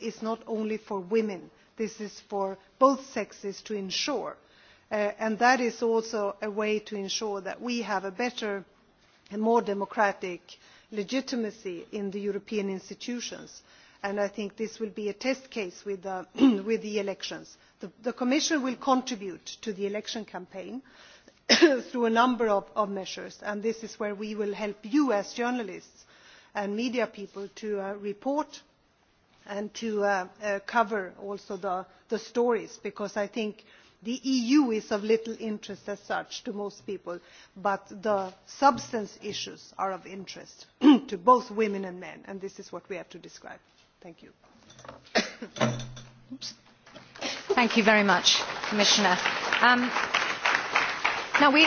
is not only for women this is for both sexes to ensure uh, and that is also a way to ensure that we have a better and more democratic legitimacy in the european institutions and i think this will be a test case with the, with the elections. The, the commission will contribute to the election campaign through a number of, of measures and this is where we will help you as journalists and media people to uh, report and to uh, uh, cover also the, the stories because i think the eu is of little interest as such to most people but the substance issues are of interest to both women and men and this is what we have to describe. thank you. thank you very much commissioner. Um, now we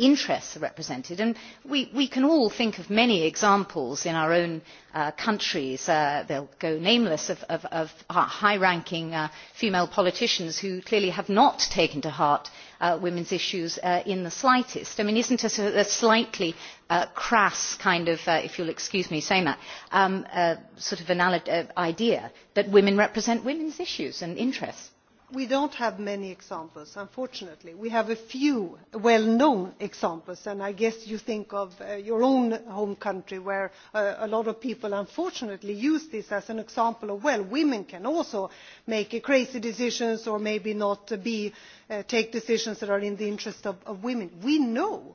interests are represented. And we, we can all think of many examples in our own uh, countries, uh, they'll go nameless, of, of, of high-ranking uh, female politicians who clearly have not taken to heart uh, women's issues uh, in the slightest. I mean, isn't it a, a slightly uh, crass kind of, uh, if you'll excuse me saying that, um, uh, sort of an uh, idea that women represent women's issues and interests? we do not have many examples unfortunately. we have a few well known examples and i guess you think of uh, your own home country where uh, a lot of people unfortunately use this as an example of well women can also make crazy decisions or maybe not be, uh, take decisions that are in the interest of, of women. we know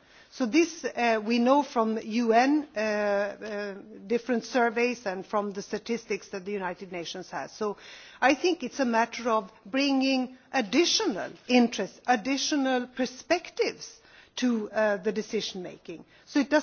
so this uh, we know from un uh, uh, different surveys and from the statistics that the united nations has so i think it is a matter of bringing additional interests additional perspectives to uh, the decision making so it,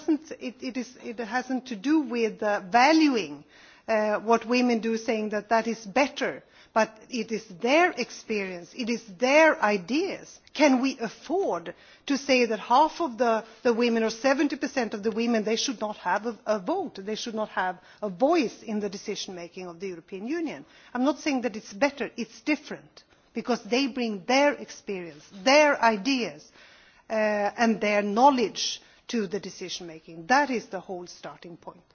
it, it, is, it has nothing to do with uh, valuing uh, what women do saying that that is better' but it is their experience it is their ideas. can we afford to say that half of the, the women or seventy of the women they should not have a, a vote they should not have a voice in the decision making of the european union? i am not saying that it is better it is different because they bring their experience their ideas uh, and their knowledge to the decision making. that is the whole starting point.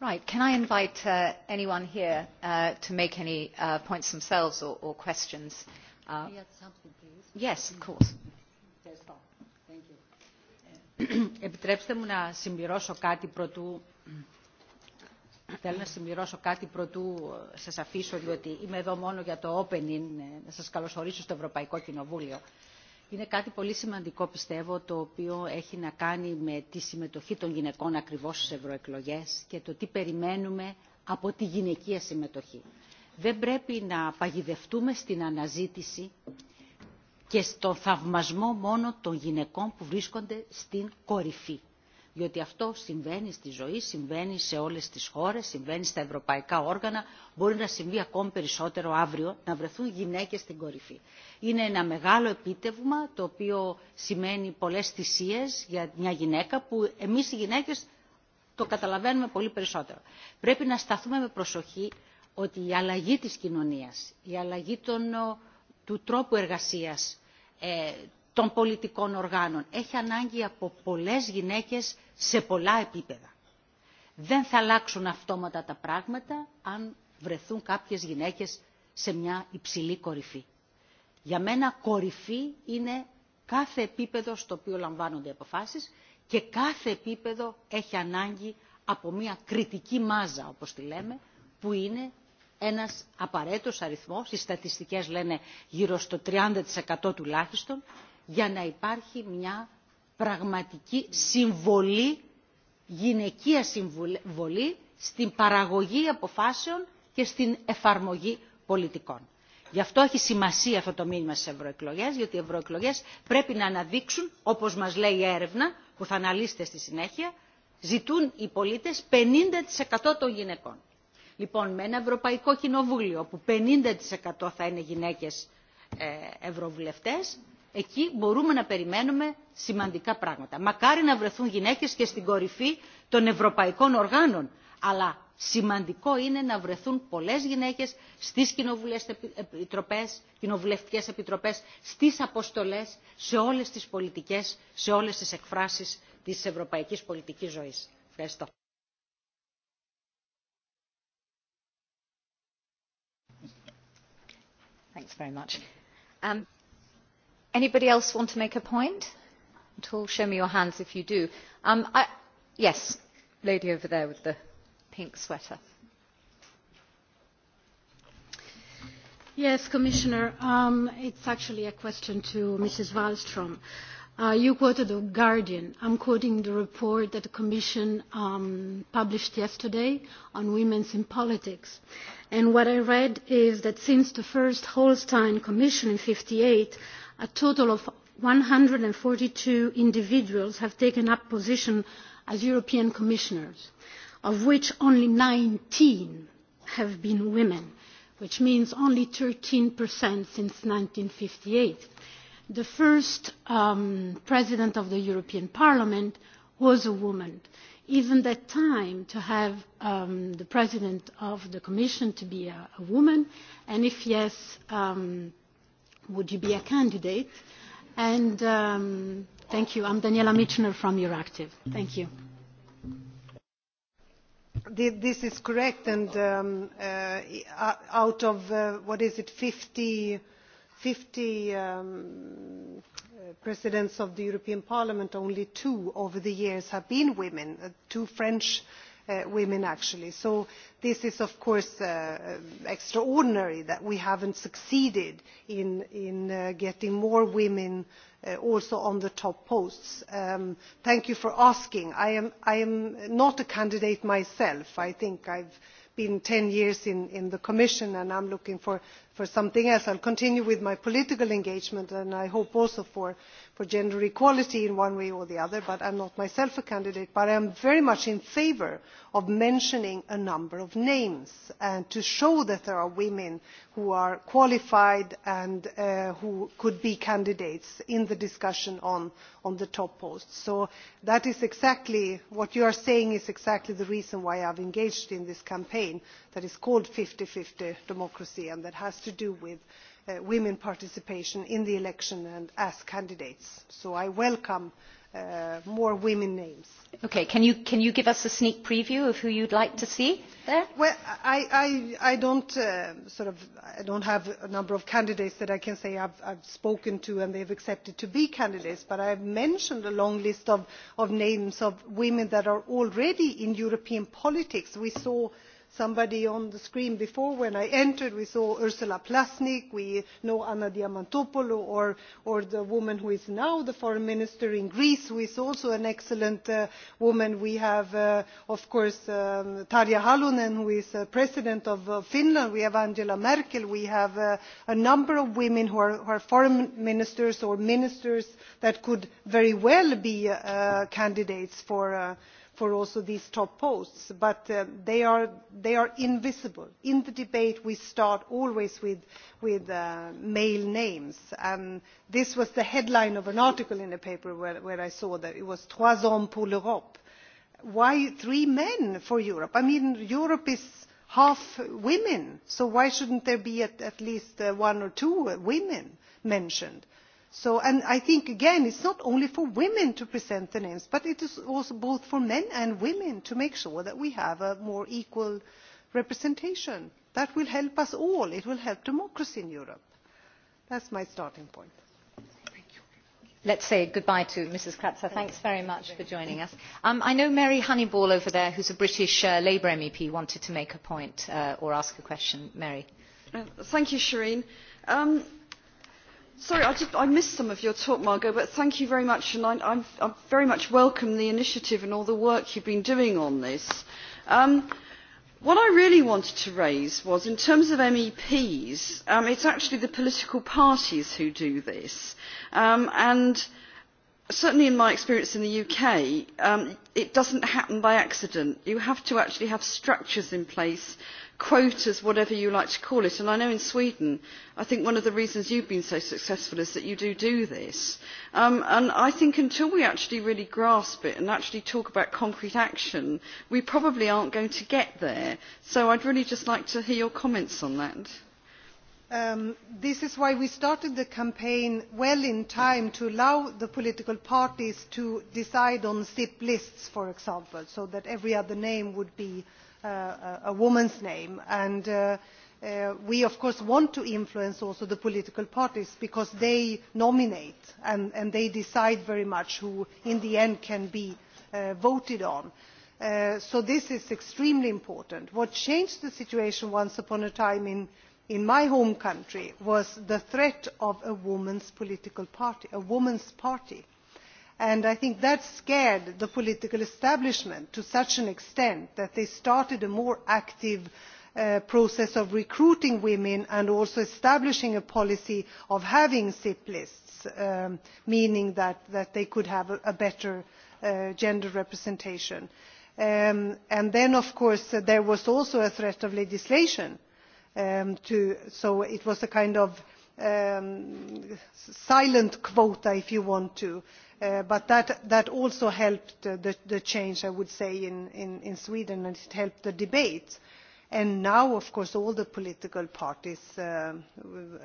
Right. Can I invite uh, anyone here uh, to make any uh, points themselves or, or questions? Uh, Can I add something, please? Yes, of mm-hmm. course. Thank you. Επιτρέψτε μου να συμπληρώσω κάτι πρωτού. Θέλω να συμπληρώσω κάτι πρωτού σας αφήσω, διότι είμαι εδώ μόνο για το opening, να σας καλωσορίσω στο Ευρωπαϊκό Κοινοβούλιο. Είναι κάτι πολύ σημαντικό πιστεύω το οποίο έχει να κάνει με τη συμμετοχή των γυναικών ακριβώς στις ευρωεκλογές και το τι περιμένουμε από τη γυναικεία συμμετοχή. Δεν πρέπει να παγιδευτούμε στην αναζήτηση και στον θαυμασμό μόνο των γυναικών που βρίσκονται στην κορυφή διότι αυτό συμβαίνει στη ζωή, συμβαίνει σε όλες τις χώρες, συμβαίνει στα ευρωπαϊκά όργανα, μπορεί να συμβεί ακόμη περισσότερο αύριο, να βρεθούν γυναίκες στην κορυφή. Είναι ένα μεγάλο επίτευγμα το οποίο σημαίνει πολλές θυσίες για μια γυναίκα που εμείς οι γυναίκες το καταλαβαίνουμε πολύ περισσότερο. Πρέπει να σταθούμε με προσοχή ότι η αλλαγή της κοινωνίας, η αλλαγή των, του τρόπου εργασίας, ε, των πολιτικών οργάνων. Έχει ανάγκη από πολλές γυναίκες σε πολλά επίπεδα. Δεν θα αλλάξουν αυτόματα τα πράγματα αν βρεθούν κάποιες γυναίκες σε μια υψηλή κορυφή. Για μένα κορυφή είναι κάθε επίπεδο στο οποίο λαμβάνονται αποφάσεις και κάθε επίπεδο έχει ανάγκη από μια κριτική μάζα, όπως τη λέμε, που είναι ένας απαραίτητος αριθμός, οι στατιστικές λένε γύρω στο 30% τουλάχιστον, για να υπάρχει μια πραγματική συμβολή, γυναικεία συμβολή στην παραγωγή αποφάσεων και στην εφαρμογή πολιτικών. Γι' αυτό έχει σημασία αυτό το μήνυμα στις ευρωεκλογές, γιατί οι ευρωεκλογές πρέπει να αναδείξουν, όπως μας λέει η έρευνα, που θα αναλύσετε στη συνέχεια, ζητούν οι πολίτες 50% των γυναικών. Λοιπόν, με ένα Ευρωπαϊκό Κοινοβούλιο που 50% θα είναι γυναίκες ε, ευρωβουλευτές, εκεί μπορούμε να περιμένουμε σημαντικά πράγματα. Μακάρι να βρεθούν γυναίκες και στην κορυφή των ευρωπαϊκών οργάνων, αλλά σημαντικό είναι να βρεθούν πολλές γυναίκες στις επιτροπές, κοινοβουλευτικές επιτροπές, στις αποστολές, σε όλες τις πολιτικές, σε όλες τις εκφράσεις της ευρωπαϊκής πολιτικής ζωής. Ευχαριστώ. Thanks very much. Um anybody else want to make a point at all? show me your hands if you do. Um, I, yes lady over there with the pink sweater. yes commissioner um, it's actually a question to mrs wallstrm. Uh, you quoted the guardian. i'm quoting the report that the commission um, published yesterday on women in politics. and what i read is that since the first holstein commission in 58, a total of 142 individuals have taken up position as European commissioners, of which only 19 have been women, which means only 13% since 1958. The first um, president of the European Parliament was a woman. Even that time to have um, the president of the Commission to be a, a woman, and if yes, um, would you be a candidate? And um, thank you. I'm Daniela Michener from Euractiv. Thank you. This is correct, and um, uh, uh, out of, uh, what is it, 50, 50 um, presidents of the European Parliament, only two over the years have been women, uh, two French uh, Uh, women actually. so this is of course uh, uh, extraordinary that we have not succeeded in getting more women also on the top posts. Um, thank you for asking. i am not a candidate myself. i think i have been ten years in the commission and i am looking for something else. i will continue with my political engagement and i hope also for, for gender equality in one way or the other but i am not myself a candidate but i am very much in favour of mentioning a number of names and to show that there are women who are qualified and uh, who could be candidates in the discussion on, on the top posts. so that is exactly what you are saying is exactly the reason why i have engaged in this campaign that is called fifty fifty democracy and that has to do with uh, women's participation in the election and as candidates so i welcome uh, more women names. Okay, can you can you give us a sneak preview of who you'd like to see there? Well, I I, I don't uh, sort of I don't have a number of candidates that I can say I've, I've spoken to and they've accepted to be candidates, but I've mentioned a long list of of names of women that are already in European politics. We saw somebody on the screen before when i entered we saw ursula plasnik we know anna diamantopoulou or, or the woman who is now the foreign minister in greece who is also an excellent uh, woman we have uh, of course um, tarja halonen who is uh, president of uh, finland we have angela merkel we have uh, a number of women who are, who are foreign ministers or ministers that could very well be uh, candidates for uh, for also these top posts but uh, they, are, they are invisible. in the debate we start always with, with uh, male names and this was the headline of an article in a paper where, where i saw that it was trois hommes pour l'europe why three men for europe? i mean europe is half women so why should there not be at, at least uh, one or two women mentioned? So, and i think again it is not only for women to present the names but it is also both for men and women to make sure that we have a more equal representation. that will help us all it will help democracy in europe. that is my starting point. let us say goodbye to mrs kratsa. thanks very much for joining us. Um, i know mary honeyball over there who is a british uh, labour mep wanted to make a point uh, or ask a question. mary. Uh, thank you shireen. Um, Sorry, I, did, I missed some of your talk, Margot, but thank you very much, and I, I, I very much welcome the initiative and all the work you've been doing on this. Um, what I really wanted to raise was, in terms of MEPs, um, it's actually the political parties who do this, um, and certainly in my experience in the uk um, it does not happen by accident you have to actually have structures in place quotas whatever you like to call it and i know in sweden i think one of the reasons you have been so successful is that you do do this um, and i think until we actually really grasp it and actually talk about concrete action we probably aren't going to get there so i'd really just like to hear your comments on that um, this is why we started the campaign well in time to allow the political parties to decide on SIP lists, for example, so that every other name would be uh, uh, a woman's name and uh, uh, we of course want to influence also the political parties because they nominate and, and they decide very much who in the end can be uh, voted on. Uh, so this is extremely important. What changed the situation once upon a time in, in my home country was the threat of a woman's political party, a woman's party. Uh, and i think that scared the political establishment to such an extent that they started a more active uh, process of recruiting women and also establishing a policy of having sip lists um, meaning that they could have a better uh, gender representation. Um, then of course there was also a threat of legislation um, so it was a kind of silent quota if you want Uh, but that, that also helped the, the change i would say in, in, in sweden and it helped the debate and now of course all the political parties uh,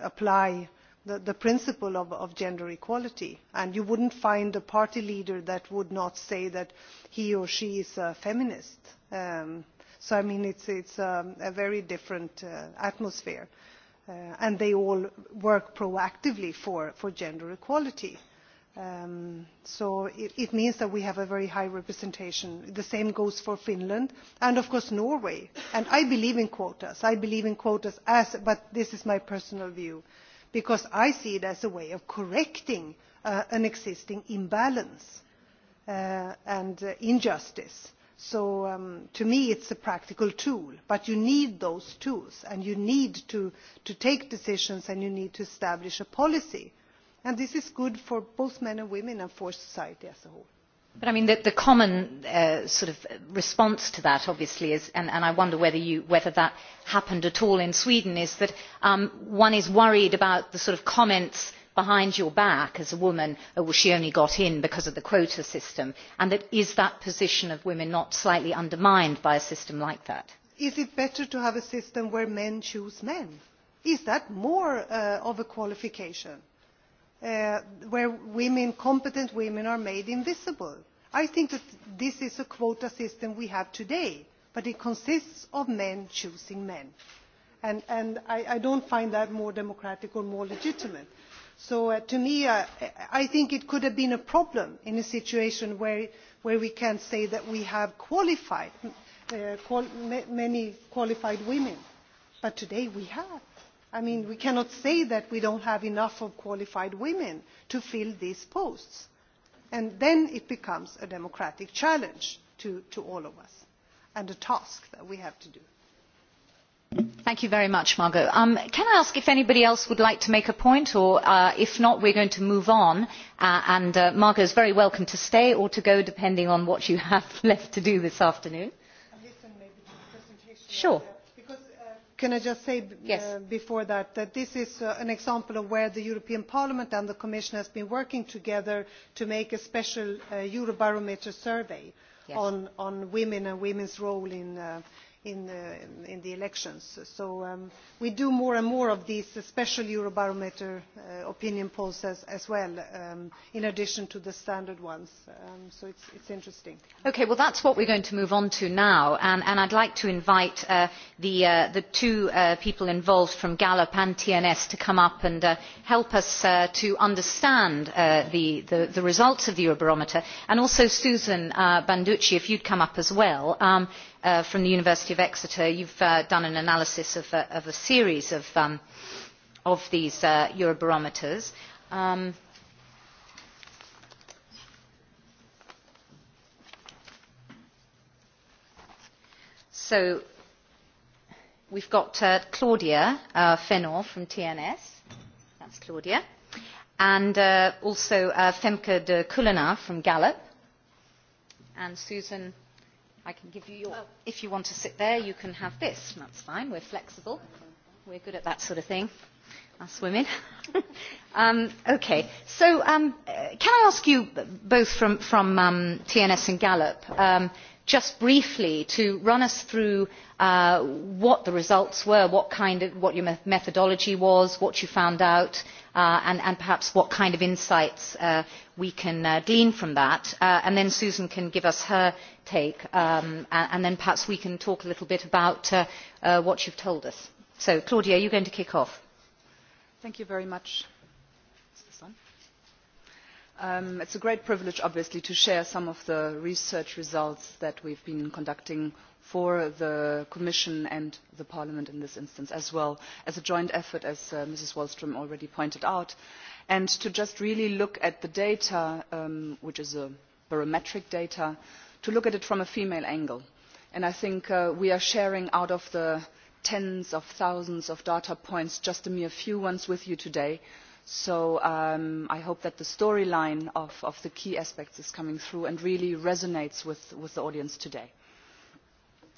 apply the, the principle of, of gender equality and you would not find a party leader that would not say that he or she is a feminist. Um, so i mean it is um, a very different uh, atmosphere uh, and they all work proactively for, for gender equality. Um, so it, it means that we have a very high representation. The same goes for Finland and, of course, Norway. And I believe in quotas. I believe in quotas as, but this is my personal view, because I see it as a way of correcting uh, an existing imbalance uh, and uh, injustice. So um, to me, it's a practical tool, but you need those tools, and you need to, to take decisions, and you need to establish a policy uh, and this is good for both men and women and for society as a whole. But I mean, the, the common uh, sort of response to that, obviously, is, and, and I wonder whether, you, whether that happened at all in Sweden, is that um, one is worried about the sort of comments behind your back as a woman, oh, well, she only got in because of the quota system, and that is that position of women not slightly undermined by a system like that? Is it better to have a system where men choose men? Is that more uh, of a qualification? uh, where women, competent women are made invisible. I think that this is a quota system we have today, but it consists of men choosing men. And, and I, I don't find that more democratic or more legitimate. So uh, to me, uh, I think it could have been a problem in a situation where, where we can say that we have qualified, uh, qual many qualified women. But today we have I mean, we cannot say that we don't have enough of qualified women to fill these posts. And then it becomes a democratic challenge to, to all of us and a task that we have to do. Thank you very much, Margot. Um, can I ask if anybody else would like to make a point, or uh, if not, we're going to move on. Uh, and uh, Margot is very welcome to stay or to go, depending on what you have left to do this afternoon. And listen maybe to the presentation. Sure. Of the can i just say uh, yes. before that that this is uh, an example of where the european parliament and the commission have been working together to make a special uh, eurobarometer survey yes. on, on women and women's role in in, uh, in the elections. So um, we do more and more of these special Eurobarometer uh, opinion polls as, as well, um, in addition to the standard ones. Um, so it's, it's interesting. Okay, well that's what we're going to move on to now. And, and I'd like to invite uh, the, uh, the two uh, people involved from Gallup and TNS to come up and uh, help us uh, to understand uh, the, the, the results of the Eurobarometer. And also Susan uh, Banducci, if you'd come up as well. Um, uh, from the University of Exeter, you've uh, done an analysis of a, of a series of, um, of these uh, Eurobarometers. Um, so we've got uh, Claudia uh, Fenor from TNS. That's Claudia. And uh, also uh, Femke de Kulina from Gallup. And Susan I can give you your. Oh. If you want to sit there, you can have this. That's fine. We're flexible. We're good at that sort of thing, us women. um, okay. So, um, uh, can I ask you both from, from um, TNS and Gallup? Um, uh, just briefly to run us through uh, what the results were, what, kind of, what your methodology was, what you found out, uh, and, and perhaps what kind of insights uh, we can uh, glean from that. Uh, and then Susan can give us her take, um, and, and then perhaps we can talk a little bit about uh, uh, what you've told us. So, Claudia, you're going to kick off. Thank you very much. Um, it is a great privilege obviously to share some of the research results that we have been conducting for the commission and the parliament in this instance as well as a joint effort as uh, mrs wallstrm already pointed out and to just really look at the data um, which is barometric data to look at it from a female angle and i think uh, we are sharing out of the tens of thousands of data points just a mere few ones with you today so so um, i hope that the storyline of, of the key aspects is coming through and really resonates with, with the audience today.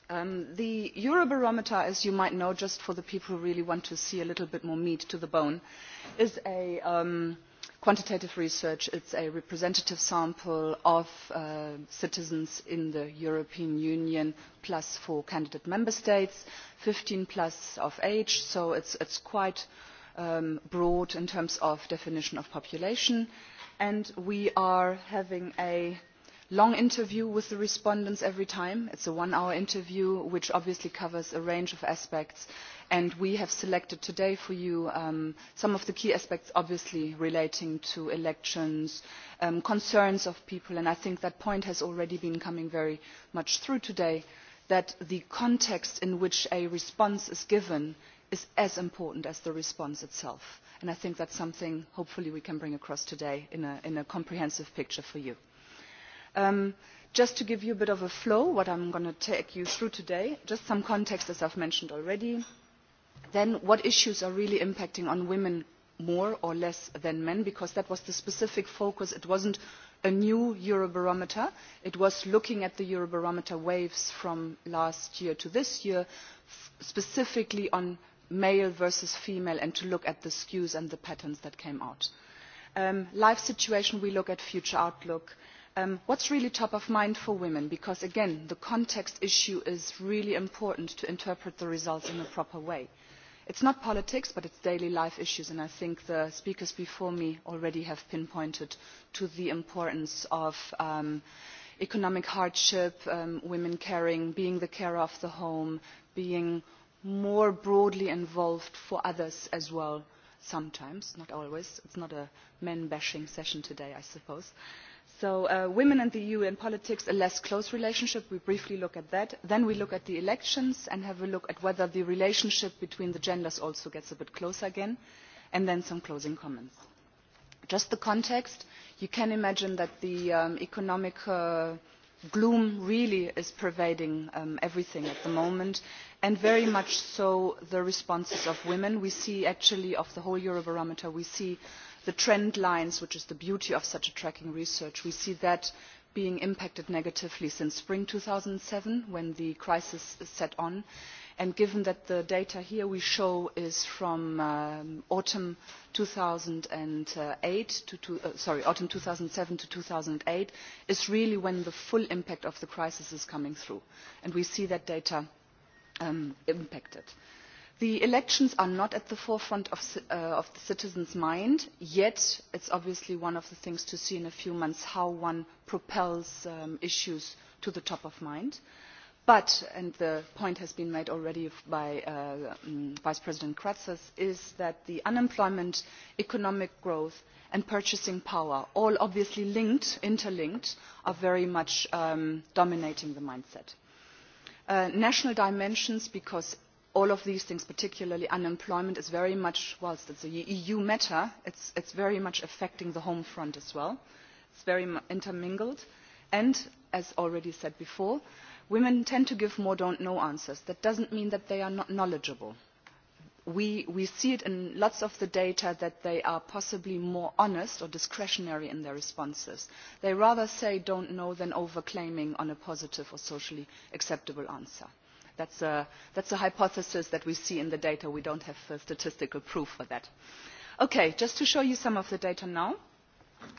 Um, the eurobarometer as you might know just for the people who really want to see a little bit more meat to the bone is a um, quantitative research it is a representative sample of uh, citizens in the european union plus four candidate member states fifteen plus of age so it is quite a um, broad in terms of definition of population and we are having a long interview with the respondents every time. It's a one-hour interview which obviously covers a range of aspects and we have selected today for you um, some of the key aspects obviously relating to elections, um, concerns of people and I think that point has already been coming very much through today that the context in which a response is given is as important as the response itself. And I think that's something hopefully we can bring across today in a, in a comprehensive picture for you. Um, just to give you a bit of a flow, what I'm going to take you through today, just some context as I've mentioned already, then what issues are really impacting on women more or less than men because that was the specific focus it was not a new eurobarometer it was looking at the eurobarometer waves from last year to this year specifically on male versus female and to look at the skews and the patterns that came out. Um, life situation, we look at future outlook. Um, what's really top of mind for women? Because again, the context issue is really important to interpret the results in a proper way. It's not politics, but it's daily life issues, and I think the speakers before me already have pinpointed to the importance of um, economic hardship, um, women caring, being the carer of the home, being more broadly involved for others as well sometimes not always it's not a men bashing session today i suppose so uh, women and the eu in politics a less close relationship we briefly look at that then we look at the elections and have a look at whether the relationship between the genders also gets a bit closer again and then some closing comments just the context you can imagine that the um, economic uh, gloom really is pervading um, everything at the moment and very much so the responses of women. we see actually of the whole eurobarometer we see the trend lines which is the beauty of such a tracking research we see that being impacted negatively since spring two thousand and seven when the crisis set in and given that the data here we show is from um, autumn 2008 to, to uh, sorry autumn 2007 to 2008 is really when the full impact of the crisis is coming through and we see that data um, impacted the elections are not at the forefront of, uh, of the citizen's mind yet it is obviously one of the things to see in a few months how one propels um, issues to the top of mind. Uh, but and the point has been made already by uh, um, vice president kratsas is that the unemployment economic growth and purchasing power all obviously linked interlinked are very much um, dominating the mindset. Uh, national dimensions because all of these things particularly unemployment is very much whilst it is an eu matter it is very much affecting the home front as well it is very intermingled and as already said before women tend to give more don't know answers. that does not mean that they are not knowledgeable. We, we see it in lots of the data that they are possibly more honest or discretionary in their responses. They rather say don't know than overclaiming on a positive or socially acceptable answer. That's a, that's a hypothesis that we see in the data. We don't have uh, statistical proof for that. Okay, just to show you some of the data now.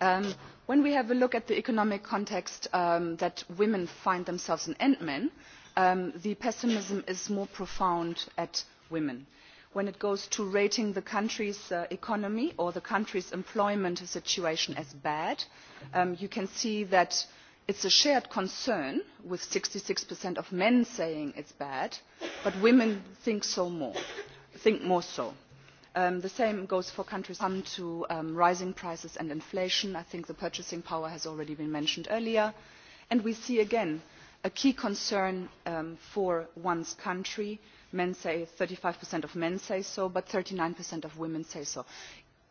Um, when we have a look at the economic context um, that women find themselves in and men, um, the pessimism is more profound at women. When it goes to rating the country's uh, economy or the country's employment situation as bad, um, you can see that it's a shared concern, with 66% of men saying it's bad, but women think so more, think more so Um, the same goes for countries come to um, rising prices and inflation. I think the purchasing power has already been mentioned earlier. And we see again a key concern um, for one's country. Men say 35% of men say so, but 39% of women say so.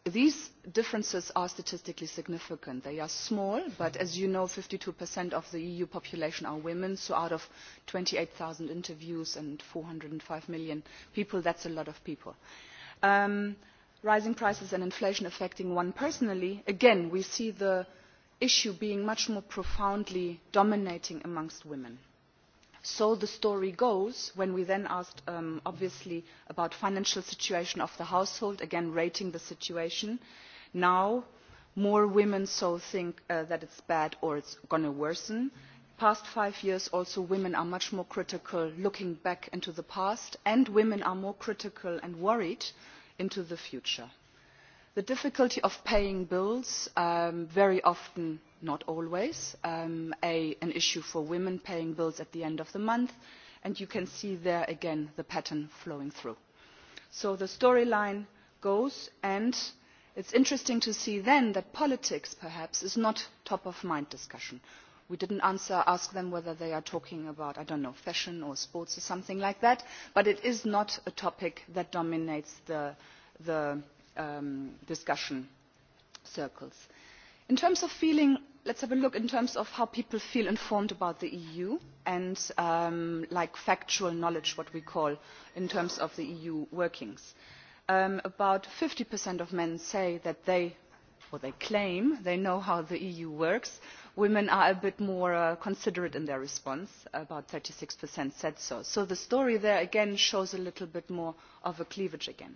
These differences are statistically significant. They are small, but as you know, 52% of the EU population are women, so out of 28,000 interviews and 405 million people, that's a lot of people. Uh, um, rising prices and inflation affecting one personally again we see the issue being much more profoundly dominating amongst women. so the story goes when we then asked um, obviously about the financial situation of the household again rating the situation now more women so think uh, that it is bad or it is going to worsen. the past five years also women are much more critical looking back into the past and women are more critical and worried about into the future. The difficulty of paying bills, um, very often, not always, um, a, an issue for women paying bills at the end of the month, and you can see there again the pattern flowing through. So the storyline goes, and it's interesting to see then that politics perhaps is not top of mind discussion we did not ask them whether they are talking about i do not know fashion or sports or something like that but it is not a topic that dominates the, the um, discussion circles. in terms of feeling let us have a look in terms of how people feel informed about the eu and um, like factual knowledge what we call in terms of the eu workings. Um, about fifty of men say that they or they claim they know how the eu works women are a bit more uh, considerate in their response about thirty six said so so the story there again shows a little bit more of a cleavage again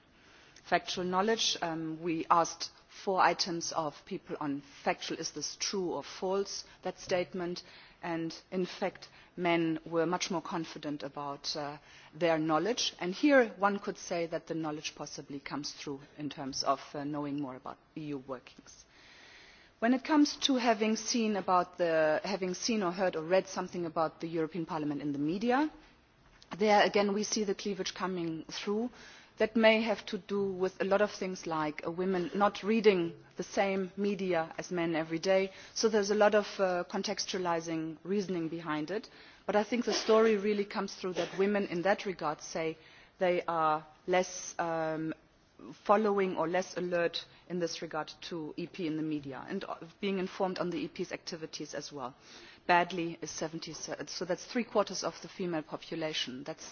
factual knowledge um, we asked four items of people on factual is this true or false that statement and and in fact men were much more confident about uh, their knowledge and here one could say that the knowledge possibly comes through in terms of uh, knowing more about eu workings. when it comes to having seen, about the, having seen or heard or read something about the european parliament in the media there again we see the cleavage coming through that may have to do with a lot of things like uh, women not reading the same media as men every day so there is a lot of uh, contextualising reasoning behind it but i think the story really comes through that women in that regard say they are less um, following or less alert in this regard to ep in the media and uh, being informed on the ep's activities as well badly is seventy so that is three quarters of the female population that is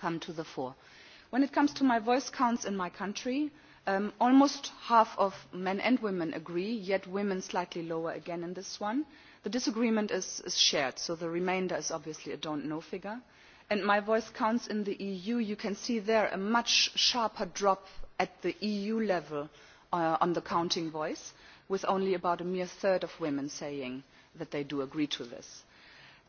come to the fore. when it comes to my voice counts in my country um, almost half of men and women agree yet women slightly lower again in this one. the disagreement is, is shared so the remainder is obviously a do not know figure and my voice counts in the eu you can see there a much sharper drop at the eu level uh, on the counting voice with only about a mere third of women saying that they do agree to this.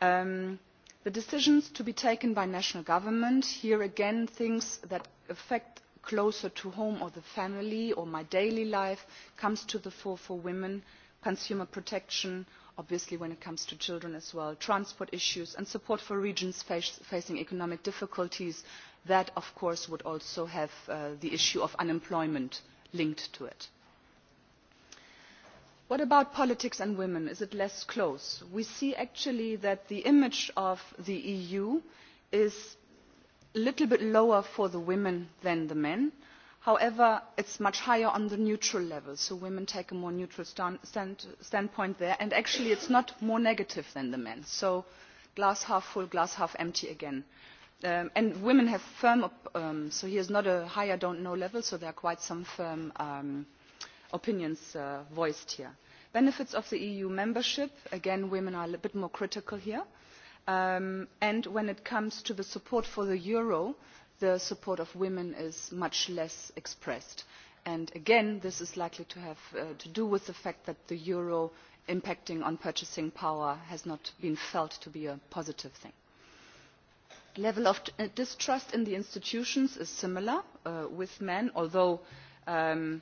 Um, the decisions to be taken by national governments here again things that affect closer to home or the family or my daily life come to the fore for women consumer protection obviously when it comes to children as well transport issues and support for regions face, facing economic difficulties that of course would also have uh, the issue of unemployment linked to it what about politics and women is it less close? we see actually that the image of the eu is a little bit lower for the women than the men however it is much higher on the neutral level so women take a more neutral stand, stand, standpoint there and actually it is not more negative than the men so glass half full glass half empty again. Um, and women have firm um, so here is not a high i do not know level so there are quite some firm um, opinions uh, voiced here. benefits of the eu membership again women are a bit more critical here um, and when it comes to the support for the euro the support of women is much less expressed and again this is likely to have uh, to do with the fact that the euro impacting on purchasing power has not been felt to be a positive thing. level of distrust in the institutions is similar uh, with men although um,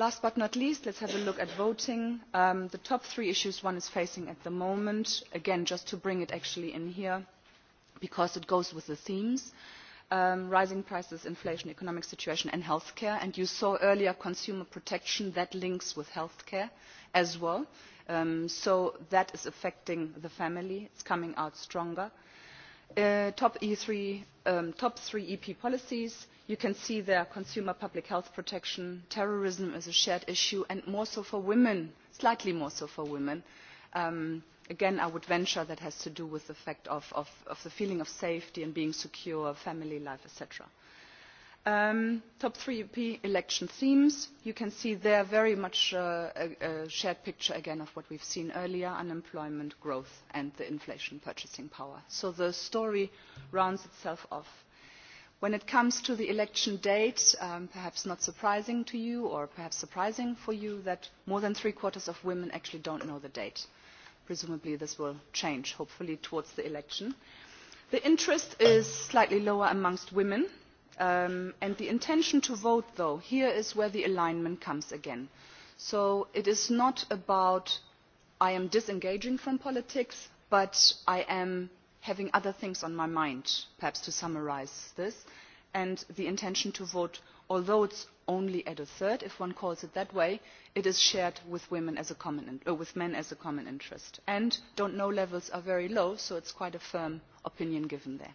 last but not least let us have a look at voting. Um, the top three issues one is facing at the moment again just to bring it actually in here because it goes with the themes um, rising prices inflation economic situation and healthcare and you saw earlier consumer protection that links with healthcare as well um, so that is affecting the family it is coming out stronger. Uh, top, E3, um, top three ep policies you can see there consumer public health protection terrorism is a shared issue and more so for women slightly more so for women um, again i would venture that has to do with the fact of, of, of the feeling of safety and being secure family life etc. Um, top three european election themes you can see there very much uh, a, a shared picture again of what we have seen earlier unemployment growth and the inflation purchasing power so the story rounds itself off when it comes to the election date um, perhaps not surprising to you or perhaps surprising for you that more than three quarters of women actually do not know the date. presumably this will change hopefully towards the election. the interest is slightly lower amongst women um, and the intention to vote though here is where the alignment comes again. so it is not about i am disengaging from politics but i am having other things on my mind perhaps to summarise this and the intention to vote although it is only at a third if one calls it that way it is shared with uh, men as a common interest and don't know' levels are very low so it is quite a firm opinion given there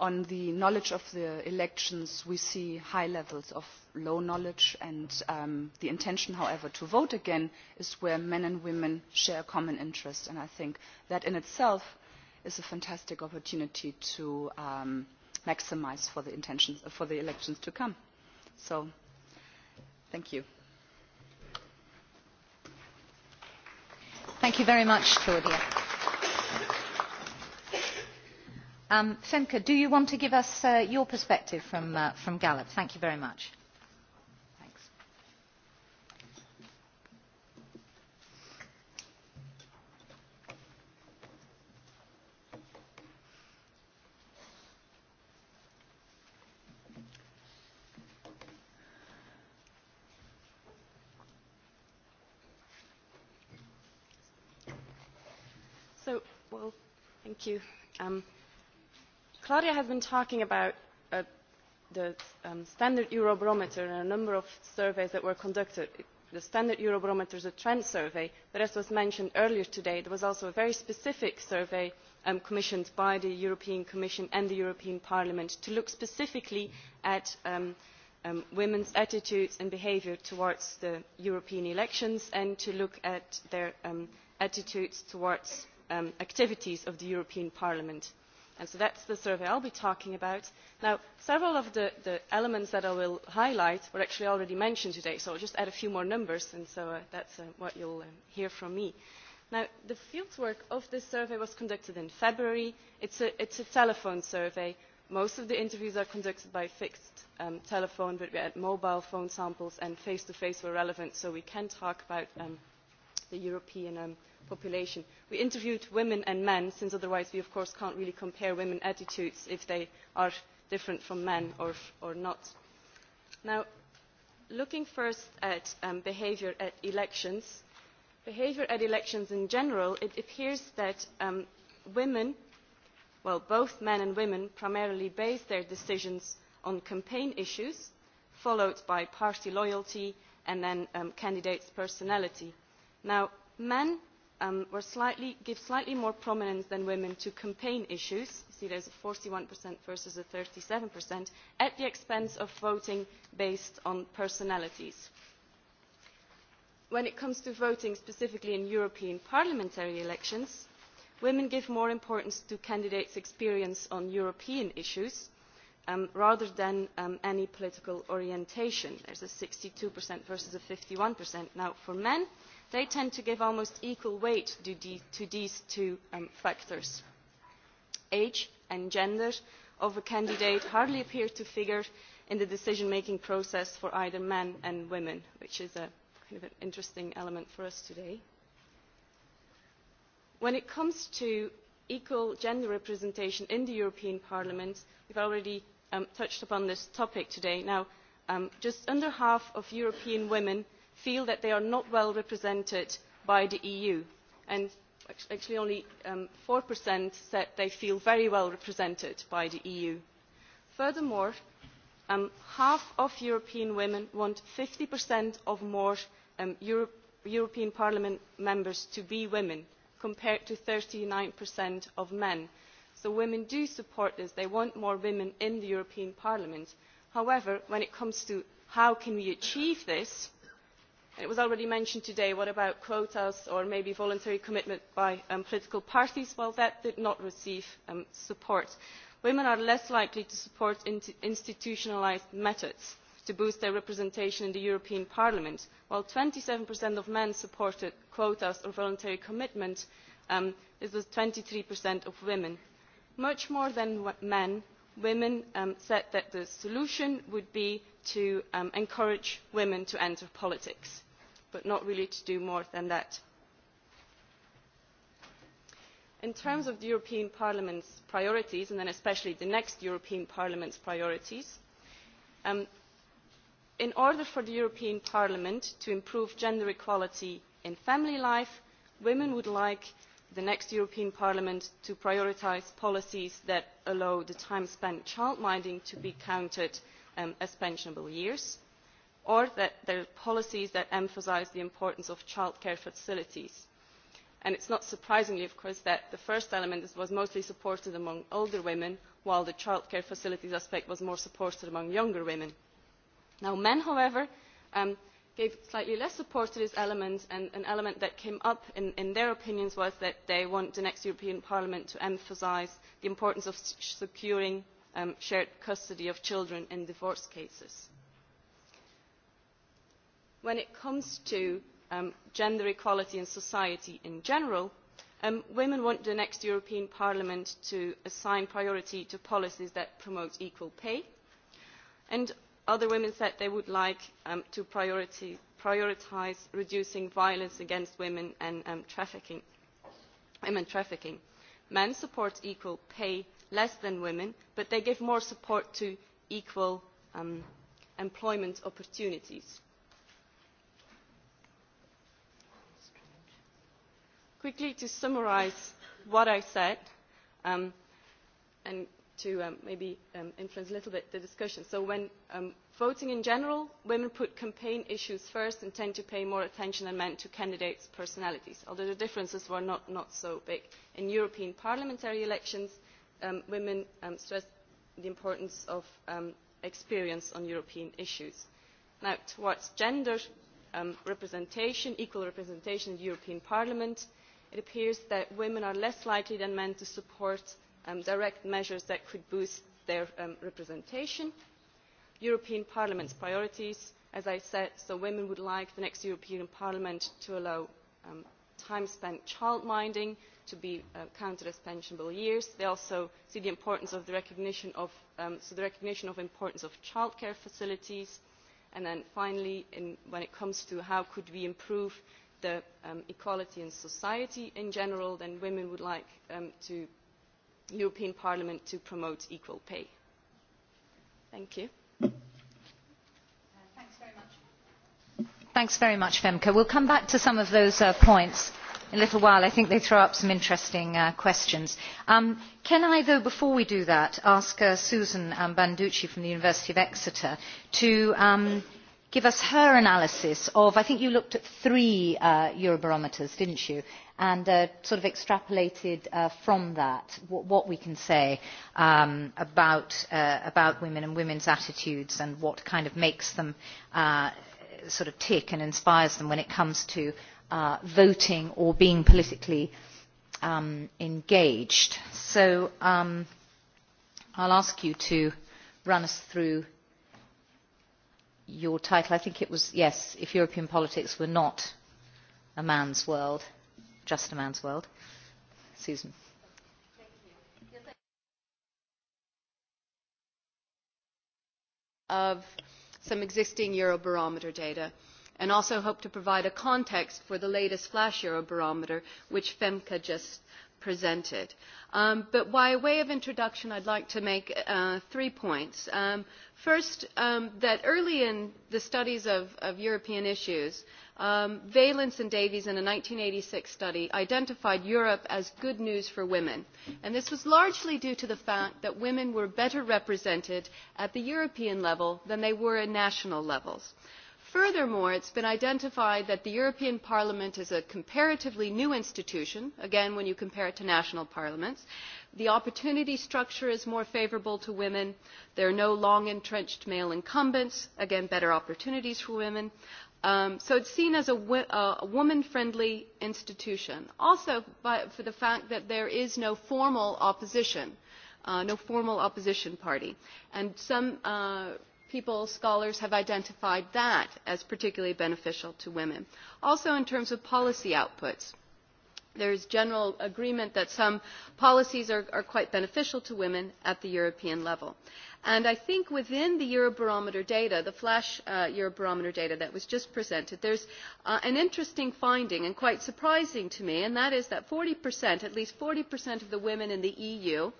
on the knowledge of the elections we see high levels of low knowledge and um, the intention however to vote again is where men and women share a common interest and i think that in itself is a fantastic opportunity to um, maximise for the intentions for the elections to come so thank you thank you very much claudia Um, Femke, do you want to give us uh, your perspective from, uh, from Gallup? Thank you very much. Thanks. So, well, thank you claudia has been talking about uh, the um, standard eurobarometer and a number of surveys that were conducted. the standard eurobarometer is a trend survey but as was mentioned earlier today there was also a very specific survey um, commissioned by the european commission and the european parliament to look specifically at um, um, women's attitudes and behaviour towards the european elections and to look at their um, attitudes towards um, activities of the european parliament. And so that's the survey I'll be talking about. Now, several of the, the elements that I will highlight were actually already mentioned today, so I'll just add a few more numbers, and so uh, that's uh, what you'll um, hear from me. Now, the fieldwork of this survey was conducted in February. It's a, it's a telephone survey. Most of the interviews are conducted by fixed um, telephone, but we had mobile phone samples, and face-to-face -face were relevant, so we can talk about um, the European um, population. We interviewed women and men, since otherwise we of course can't really compare women attitudes if they are different from men or, or not. Now, looking first at um, behaviour at elections, behaviour at elections in general, it appears that um, women, well, both men and women primarily base their decisions on campaign issues, followed by party loyalty and then um, candidates' personality. Now, men um, were slightly, give slightly more prominence than women to campaign issues. You see, there's a 41% versus a 37% at the expense of voting based on personalities. When it comes to voting specifically in European parliamentary elections, women give more importance to candidates' experience on European issues um, rather than um, any political orientation. There's a 62% versus a 51%. Now, for men, they tend to give almost equal weight to these two um, factors. age and gender of a candidate hardly appear to figure in the decision making process for either men and women which is a, kind of an interesting element for us today. when it comes to equal gender representation in the european parliament we have already um, touched upon this topic today. Now, um, just under half of european women feel that they are not well represented by the eu and actually only um, four um, said they feel very well represented by the eu. furthermore um, half of european women want fifty of more um, Europe, european parliament members to be women compared to thirty nine of men so women do support this they want more women in the european parliament. however when it comes to how can we achieve this it was already mentioned today what about quotas or maybe voluntary commitment by um, political parties? well that did not receive um, support. women are less likely to support in institutionalised methods to boost their representation in the european parliament while twenty seven of men supported quotas or voluntary commitment um, this was twenty three of women. much more than men women um, said that the solution would be to um, encourage women to enter politics but not really to do more than that. in terms of the european parliament's priorities and then especially the next european parliament's priorities um, in order for the european parliament to improve gender equality in family life women would like the next european parliament to prioritise policies that allow the time spent childminding to be counted um, as pensionable years or that there are policies that emphasise the importance of childcare facilities. And it's not surprisingly, of course, that the first element was mostly supported among older women, while the childcare facilities aspect was more supported among younger women. Now, men, however, um, gave slightly less support to this element, and an element that came up in, in their opinions was that they want the next European Parliament to emphasise the importance of securing um, shared custody of children in divorce cases. Mm when it comes to um, gender equality in society in general, um, women want the next European Parliament to assign priority to policies that promote equal pay. And other women said they would like um, to priority, prioritise reducing violence against women and um, trafficking. Women trafficking. Men support equal pay less than women, but they give more support to equal um, employment opportunities quickly to summarise what I said um, and to um, maybe um, influence a little bit the discussion. So when um, voting in general, women put campaign issues first and tend to pay more attention than men to candidates' personalities, although the differences were not, not so big. In European parliamentary elections, um, women um, stressed the importance of um, experience on European issues. Now, towards gender um, representation, equal representation in the European Parliament, uh, it appears that women are less likely than men to support um, direct measures that could boost their um, representation. European Parliament's priorities, as I said, so women would like the next European Parliament to allow um, time spent childminding to be uh, counted as pensionable years. They also see the importance of the recognition of, um, so the recognition of importance of childcare facilities. And then finally, in, when it comes to how could we improve the um, equality in society in general, then women would like um, to European Parliament to promote equal pay. Thank you. Uh, thanks very much. Thanks very much, Femke. We'll come back to some of those uh, points in a little while. I think they throw up some interesting uh, questions. Um, can I, though, before we do that, ask uh, Susan um, Banducci from the University of Exeter to um, give us her analysis of, I think you looked at three uh, Eurobarometers, didn't you? And uh, sort of extrapolated uh, from that what, what we can say um, about, uh, about women and women's attitudes and what kind of makes them uh, sort of tick and inspires them when it comes to uh, voting or being politically um, engaged. So um, I'll ask you to run us through uh, your title, I think it was, yes, if European politics were not a man's world, just a man's world. Susan. Of some existing Eurobarometer data and also hope to provide a context for the latest Flash Eurobarometer, which FEMCA just presented. Um, but by way of introduction, I'd like to make uh, three points. Um, first, um, that early in the studies of, of European issues, um, Valence and Davies in a 1986 study identified Europe as good news for women. And this was largely due to the fact that women were better represented at the European level than they were at national levels. Uh, furthermore it has been identified that the european parliament is a comparatively new institution again when you compare it to national parliaments the opportunity structure is more favourable to women there are no long entrenched male incumbents again better opportunities for women um, so it's seen as a, wo- uh, a woman-friendly institution also by, for the fact that there is no formal opposition uh, no formal opposition party and some uh, people, scholars have identified that as particularly beneficial to women. Also in terms of policy outputs, there is general agreement that some policies are, are quite beneficial to women at the European level. And I think within the Eurobarometer data, the flash uh, Eurobarometer data that was just presented, there's uh, an interesting finding and quite surprising to me, and that is that 40%, at least 40% of the women in the EU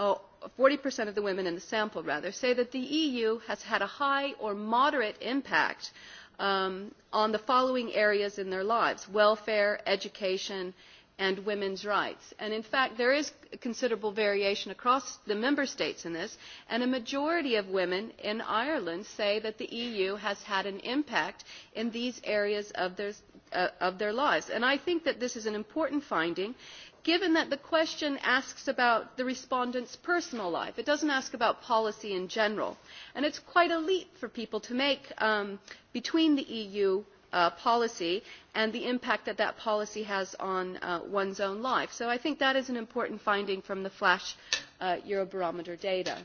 oh, 40% of the women in the sample, rather, say that the EU has had a high or moderate impact um, on the following areas in their lives, welfare, education, and women's rights. And in fact, there is considerable variation across the member states in this, and a majority of women in Ireland say that the EU has had an impact in these areas of their, uh, of their lives. And I think that this is an important finding given that the question asks about the respondent's personal life. It doesn't ask about policy in general. And it's quite a leap for people to make um, between the EU uh, policy and the impact that that policy has on uh, one's own life. So I think that is an important finding from the Flash uh, Eurobarometer data.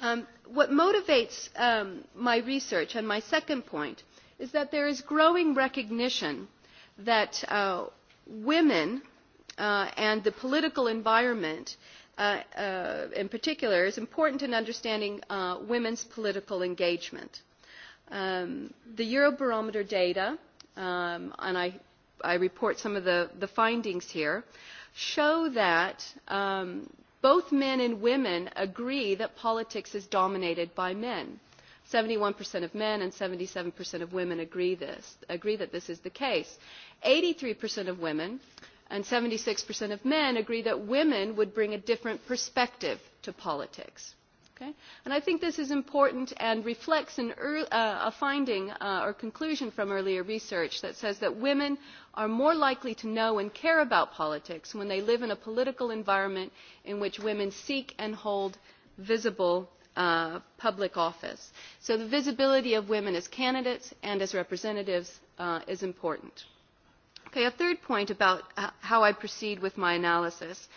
Um, what motivates um, my research and my second point is that there is growing recognition that uh, women – uh, and the political environment uh, uh, in particular is important in understanding uh, women's political engagement. Um, the Eurobarometer data, um, and I, I report some of the, the findings here, show that um, both men and women agree that politics is dominated by men. 71% of men and 77% of women agree, this, agree that this is the case. 83% of women and seventy six of men agree that women would bring a different perspective to politics. Okay? And I think this is important and reflects an early, uh, a finding uh, or conclusion from earlier research that says that women are more likely to know and care about politics when they live in a political environment in which women seek and hold visible uh, public office. So the visibility of women as candidates and as representatives uh, is important Okay, a third point about uh, how I proceed with my analysis,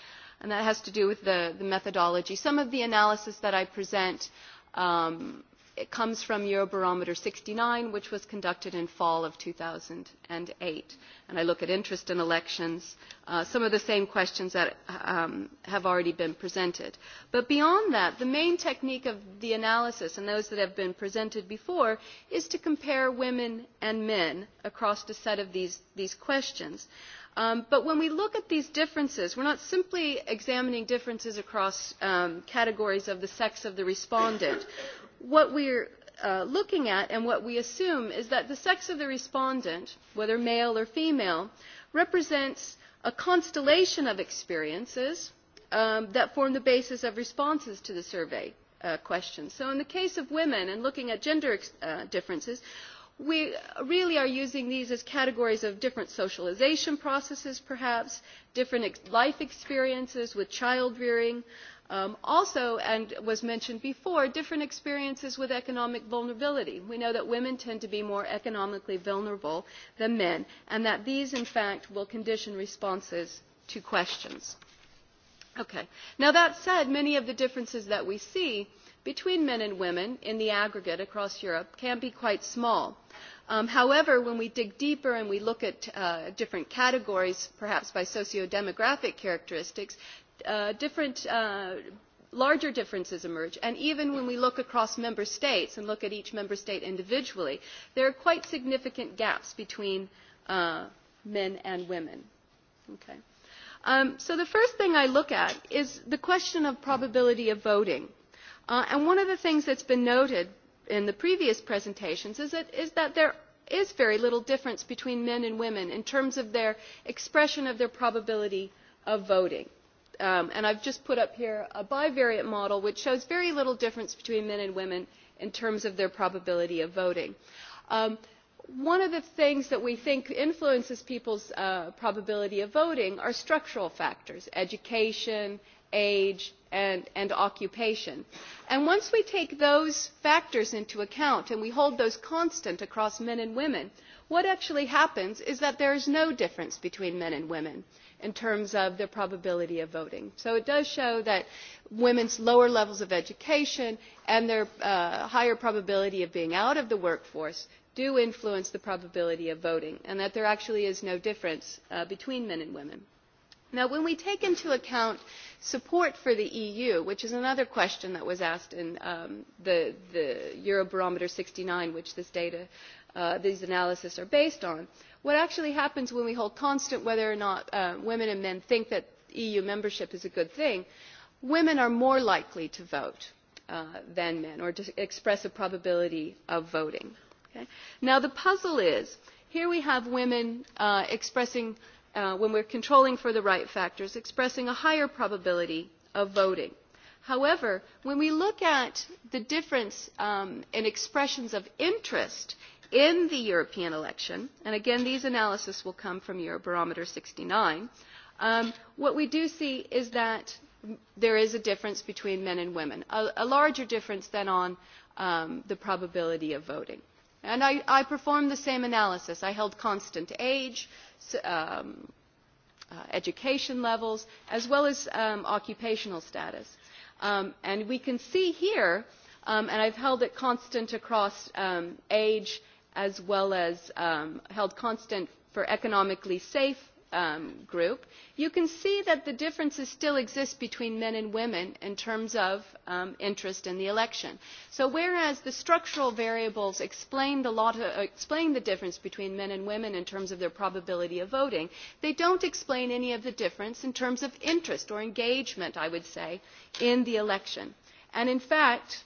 and that has to do with the, the methodology. Some of the analysis that I present um, it comes from Eurobarometer 69, which was conducted in fall of 2008. And I look at interest in elections, uh, some of the same questions that um, have already been presented. But beyond that, the main technique of the analysis, and those that have been presented before, is to compare women and men across a set of these, these questions. Um, but when we look at these differences, we're not simply examining differences across um, categories of the sex of the respondent what we're uh, looking at and what we assume is that the sex of the respondent, whether male or female, represents a constellation of experiences um, that form the basis of responses to the survey uh, questions. So in the case of women and looking at gender ex- uh, differences, we really are using these as categories of different socialization processes, perhaps, different ex- life experiences with child rearing, Um, also, and was mentioned before, different experiences with economic vulnerability. We know that women tend to be more economically vulnerable than men, and that these, in fact, will condition responses to questions. Okay. Now, that said, many of the differences that we see between men and women in the aggregate across Europe can be quite small. Um, however, when we dig deeper and we look at uh, different categories, perhaps by socio-demographic characteristics, uh, different uh, larger differences emerge. And even when we look across member states and look at each member state individually, there are quite significant gaps between uh, men and women. Okay. Um, so the first thing I look at is the question of probability of voting. Uh, and one of the things that's been noted in the previous presentations is that, is that there is very little difference between men and women in terms of their expression of their probability of voting Um, and I've just put up here a bivariate model which shows very little difference between men and women in terms of their probability of voting. Um, one of the things that we think influences people's uh, probability of voting are structural factors, education, age, and, and occupation. And once we take those factors into account and we hold those constant across men and women, what actually happens is that there is no difference between men and women. Uh, in terms of their probability of voting. So it does show that women's lower levels of education and their uh, higher probability of being out of the workforce do influence the probability of voting and that there actually is no difference uh, between men and women. Now, when we take into account support for the EU, which is another question that was asked in um, the, the Eurobarometer 69, which this data, uh, these analyses are based on, what actually happens when we hold constant whether or not uh, women and men think that eu membership is a good thing women are more likely to vote uh, than men or to express a probability of voting. Okay? Now the puzzle is here we have women uh, expressing, uh, when we're controlling for the right factors, expressing a higher probability of voting. However, when we look at the difference um, in expressions of interest in the European election, and again, these analysis will come from Eurobarometer 69, um, what we do see is that there is a difference between men and women, a, a larger difference than on um, the probability of voting. And I, I performed the same analysis. I held constant age, um, uh, education levels, as well as um, occupational status. Um, and we can see here, um, and I've held it constant across um, age as well as um, held constant for economically safe um, group, you can see that the differences still exist between men and women in terms of um, interest in the election. So whereas the structural variables explain the, lot of, uh, explain the difference between men and women in terms of their probability of voting, they don't explain any of the difference in terms of interest or engagement, I would say, in the election. And in fact,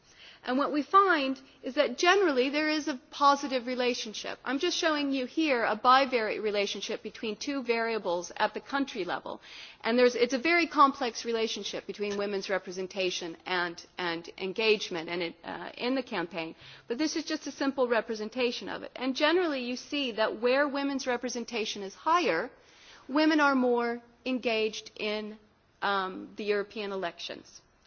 And what we find is that generally there is a positive relationship. I'm just showing you here a bivariate relationship between two variables at the country level. And there's, it's a very complex relationship between women's representation and, and engagement and it, uh, in the campaign. But this is just a simple representation of it. And generally you see that where women's representation is higher, women are more engaged in um, the European elections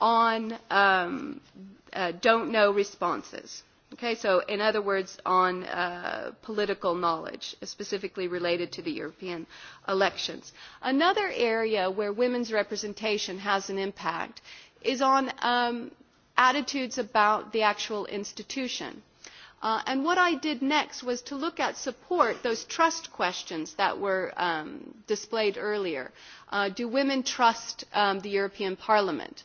on um, uh, don't know responses. Okay, so in other words, on uh, political knowledge, specifically related to the European elections. Another area where women's representation has an impact is on um, attitudes about the actual institution. Uh, and what I did next was to look at support, those trust questions that were um, displayed earlier. Uh, do women trust um, the European Parliament?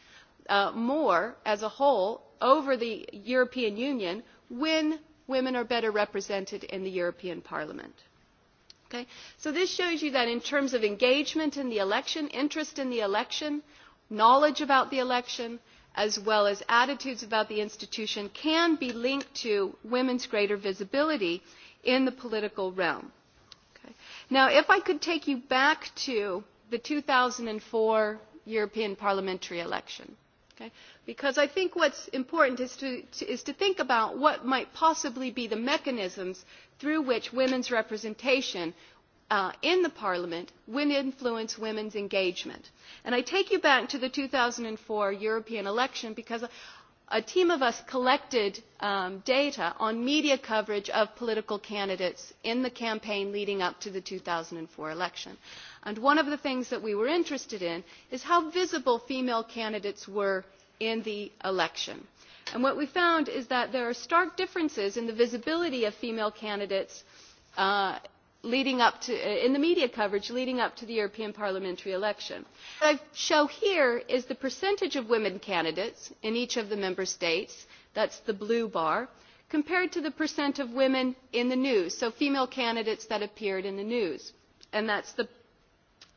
uh, more as a whole over the European Union when women are better represented in the European Parliament. Okay? So this shows you that in terms of engagement in the election, interest in the election, knowledge about the election, as well as attitudes about the institution can be linked to women's greater visibility in the political realm. Okay. Now, if I could take you back to the 2004 European parliamentary election. Okay? Because I think what's important is to, to, is to think about what might possibly be the mechanisms through which women's representation uh, in the parliament would influence women's engagement. And I take you back to the 2004 European election because a team of us collected um, data on media coverage of political candidates in the campaign leading up to the 2004 election. And one of the things that we were interested in is how visible female candidates were in the election. And what we found is that there are stark differences in the visibility of female candidates uh, leading up to, uh, in the media coverage leading up to the European parliamentary election. What I show here is the percentage of women candidates in each of the member states, that's the blue bar, compared to the percent of women in the news, so female candidates that appeared in the news, and that's the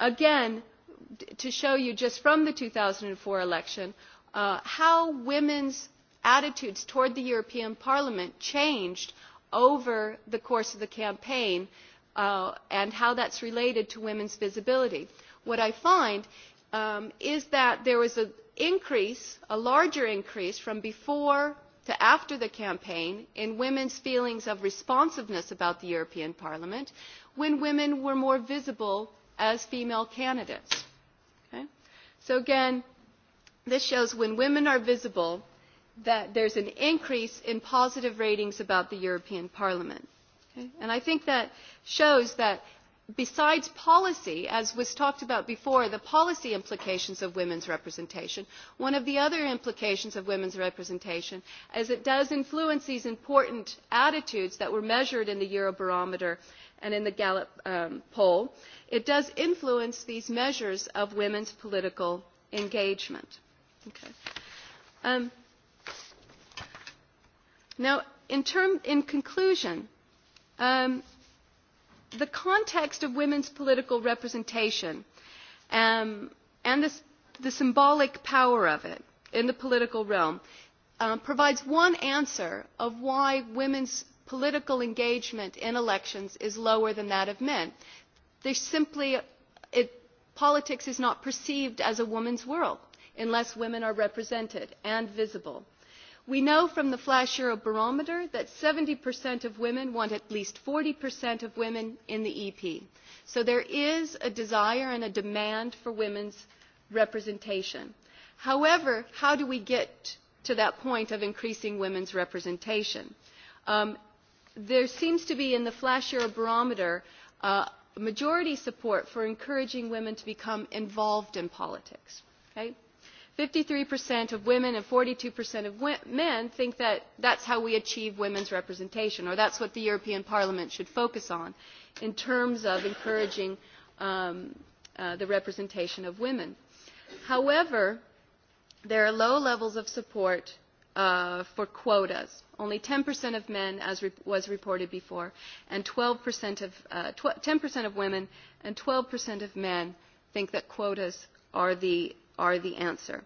again to show you just from the two thousand and four election uh, how women's attitudes toward the european parliament changed over the course of the campaign uh, and how that's related to women's visibility what i find um, is that there was an increase a larger increase from before to after the campaign in women's feelings of responsiveness about the European Parliament when women were more visible as female candidates. Okay? So again, this shows when women are visible that there's an increase in positive ratings about the European Parliament. Okay? And I think that shows that besides policy, as was talked about before, the policy implications of women's representation, one of the other implications of women's representation is it does influence these important attitudes that were measured in the Eurobarometer and in the Gallup um, poll, it does influence these measures of women's political engagement. Okay. Um, now, in, term, in conclusion, um, the context of women's political representation um, and this, the symbolic power of it in the political realm um, provides one answer of why women's political engagement in elections is lower than that of men. There's simply, it, politics is not perceived as a woman's world unless women are represented and visible. We know from the Flash Eurobarometer that 70% of women want at least 40% of women in the EP. So there is a desire and a demand for women's representation. However, how do we get to that point of increasing women's representation? Um, there seems to be in the Flash Era Barometer uh, majority support for encouraging women to become involved in politics. Okay? 53% of women and 42% of men think that that's how we achieve women's representation, or that's what the European Parliament should focus on in terms of encouraging um, uh, the representation of women. However, there are low levels of support uh, uh, for quotas. Only 10% of men, as re- was reported before, and 12% of, uh, tw- 10% of women and 12% of men think that quotas are the, are the answer.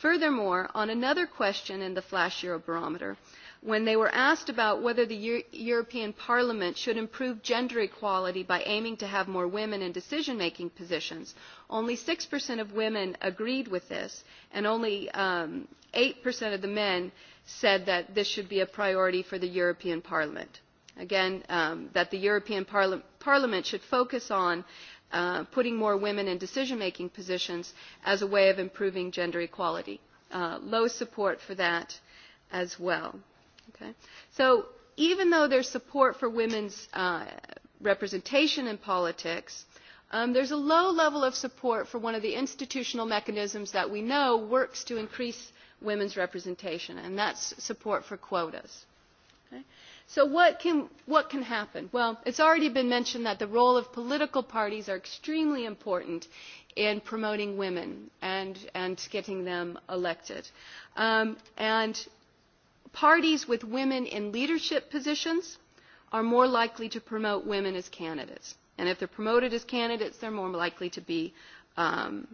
Furthermore, on another question in the Flash Eurobarometer, uh, when they were asked about whether the Euro European Parliament should improve gender equality by aiming to have more women in decision making positions, only 6% of women agreed with this, and only um, 8% of the men said that this should be a priority for the European Parliament. Again, um, that the European Parli- Parliament should focus on uh, putting more women in decision making positions as a way of improving gender equality. Uh, low support for that as well. Okay? So even though there's support for women's uh, representation in politics, um, there's a low level of support for one of the institutional mechanisms that we know works to increase women's representation, and that's support for quotas. Okay? So what can, what can happen? Well, it's already been mentioned that the role of political parties are extremely important in promoting women and, and getting them elected. Um, and parties with women in leadership positions are more likely to promote women as candidates. And if they're promoted as candidates, they're more likely to be um,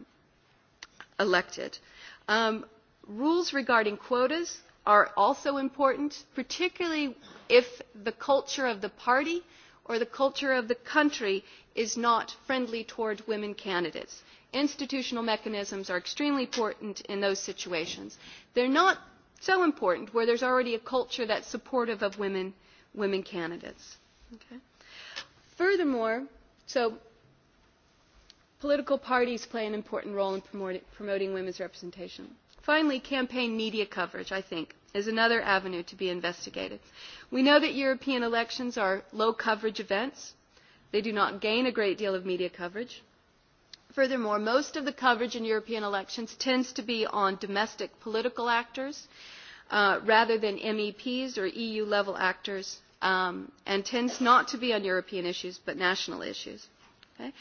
elected. Um, rules regarding quotas are also important, particularly if the culture of the party or the culture of the country is not friendly toward women candidates. Institutional mechanisms are extremely important in those situations. They're not so important, where there's already a culture that's supportive of women, women candidates. Okay? Furthermore, so political parties play an important role in promoting, promoting women's representation. Finally, campaign media coverage, I think, is another avenue to be investigated. We know that European elections are low coverage events. They do not gain a great deal of media coverage furthermore most of the coverage in european elections tends to be on domestic political actors uh, rather than meps or eu level actors um, and tends not to be on european issues but national issues. Okay?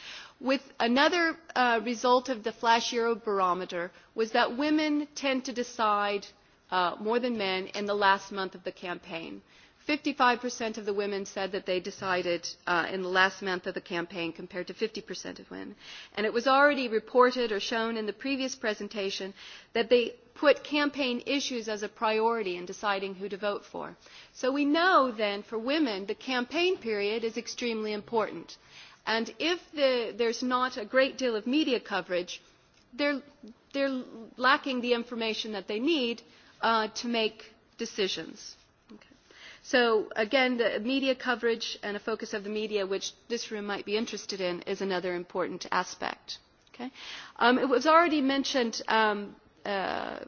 With another uh, result of the Flash Eurobarometer was that women tend to decide uh, more than men in the last month of the campaign. Uh, 55% of the women said that they decided uh, in the last month of the campaign compared to 50% of women. And it was already reported or shown in the previous presentation that they put campaign issues as a priority in deciding who to vote for. So we know then for women the campaign period is extremely important. And if the, there's not a great deal of media coverage, they're, they're lacking the information that they need uh, to make decisions. So again, the media coverage and a focus of the media, which this room might be interested in, is another important aspect. Okay? Um, it was already mentioned um, uh,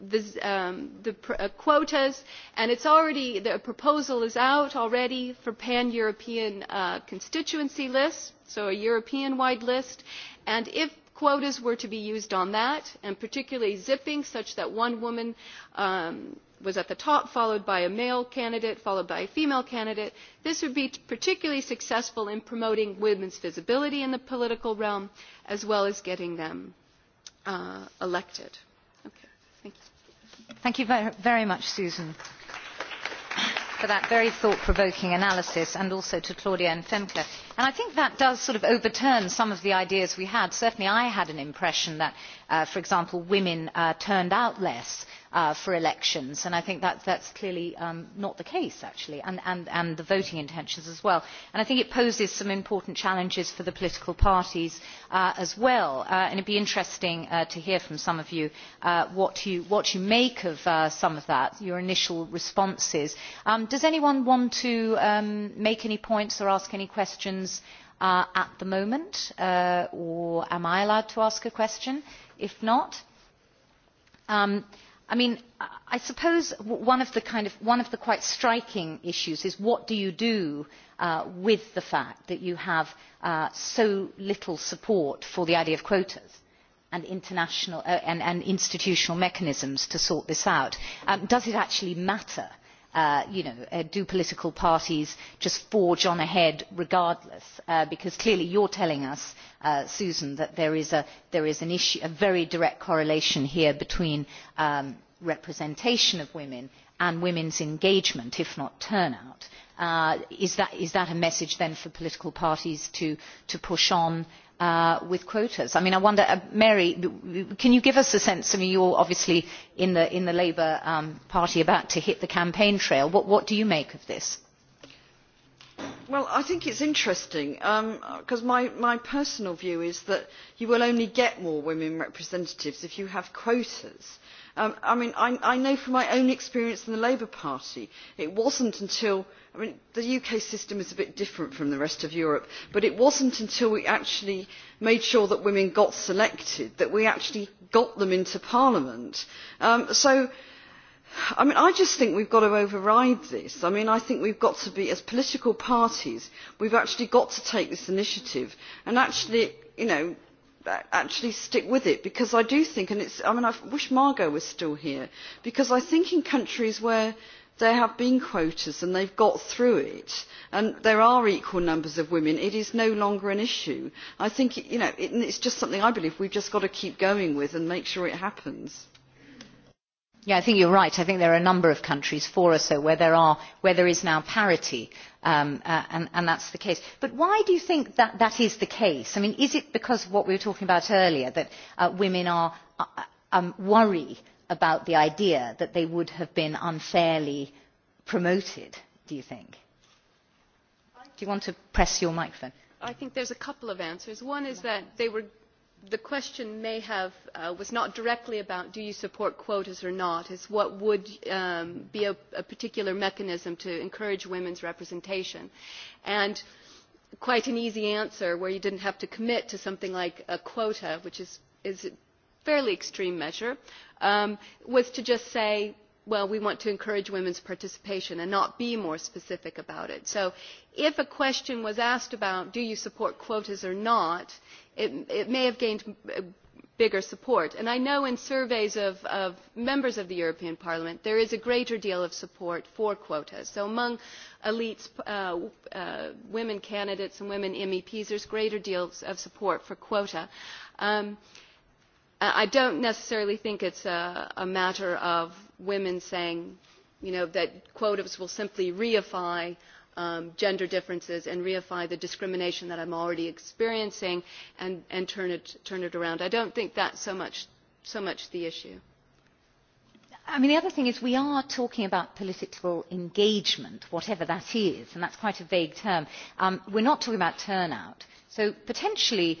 this, um, the pr uh, quotas, and it's already the proposal is out already for pan-European uh, constituency lists, so a European-wide list, and if quotas were to be used on that, and particularly zipping, such that one woman um, was at the top, followed by a male candidate, followed by a female candidate. This would be particularly successful in promoting women's visibility in the political realm, as well as getting them uh, elected. Okay, thank you. Thank you very, very much, Susan, for that very thought-provoking analysis, and also to Claudia and Femke. And I think that does sort of overturn some of the ideas we had. Certainly I had an impression that, uh, for example, women uh, turned out less uh, for elections. And I think that, that's clearly um, not the case, actually, and, and, and the voting intentions as well. And I think it poses some important challenges for the political parties uh, as well. Uh, and it would be interesting uh, to hear from some of you uh, what you, what you make of uh, some of that, your initial responses. Um, does anyone want to um, make any points or ask any questions? Uh, at the moment, uh, or am I allowed to ask a question? If not, um, I mean, I suppose one of the kind of one of the quite striking issues is what do you do uh, with the fact that you have uh, so little support for the idea of quotas and international uh, and, and institutional mechanisms to sort this out? Um, does it actually matter? Uh, uh, you know, uh, do political parties just forge on ahead regardless? Uh, because clearly you're telling us, uh, Susan, that there is, a, there is an issue, a very direct correlation here between um, representation of women and women's engagement, if not turnout. Uh, is, that, is that a message then for political parties to, to push on uh, uh, with quotas. I mean, I wonder, uh, Mary, can you give us a sense? I mean, you're obviously in the, in the Labour um, Party about to hit the campaign trail. What, what do you make of this? Well, I think it's interesting because um, my, my personal view is that you will only get more women representatives if you have quotas. Uh, Um, I, mean, I, I know from my own experience in the Labour Party, it wasn't until, I mean, the UK system is a bit different from the rest of Europe, but it wasn't until we actually made sure that women got selected that we actually got them into Parliament. Um, so, I mean, I just think we've got to override this. I mean, I think we've got to be, as political parties, we've actually got to take this initiative and actually, you know, Uh, actually stick with it because I do think, and it's, I mean, I wish Margot was still here, because I think in countries where there have been quotas and they've got through it and there are equal numbers of women it is no longer an issue i think you know it, it's just something i believe we've just got to keep going with and make sure it happens Yeah, i think you are right i think there are a number of countries four or so where there, are, where there is now parity um, uh, and, and that is the case. but why do you think that, that is the case? I mean, is it because of what we were talking about earlier that uh, women are, uh, uh, um, worry about the idea that they would have been unfairly promoted do you think? do you want to press your microphone? i think there are a couple of answers. one is that they were the question may have uh, was not directly about do you support quotas or not. It's what would um, be a, a particular mechanism to encourage women's representation, and quite an easy answer where you didn't have to commit to something like a quota, which is is a fairly extreme measure, um, was to just say well, we want to encourage women's participation and not be more specific about it. So if a question was asked about do you support quotas or not, it, it may have gained bigger support. And I know in surveys of, of members of the European Parliament there is a greater deal of support for quotas. So among elites, uh, uh, women candidates and women MEPs, there's greater deals of support for quota. Um, I don't necessarily think it's a, a matter of women saying, you know, that quotas will simply reify uh, um, gender differences and reify the discrimination that I'm already experiencing and, and turn, it, turn it around. I don't think that's so much, so much the issue. I mean, the other thing is we are talking about political engagement, whatever that is, and that's quite a vague term. Um, we're not talking about turnout. So potentially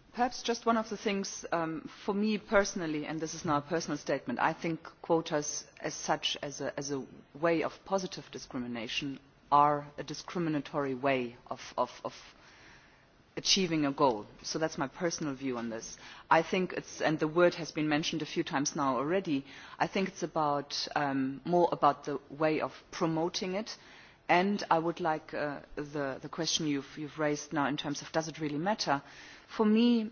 perhaps just one of the things um, for me personally and this is now a personal statement i think quotas as such as a, as a way of positive discrimination are a discriminatory way of, of, of achieving a goal so that is my personal view on this. i think it is and the word has been mentioned a few times now already i think it is um, more about the way of promoting it and and i would like uh, the, the question you have raised now in terms of does it really matter for me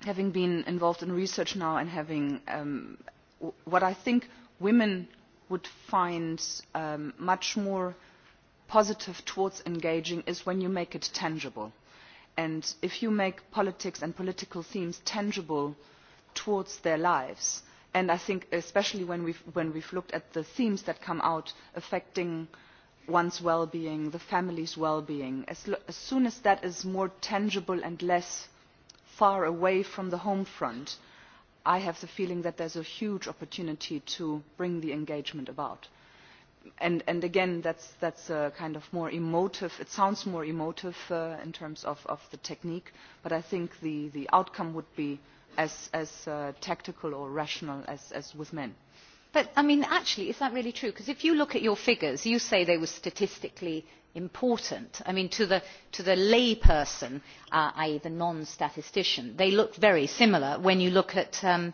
having been involved in research now and having um, what i think women would find um, much more positive towards engaging is when you make it tangible and if you make politics and political themes tangible towards their lives and i think especially when we have looked at the themes that come out affecting uh, one's well-being, the family's well-being, as, as soon as that is more tangible and less far away from the home front, I have the feeling that there's a huge opportunity to bring the engagement about. And, and again, that's, that's a kind of more emotive, it sounds more emotive uh, in terms of, of the technique, but I think the, the outcome would be as, as uh, tactical or rational as, as with men. Uh, But, I mean, actually, is that really true? Because if you look at your figures, you say they were statistically important. I mean, to the, to the layperson, uh, i.e. the non-statistician, they look very similar when you look at um,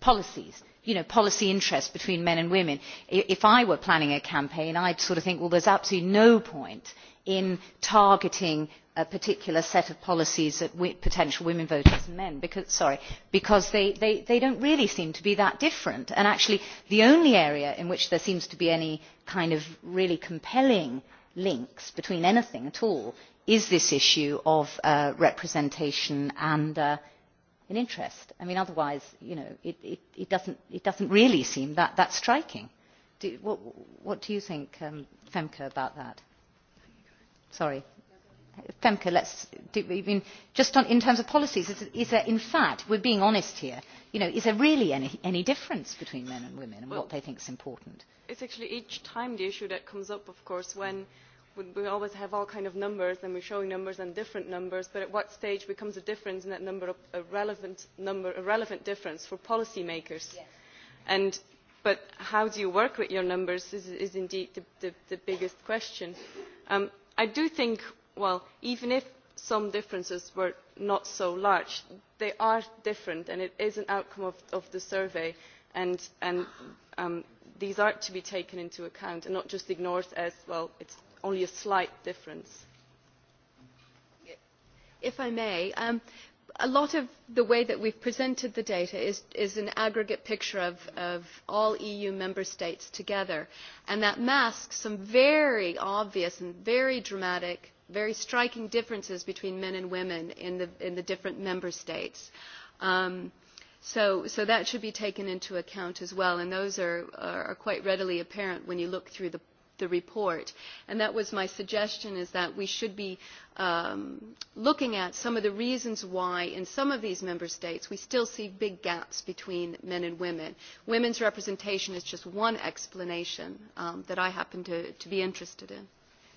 policies you know, policy interest between men and women. If I were planning a campaign, I'd sort of think, well, there's absolutely no point in targeting a particular set of policies at wi potential women voters and men because, sorry, because they, they, they don't really seem to be that different. And actually, the only area in which there seems to be any kind of really compelling links between anything at all is this issue of uh, representation and uh, an interest. I mean, otherwise, you know, it, it, it, doesn't, it doesn't really seem that, that striking. Do, what, what do you think, um, Femke, about that? Sorry. Femke, let's, do, I mean, just on, in terms of policies, is, is there, in fact, we're being honest here, you know, is there really any, any difference between men and women and well, what they think is important? It's actually each time the issue that comes up, of course, when mm we always have all kinds of numbers and we are showing numbers and different numbers but at what stage becomes a difference in that number a relevant number a relevant difference for policy makers yes. and but how do you work with your numbers is, is indeed the, the, the biggest question um, I do think well even if some differences were not so large they are different and it is an outcome of, of the survey and, and um, these are to be taken into account and not just ignored as well it's only a slight difference. If I may, um, a lot of the way that we've presented the data is, is an aggregate picture of, of all EU member states together, and that masks some very obvious and very dramatic, very striking differences between men and women in the, in the different member states. Um, so, so that should be taken into account as well, and those are, are, are quite readily apparent when you look through the the report. And that was my suggestion, is that we should be um, looking at some of the reasons why in some of these member states we still see big gaps between men and women. Women's representation is just one explanation um, that I happen to, to be interested in.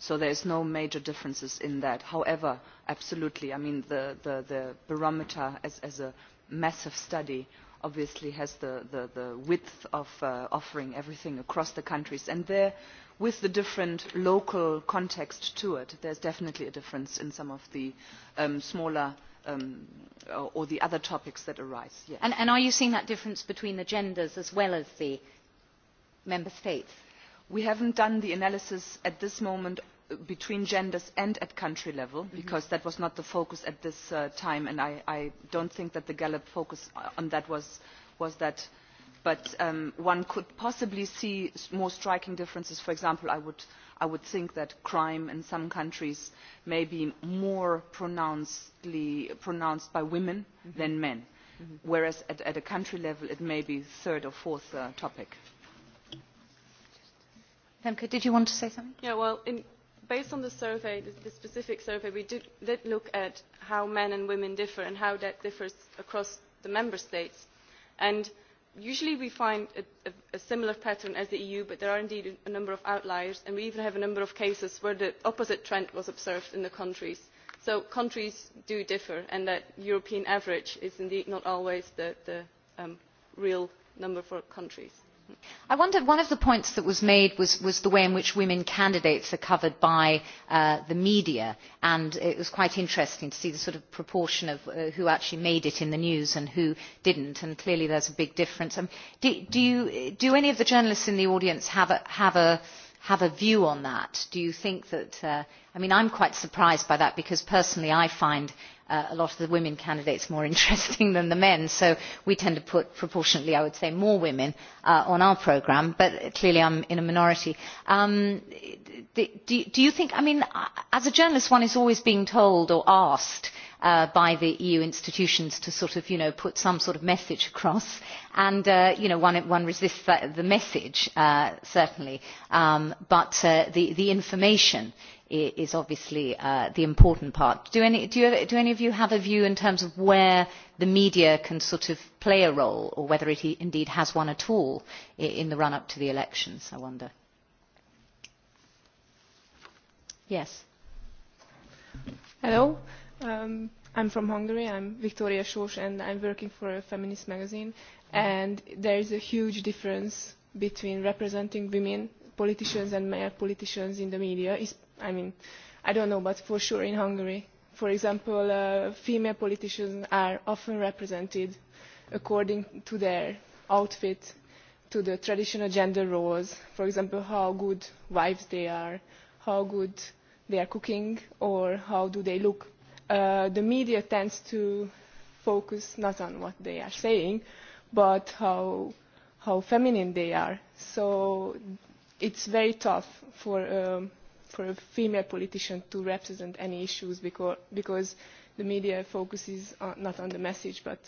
so there are no major differences in that. however absolutely i mean the, the, the barometer as, as a massive study obviously has the, the, the width of uh, offering everything across the countries and there with the different local context to it there's definitely a difference in some of the um, smaller um, or the other topics that arise. Yes. And, and are you seeing that difference between the genders as well as the member states? we have not done the analysis at this moment uh, between genders and at country level mm -hmm. because that was not the focus at this uh, time and i, I do not think that the gallup focus uh, on that was, was that but um, one could possibly see more striking differences for example I would, i would think that crime in some countries may be more pronounced by women mm -hmm. than men mm -hmm. whereas at, at a country level it may be a third or fourth uh, topic. Femke, did you want to say something? Yeah, well, in, based on the survey, the, the specific survey, we did, did look at how men and women differ and how that differs across the member states. And usually we find a, a, a similar pattern as the EU, but there are indeed a number of outliers, and we even have a number of cases where the opposite trend was observed in the countries. So countries do differ, and that European average is indeed not always the, the um, real number for countries. I wonder, one of the points that was made was, was the way in which women candidates are covered by uh, the media, and it was quite interesting to see the sort of proportion of uh, who actually made it in the news and who didn't, and clearly there's a big difference. Um, do, do, you, do any of the journalists in the audience have a, have a, have a view on that? Do you think that, uh, I mean, I'm quite surprised by that because personally I find uh, a lot of the women candidates more interesting than the men, so we tend to put proportionately, I would say, more women uh, on our programme, but clearly I'm in a minority. Um, do, do you think, I mean, uh, as a journalist, one is always being told or asked uh, by the EU institutions to sort of, you know, put some sort of message across. And, uh, you know, one, one resists that, the message, uh, certainly, um, but uh, the, the information is obviously uh, the important part. Do any, do, you, do any of you have a view in terms of where the media can sort of play a role, or whether it indeed has one at all in the run-up to the elections, I wonder? Yes. Hello. Um, I'm from Hungary. I'm Victoria Sors, and I'm working for a feminist magazine. And there is a huge difference between representing women politicians and male politicians in the media, i mean i don't know but for sure in hungary for example uh, female politicians are often represented according to their outfit to the traditional gender roles for example how good wives they are how good they are cooking or how do they look uh, the media tends to focus not on what they are saying but how how feminine they are so it's very tough for um, for a female politician to represent any issues because, because the media focuses on, not on the message but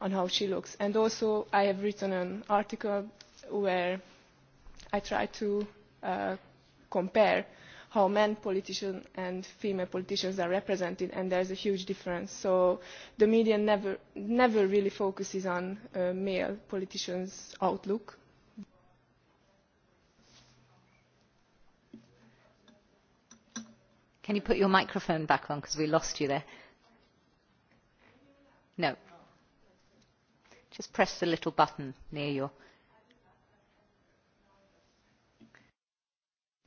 on how she looks. And also I have written an article where I try to uh, compare how men politicians and female politicians are represented and there's a huge difference. So the media never, never really focuses on uh, male politicians' outlook Can you put your microphone back on because we lost you there? No. Just press the little button near your.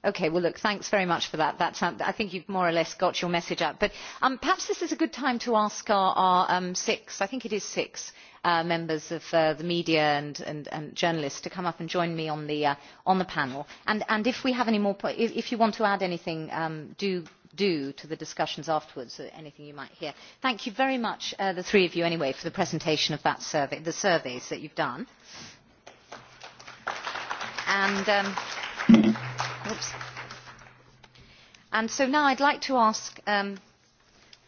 Okay, well, look, thanks very much for that. That's, um, I think you've more or less got your message out. But um, perhaps this is a good time to ask our, our um, six, I think it is six, uh, members of uh, the media and, and, and journalists to come up and join me on the, uh, on the panel. And, and if we have any more, if, if you want to add anything, um, do do to the discussions afterwards, so uh, anything you might hear. Thank you very much, uh, the three of you anyway, for the presentation of that survey, the surveys that you've done. And, um, oops. and so now I'd like to ask um,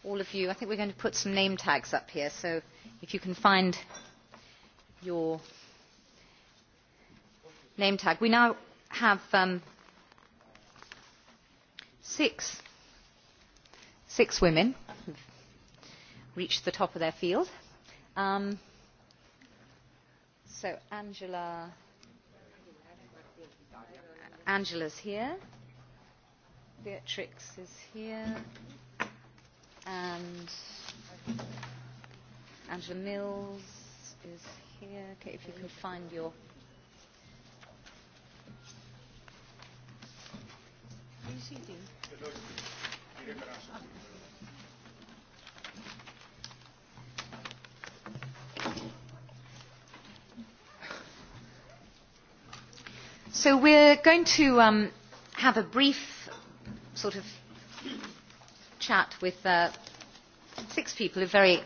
all of you, I think we're going to put some name tags up here, so if you can find your name tag. We now have um, six six women who've reached the top of their field. Um, so Angela, Angela's here. Beatrix is here, and Angela Mills is here. Okay, if you can find your. Are you seated? So we're going to um, have a brief sort of chat with uh, six people who are very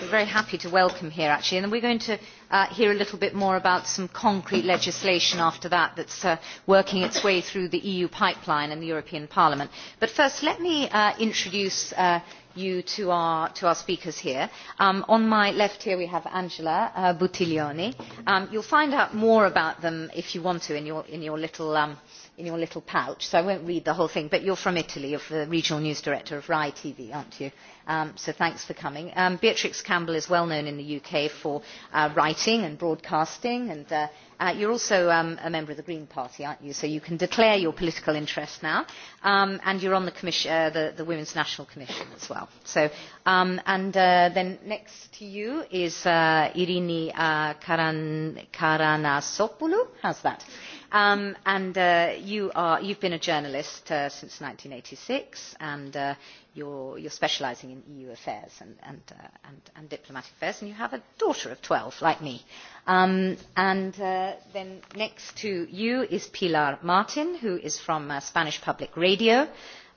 we're very happy to welcome here actually and we're going to uh, hear a little bit more about some concrete legislation after that that's uh, working its way through the EU pipeline and the European Parliament. But first let me uh, introduce uh, you to our, to our speakers here. Um, on my left here we have Angela uh, Buttiglioni. Um, you'll find out more about them if you want to in your, in your little um, uh, in your little pouch, so I won't read the whole thing, but you're from Italy, you're the regional news director of RAI TV, aren't you? Um, so thanks for coming. Um, Beatrix Campbell is well known in the UK for uh, writing and broadcasting, and uh, uh, you're also um, a member of the Green Party, aren't you? So you can declare your political interest now, um, and you're on the, commission, uh, the, the Women's National Commission as well. So, um, and uh, then next to you is uh, Irini uh, Karan, Karanasopoulou. How's that? Um, and uh, you are, you've been a journalist uh, since 1986, and uh, you're, you're specialising in EU affairs and, and, uh, and, and diplomatic affairs, and you have a daughter of 12, like me. Um, and uh, then next to you is Pilar Martin, who is from uh, Spanish Public Radio,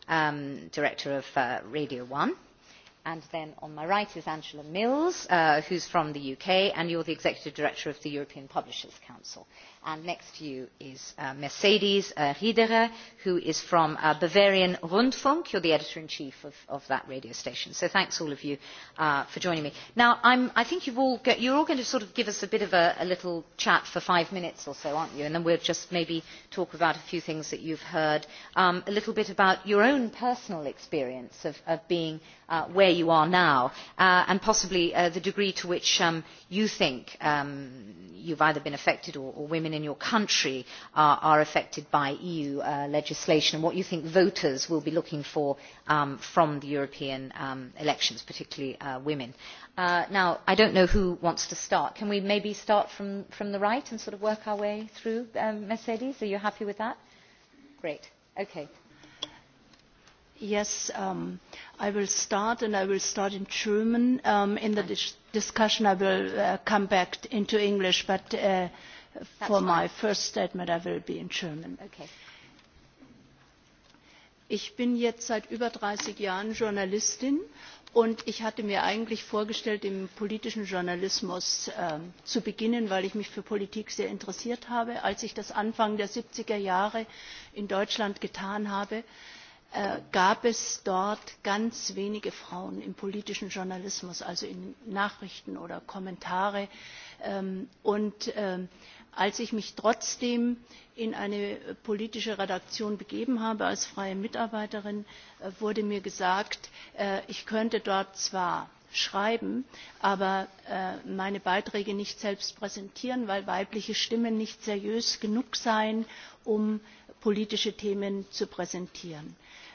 um, director of uh, Radio 1. And then on my right is Angela Mills, uh, who's from the UK, and you're the executive director of the European Publishers Council. Uh, And next to you is uh, Mercedes uh, Riederer, who is from uh, Bavarian Rundfunk. You're the editor-in-chief of, of that radio station. So thanks all of you uh, for joining me. Now, I'm, I think you've all go, you're all going to sort of give us a bit of a, a little chat for five minutes or so, aren't you? And then we'll just maybe talk about a few things that you've heard, um, a little bit about your own personal experience of, of being uh, where you are now, uh, and possibly uh, the degree to which um, you think um, you've either been affected or, or women even in your country are, uh, are affected by EU uh, legislation and what you think voters will be looking for um, from the European um, elections, particularly uh, women. Uh, now, I don't know who wants to start. Can we maybe start from, from the right and sort of work our way through? Um, Mercedes, are you happy with that? Great. Okay. Yes, um, I will start, and I will start in German. Um, in the dis discussion, I will uh, come back into English, but uh, for my first statement I will be in German. Okay. Ich bin jetzt seit über 30 Jahren Journalistin und ich hatte mir eigentlich vorgestellt, im politischen Journalismus äh, zu beginnen, weil ich mich für Politik sehr interessiert habe. Als ich das Anfang der 70er Jahre in Deutschland getan habe, äh, gab es dort ganz wenige Frauen im politischen Journalismus, also in Nachrichten oder Kommentare. Ähm, und ähm, als ich mich trotzdem in eine politische redaktion begeben habe als freie mitarbeiterin äh, wurde mir gesagt äh, ich könnte dort zwar schreiben aber äh, meine beiträge nicht selbst präsentieren weil weibliche stimmen nicht seriös genug seien um politische themen zu präsentieren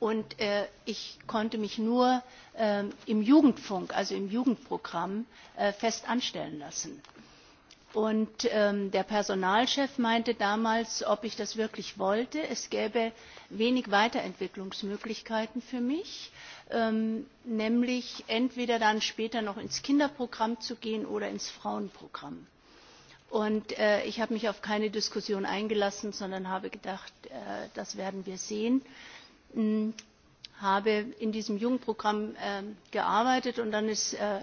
Und äh, ich konnte mich nur äh, im Jugendfunk, also im Jugendprogramm, äh, fest anstellen lassen. Und ähm, der Personalchef meinte damals, ob ich das wirklich wollte. Es gäbe wenig Weiterentwicklungsmöglichkeiten für mich, ähm, nämlich entweder dann später noch ins Kinderprogramm zu gehen oder ins Frauenprogramm. Und äh, ich habe mich auf keine Diskussion eingelassen, sondern habe gedacht, äh, das werden wir sehen. Äh, Ähm, habe in diesem Jugendprogramm äh, gearbeitet und dann ist äh,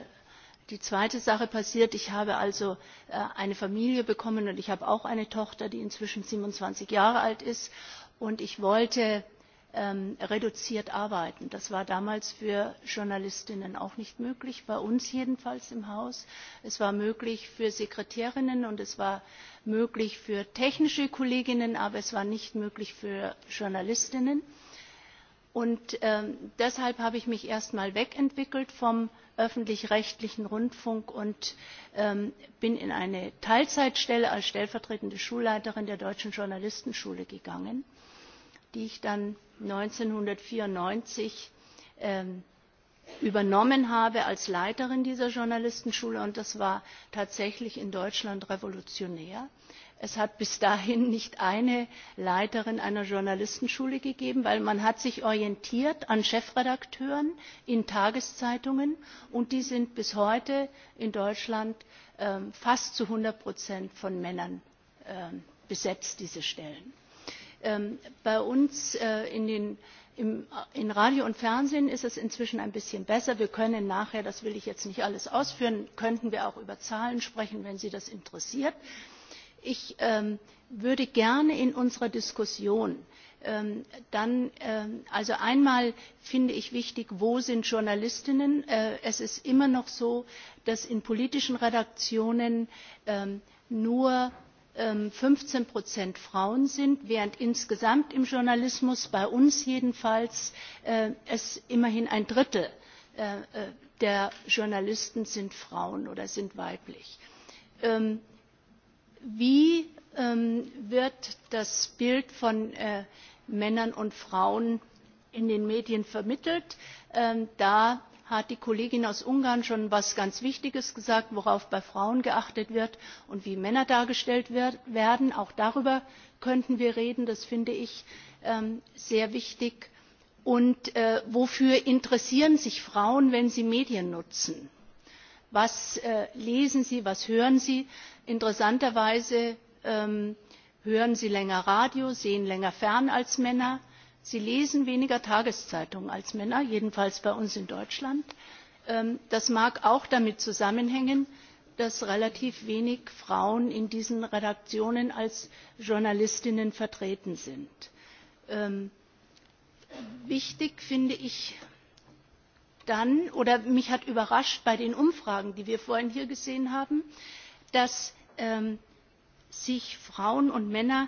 die zweite Sache passiert. Ich habe also äh, eine Familie bekommen und ich habe auch eine Tochter, die inzwischen 27 Jahre alt ist und ich wollte ähm, reduziert arbeiten. Das war damals für Journalistinnen auch nicht möglich, bei uns jedenfalls im Haus. Es war möglich für Sekretärinnen und es war möglich für technische Kolleginnen, aber es war nicht möglich für Journalistinnen. Äh, Und ähm, deshalb habe ich mich erstmal wegentwickelt vom öffentlich-rechtlichen Rundfunk und ähm, bin in eine Teilzeitstelle als stellvertretende Schulleiterin der Deutschen Journalistenschule gegangen, die ich dann 1994 ähm, übernommen habe als Leiterin dieser Journalistenschule und das war tatsächlich in Deutschland revolutionär es hat bis dahin nicht eine leiterin einer journalistenschule gegeben denn man hat sich orientiert an chefredakteuren in tageszeitungen und die sind bis heute in deutschland ähm, fast zu einhundert von männern ähm, besetzt diese stellen. Ähm, bei uns äh, in radio und fernsehen ist es inzwischen ein bisschen besser. wir können nachher das will ich jetzt nicht alles ausführen könnten wir auch über zahlen sprechen wenn sie das interessiert ich ähm, würde gerne in unserer diskussion ähm, dann ähm, also einmal finde ich wichtig wo sind journalistinnen? Äh, es ist immer noch so dass in politischen redaktionen ähm, nur ähm, fünfzehn frauen sind während insgesamt im journalismus bei uns jedenfalls äh, immerhin ein drittel äh, äh, der journalisten sind frauen oder sind weiblich. Ähm, wie ähm, wird das Bild von äh, Männern und Frauen in den Medien vermittelt? Ähm, da hat die Kollegin aus Ungarn schon etwas ganz Wichtiges gesagt, worauf bei Frauen geachtet wird und wie Männer dargestellt wird, werden. Auch darüber könnten wir reden. Das finde ich ähm, sehr wichtig. Und äh, wofür interessieren sich Frauen, wenn sie Medien nutzen? was äh, lesen sie was hören sie? interessanterweise ähm, hören sie länger radio sehen länger fern als männer sie lesen weniger tageszeitungen als männer jedenfalls bei uns in deutschland. Ähm, das mag auch damit zusammenhängen dass relativ wenig frauen in diesen redaktionen als journalistinnen vertreten sind. Ähm, wichtig finde ich dann oder mich hat überrascht bei den umfragen die wir vorhin hier gesehen haben dass ähm, sich frauen und männer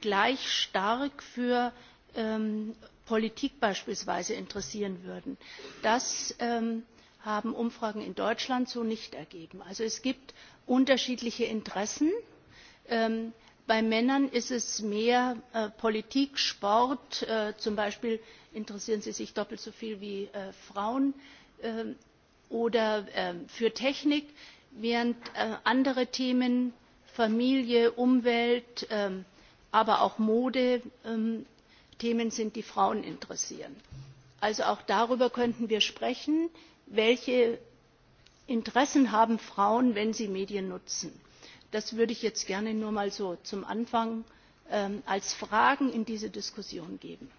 gleich stark für ähm, politik beispielsweise interessieren würden. das ähm, haben umfragen in deutschland so nicht ergeben. also es gibt unterschiedliche interessen. Ähm, bei männern ist es mehr äh, politik sport äh, zum beispiel interessieren sie sich doppelt so viel wie äh, frauen ähm, oder ähm, für technik während äh, andere themen familie umwelt ähm, aber auch mode themen sind die frauen interessieren. also auch darüber könnten wir sprechen welche interessen haben frauen wenn sie medien nutzen? das würde ich jetzt gerne nur mal so zum anfang ähm, als fragen in diese diskussion geben.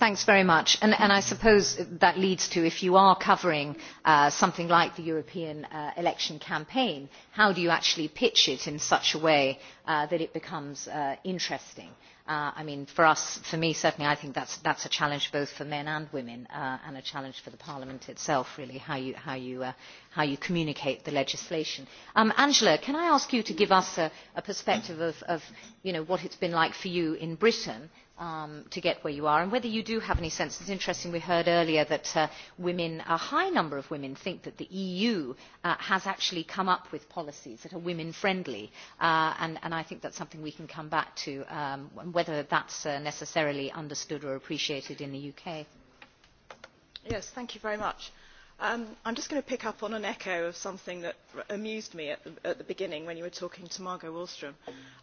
Thanks very much. And, and I suppose that leads to if you are covering uh, something like the European uh, election campaign, how do you actually pitch it in such a way uh, that it becomes uh, interesting? Uh, I mean, for us, for me certainly, I think that's, that's a challenge both for men and women uh, and a challenge for the Parliament itself, really, how you, how you, uh, how you communicate the legislation. Um, Angela, can I ask you to give us a, a perspective of, of you know, what it's been like for you in Britain um, to get where you are and whether you do have any sense. It's interesting, we heard earlier that uh, women, a high number of women think that the EU uh, has actually come up with policies that are women friendly uh, and, and I think that's something we can come back to um, whether that's uh, necessarily understood or appreciated in the UK. Yes, thank you very much. Uh, Um, I'm just going to pick up on an echo of something that amused me at the, at the beginning when you were talking to Margot Wallstrom.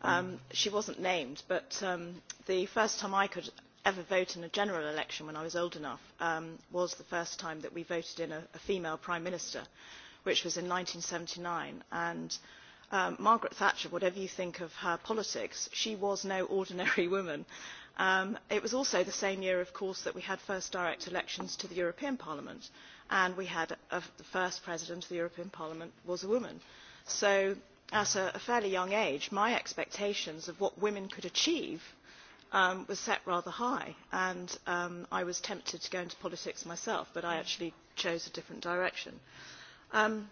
Um, she wasn't named, but um, the first time I could ever vote in a general election when I was old enough um, was the first time that we voted in a, a female prime minister, which was in 1979. And um, Margaret Thatcher, whatever you think of her politics, she was no ordinary woman. Um, it was also the same year, of course, that we had first direct elections to the European Parliament and we had a, the first president of the European Parliament was a woman. So at a, a fairly young age, my expectations of what women could achieve um, was set rather high, and um, I was tempted to go into politics myself, but I actually chose a different direction. Um,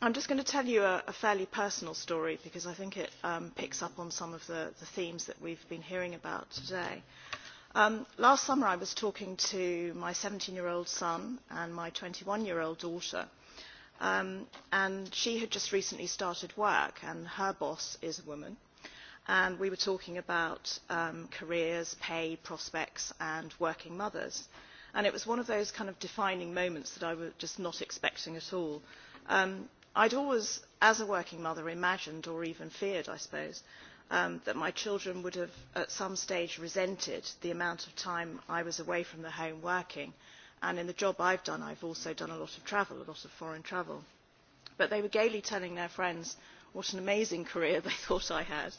I'm just going to tell you a, a fairly personal story because I think it um, picks up on some of the, the themes that we've been hearing about today. Uh, Um, last summer I was talking to my 17-year-old son and my 21-year-old daughter, um, and she had just recently started work, and her boss is a woman. And we were talking about um, careers, pay, prospects, and working mothers. And it was one of those kind of defining moments that I was just not expecting at all. Um, I'd always, as a working mother, imagined or even feared, I suppose, um, that my children would have at some stage resented the amount of time I was away from the home working. And in the job I've done, I've also done a lot of travel, a lot of foreign travel. But they were gaily telling their friends what an amazing career they thought I had,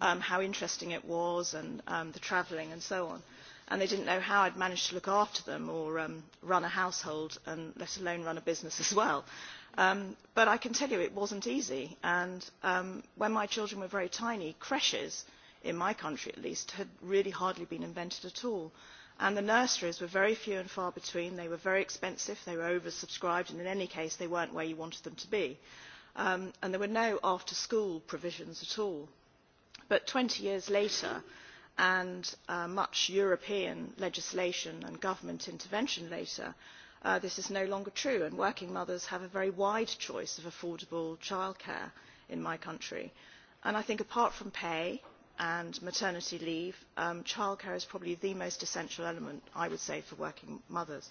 um, how interesting it was, and um, the travelling and so on. And they didn't know how I'd managed to look after them or um, run a household, and let alone run a business as well. Um, but I can tell you it wasn't easy. And um, when my children were very tiny, creches, in my country at least, had really hardly been invented at all. And the nurseries were very few and far between. They were very expensive. They were oversubscribed. And in any case, they weren't where you wanted them to be. Um, and there were no after-school provisions at all. But 20 years later, and uh, much European legislation and government intervention later, uh, this is no longer true and working mothers have a very wide choice of affordable childcare in my country. And I think apart from pay and maternity leave, um, childcare is probably the most essential element, I would say, for working mothers.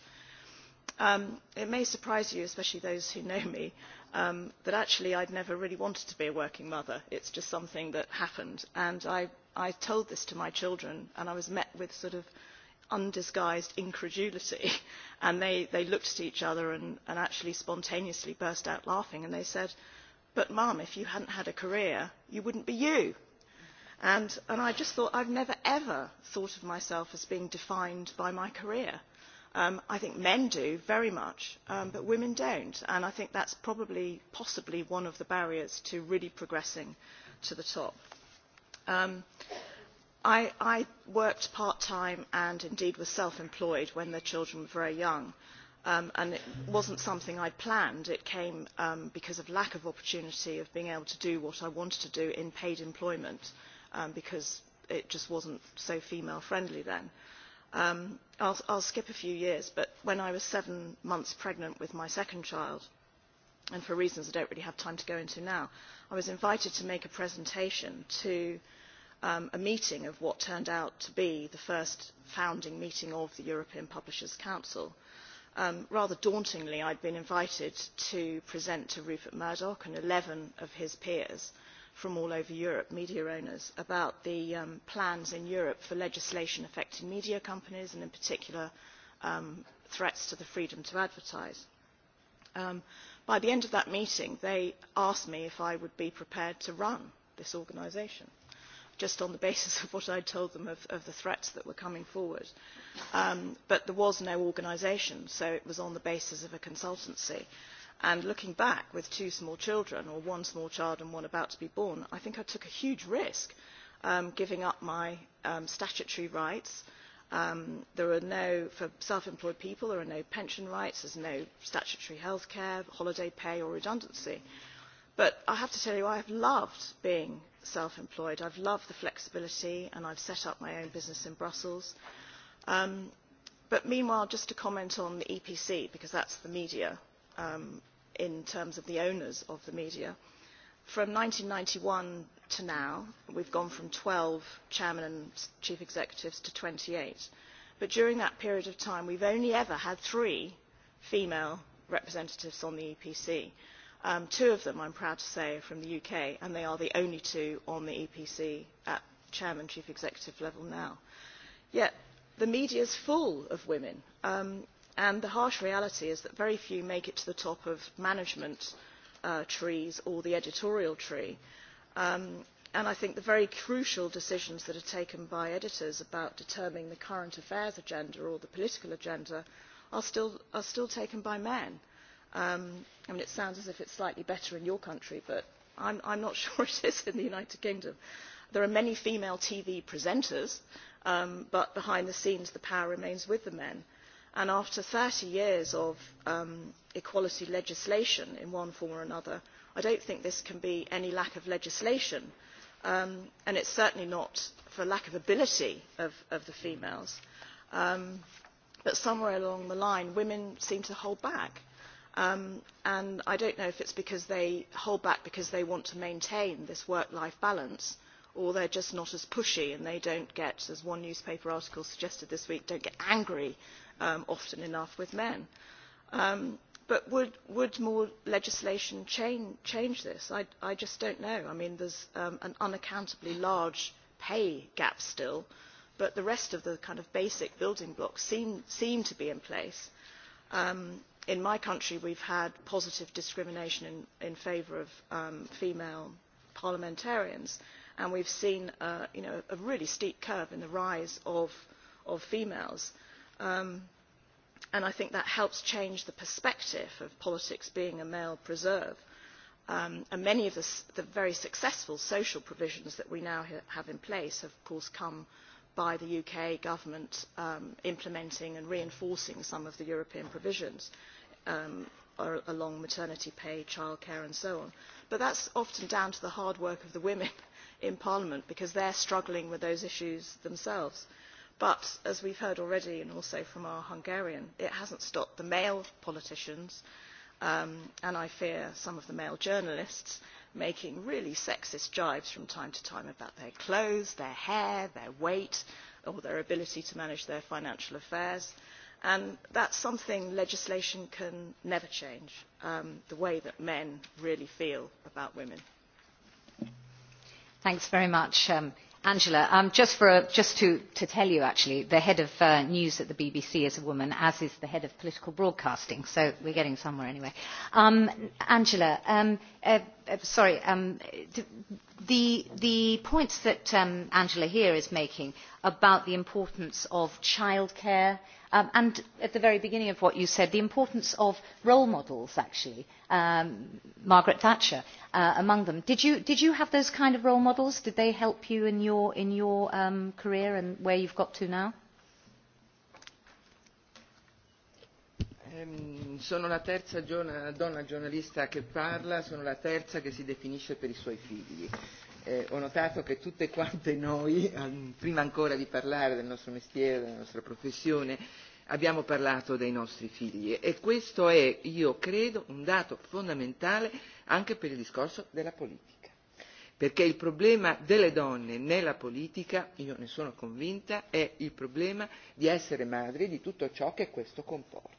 Um, it may surprise you, especially those who know me, um, that actually I'd never really wanted to be a working mother. It's just something that happened. And I, I told this to my children, and I was met with sort of undisguised incredulity. And they, they looked at each other and, and actually spontaneously burst out laughing. And they said, but mum, if you hadn't had a career, you wouldn't be you. And, and I just thought, I've never ever thought of myself as being defined by my career. Um, I think men do very much, um, but women don't. And I think that's probably, possibly one of the barriers to really progressing to the top. Um, I, I worked part-time and indeed was self-employed when the children were very young. Um, and it wasn't something I planned. It came um, because of lack of opportunity of being able to do what I wanted to do in paid employment um, because it just wasn't so female-friendly then. Um, I'll, I'll skip a few years, but when I was seven months pregnant with my second child, and for reasons I don't really have time to go into now, I was invited to make a presentation to uh, um, a meeting of what turned out to be the first founding meeting of the European Publishers Council. Um, rather dauntingly, I'd been invited to present to Rupert Murdoch and 11 of his peers from all over Europe, media owners, about the um, plans in Europe for legislation affecting media companies and in particular um, threats to the freedom to advertise. Um, by the end of that meeting, they asked me if I would be prepared to run this organisation just on the basis of what I told them of, of the threats that were coming forward. Um, but there was no organisation, so it was on the basis of a consultancy. And looking back with two small children, or one small child and one about to be born, I think I took a huge risk um, giving up my um, statutory rights. Um, there are no, for self-employed people, there are no pension rights, there's no statutory health care, holiday pay or redundancy. Mm-hmm but i have to tell you i have loved being self employed. i have loved the flexibility and i have set up my own business in brussels. Um, but meanwhile just to comment on the epc because that is the media um, in terms of the owners of the media from one thousand nine hundred and ninety one to now we have gone from twelve chairmen and chief executives to twenty eight but during that period of time we have only ever had three female representatives on the epc Um, two of them, I'm proud to say, are from the UK, and they are the only two on the EPC at chairman, chief executive level now. Yet the media is full of women, um, and the harsh reality is that very few make it to the top of management uh, trees or the editorial tree. Um, and I think the very crucial decisions that are taken by editors about determining the current affairs agenda or the political agenda are still, are still taken by men Um, I mean, it sounds as if it's slightly better in your country, but I'm, I'm not sure it is in the United Kingdom. There are many female TV presenters, um, but behind the scenes the power remains with the men. And after 30 years of um, equality legislation in one form or another, I don't think this can be any lack of legislation, um, and it's certainly not for lack of ability of, of the females. Um, but somewhere along the line, women seem to hold back Um, and I don't know if it's because they hold back because they want to maintain this work-life balance or they're just not as pushy and they don't get, as one newspaper article suggested this week, don't get angry um, often enough with men. Um, but would, would more legislation change, change this? I, I just don't know. I mean, there's um, an unaccountably large pay gap still, but the rest of the kind of basic building blocks seem, seem to be in place. Um, in my country we have had positive discrimination in, in favour of um, female parliamentarians and we have seen uh, you know, a really steep curve in the rise of, of females. Um, and I think that helps change the perspective of politics being a male preserve. Um, and many of the, the very successful social provisions that we now ha have in place have, of course, come uh, by the UK government um, implementing and reinforcing some of the European provisions um, along maternity pay, childcare and so on. But that's often down to the hard work of the women in Parliament because they're struggling with those issues themselves. But as we've heard already and also from our Hungarian, it hasn't stopped the male politicians um, and I fear some of the male journalists making really sexist jibes from time to time about their clothes, their hair, their weight, or their ability to manage their financial affairs. And that's something legislation can never change, um, the way that men really feel about women. Thanks very much. Um, Angela, um, just, for a, just to, to tell you actually, the head of uh, news at the BBC is a woman, as is the head of political broadcasting, so we're getting somewhere anyway. Um, Angela, um, uh, Uh, sorry, um, the, the points that um, Angela here is making about the importance of childcare um, and at the very beginning of what you said, the importance of role models, actually, um, Margaret Thatcher uh, among them. Did you, did you have those kind of role models? Did they help you in your, in your um, career and where you've got to now? Um, sono la terza donna giornalista che parla, sono la terza che si definisce per i suoi figli. Eh, ho notato che tutte quante noi, prima ancora di parlare del nostro mestiere, della nostra professione, abbiamo parlato dei nostri figli e questo è, io credo, un dato fondamentale anche per il discorso della politica. Perché il problema delle donne nella politica, io ne sono convinta, è il problema di essere madri di tutto ciò che questo comporta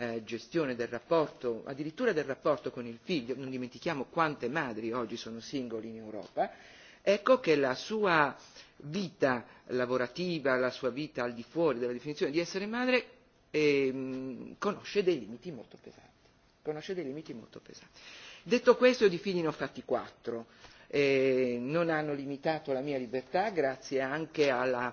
eh, gestione del rapporto addirittura del rapporto con il figlio non dimentichiamo quante madri oggi sono single in europa ecco che la sua vita lavorativa la sua vita al di fuori della definizione di essere madre ehm, conosce dei limiti molto pesanti conosce dei limiti molto pesanti. Detto questo, io di figli ne ho fatti quattro. Eh, non hanno limitato la mia libertà grazie anche alla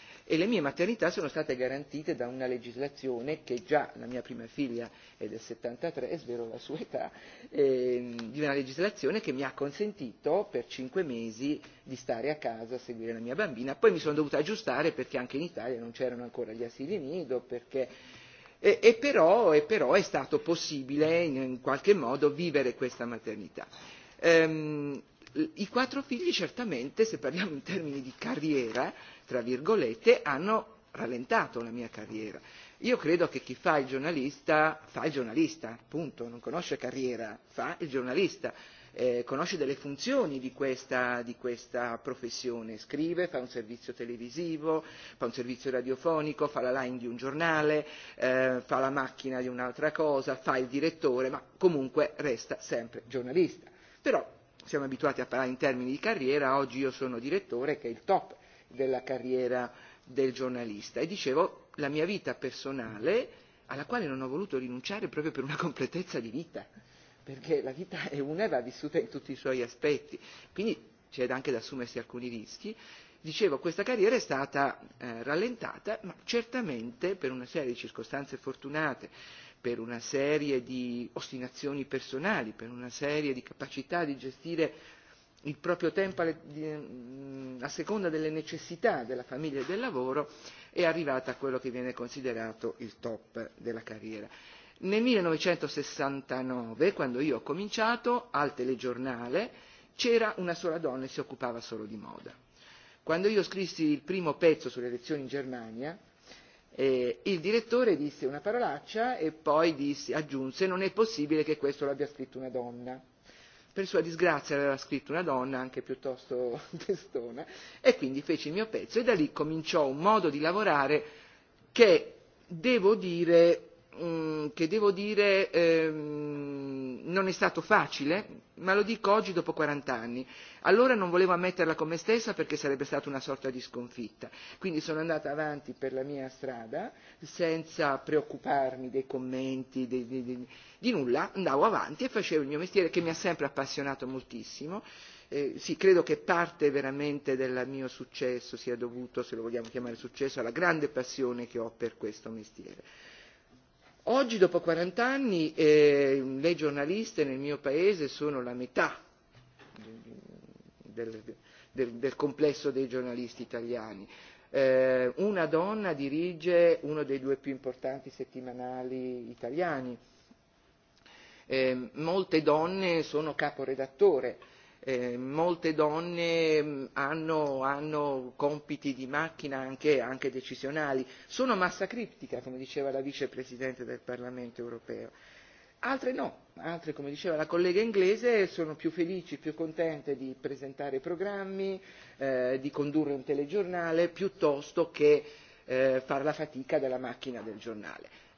e le mie maternità sono state garantite da una legislazione che già la mia prima figlia è del 73, è svero la sua età, eh, di una legislazione che mi ha consentito per cinque mesi di stare a casa a seguire la mia bambina. Poi mi sono dovuta aggiustare perché anche in Italia non c'erano ancora gli asili nido, perché e, e, però, e però è stato possibile in, in qualche modo vivere questa maternità. Ehm, I quattro figli certamente, se parliamo in termini di carriera, tra virgolette hanno rallentato la mia carriera. Io credo che chi fa il giornalista fa il giornalista, punto, non conosce carriera, fa il giornalista, eh, conosce delle funzioni di questa, di questa professione, scrive, fa un servizio televisivo, fa un servizio radiofonico, fa la line di un giornale, eh, fa la macchina di un'altra cosa, fa il direttore, ma comunque resta sempre giornalista. Però siamo abituati a parlare in termini di carriera, oggi io sono direttore che è il top della carriera del giornalista e dicevo la mia vita personale alla quale non ho voluto rinunciare proprio per una completezza di vita perché la vita è una e va vissuta in tutti i suoi aspetti quindi c'è anche da assumersi alcuni rischi dicevo questa carriera è stata eh, rallentata ma certamente per una serie di circostanze fortunate per una serie di ostinazioni personali per una serie di capacità di gestire il proprio tempo mm, a seconda delle necessità della famiglia e del lavoro è arrivata a quello che viene considerato il top della carriera. Nel 1969, quando io ho cominciato, al telegiornale c'era una sola donna e si occupava solo di moda. Quando io scrissi il primo pezzo sulle elezioni in Germania, eh, il direttore disse una parolaccia e poi disse, aggiunse non è possibile che questo l'abbia scritto una donna per sua disgrazia l'aveva scritto una donna anche piuttosto testona e quindi feci il mio pezzo e da lì cominciò un modo di lavorare che devo dire mh, mm, che devo dire ehm, non è stato facile, ma lo dico oggi dopo 40 anni. Allora non volevo ammetterla con me stessa perché sarebbe stata una sorta di sconfitta. Quindi sono andata avanti per la mia strada senza preoccuparmi dei commenti, dei, dei, dei, di nulla, andavo avanti e facevo il mio mestiere che mi ha sempre appassionato moltissimo. Eh, sì, credo che parte veramente del mio successo sia dovuto, se lo vogliamo chiamare successo, alla grande passione che ho per questo mestiere oggi dopo quarant'anni eh, le giornaliste nel mio paese sono la metà del, del, del complesso dei giornalisti italiani eh, una donna dirige uno dei due più importanti settimanali italiani eh, molte donne sono caporedattore eh, molte donne mh, mm, hanno, hanno compiti di macchina anche, anche decisionali, sono massa criptica, come diceva la vicepresidente del Parlamento europeo. Altre no, altre, come diceva la collega inglese, sono più felici, più contente di presentare programmi, eh, di condurre un telegiornale, piuttosto che eh, fare la fatica della macchina del giornale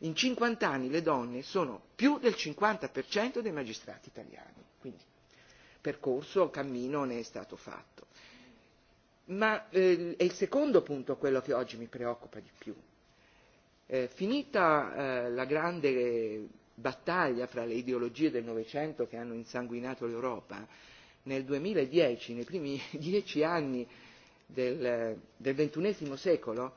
in 50 anni le donne sono più del 50% dei magistrati italiani. Quindi percorso, cammino ne è stato fatto. Ma eh, è il secondo punto quello che oggi mi preoccupa di più. Eh, finita eh, la grande battaglia fra le ideologie del Novecento che hanno insanguinato l'Europa, nel 2010, nei primi dieci anni del, del XXI secolo,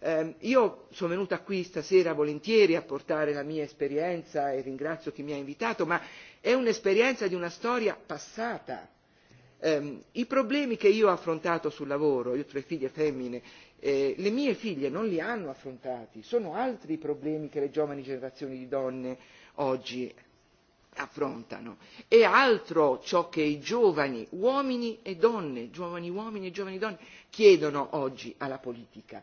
Ehm, io sono venuta qui stasera volentieri a portare la mia esperienza e ringrazio chi mi ha invitato ma è un'esperienza di una storia passata ehm, i problemi che io ho affrontato sul lavoro io ho tre figlie femmine eh, le mie figlie non li hanno affrontati sono altri i problemi che le giovani generazioni di donne oggi affrontano è e altro ciò che i giovani uomini e donne giovani uomini e giovani donne chiedono oggi alla politica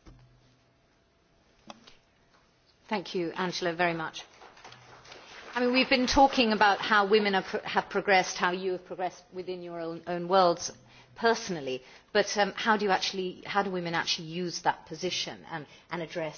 Thank you, Angela, very much. I mean, we've been talking about how women are, have progressed, how you have progressed within your own, own worlds personally, but um, how, do you actually, how do women actually use that position and, and address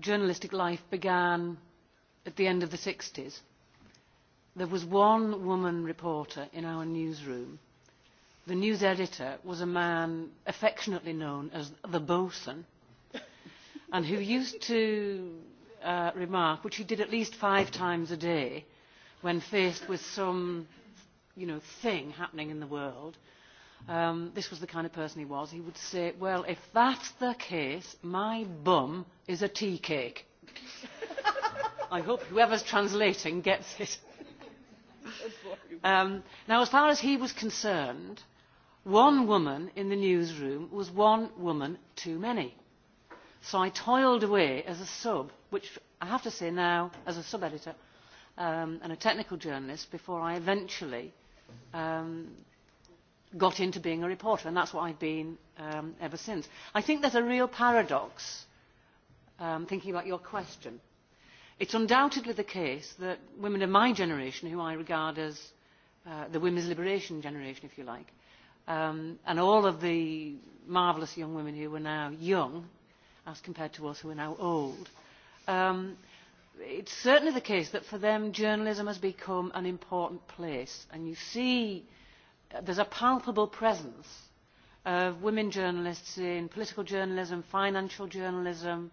journalistic life began at the end of the 60s. There was one woman reporter in our newsroom. The news editor was a man affectionately known as the bosun, and who used to uh, remark, which he did at least five times a day, when faced with some you know, thing happening in the world, um, this was the kind of person he was, he would say, well, if that's the case, my bum is a tea cake. I hope whoever's translating gets it. um, now, as far as he was concerned, one woman in the newsroom was one woman too many. So I toiled away as a sub, which I have to say now, as a sub-editor um, and a technical journalist, before I eventually um, got into being a reporter, and that's what I've been um, ever since. I think there's a real paradox, um, thinking about your question. It's undoubtedly the case that women of my generation, who I regard as uh, the women's liberation generation, if you like, um, and all of the marvellous young women who are now young, as compared to us who are now old, um, it's certainly the case that for them journalism has become an important place. And you see uh, there's a palpable presence of women journalists in political journalism, financial journalism,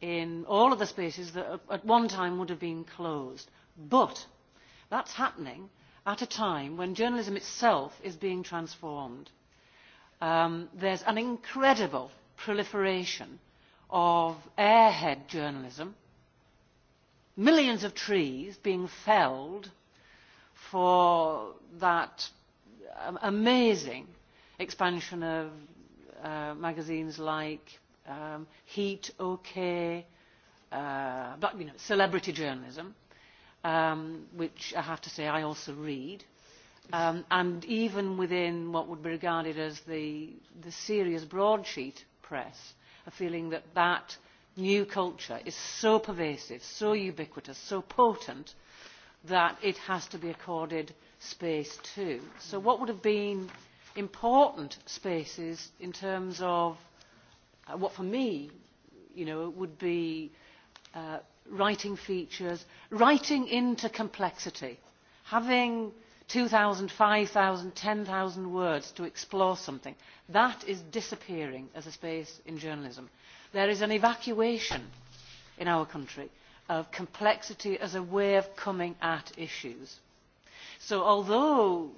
in all of the spaces that at one time would have been closed. But that's happening at a time when journalism itself is being transformed. Um, there's an incredible proliferation of airhead journalism, millions of trees being felled for that um, amazing expansion of uh, magazines like um, Heat, OK, uh, but, you know, celebrity journalism, um, which I have to say I also read. Um, and even within what would be regarded as the, the serious broadsheet press, a feeling that that new culture is so pervasive, so ubiquitous, so potent, that it has to be accorded uh, space too. So what would have been important spaces in terms of uh, what for me, you know, would be uh, writing features, writing into complexity, having 2,000, 5,000, 10,000 words to explore something. That is disappearing as a space in journalism. There is an evacuation in our country of complexity as a way of coming at issues So although,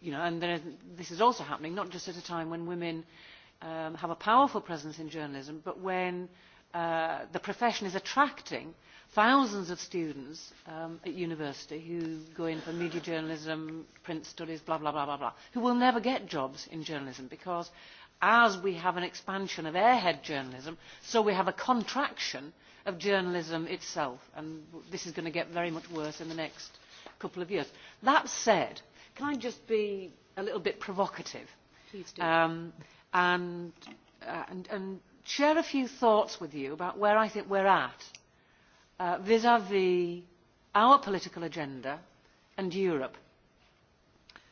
you know, and there, this is also happening not just at a time when women um, have a powerful presence in journalism, but when uh, the profession is attracting thousands of students um, at university who go in for media journalism, print studies, blah, blah, blah, blah, blah, who will never get jobs in journalism because as we have an expansion of airhead journalism, so we have a contraction of journalism itself. And this is going to get very much worse in the next couple of years. That said, can I just be a little bit provocative? Please do. Um, and, uh, and, and share a few thoughts with you about where I think we're at vis-à-vis uh, -vis our political agenda and Europe.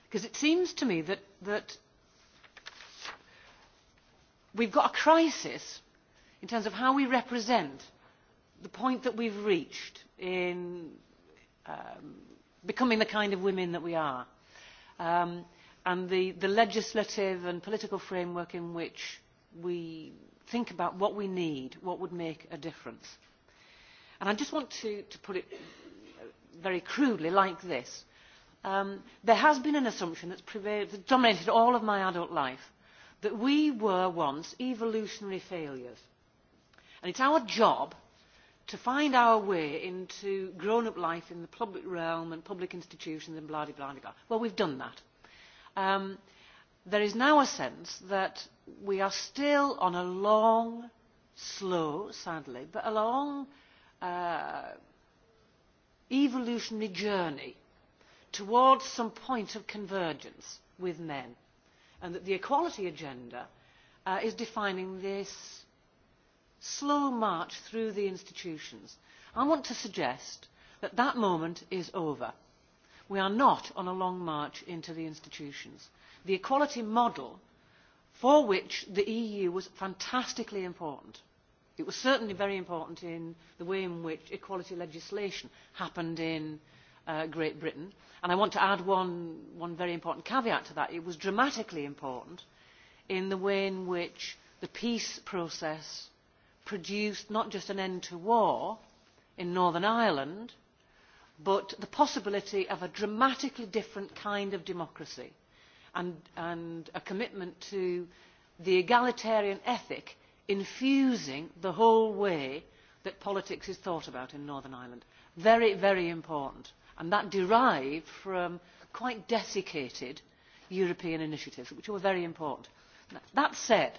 Because it seems to me that, that we've got a crisis in terms of how we represent the point that we've reached in um, becoming the kind of women that we are. Um, and the, the legislative and political framework in which we think about what we need, what would make a difference. And I just want to, to put it very crudely like this. Um, there has been an assumption that's prevailed, that dominated all of my adult life that we were once evolutionary failures. And it's our job to find our way into grown-up life in the public realm and public institutions and blah, blah, blah, blah. Well, we've done that. Um, there is now a sense that we are still on a long, slow, sadly, but a long uh, evolutionary journey towards some point of convergence with men, and that the equality agenda uh, is defining this slow march through the institutions. I want to suggest that that moment is over. We are not on a long march into the institutions. The equality model for which the EU was fantastically important. It was certainly very important in the way in which equality legislation happened in uh, Great Britain. And I want to add one, one very important caveat to that. It was dramatically important in the way in which the peace process produced not just an end to war in Northern Ireland, but the possibility of a dramatically different kind of democracy and, and a commitment to the egalitarian ethic infusing the whole way that politics is thought about in Northern Ireland. Very, very important. And that derived from quite desiccated European initiatives, which were very important. That said,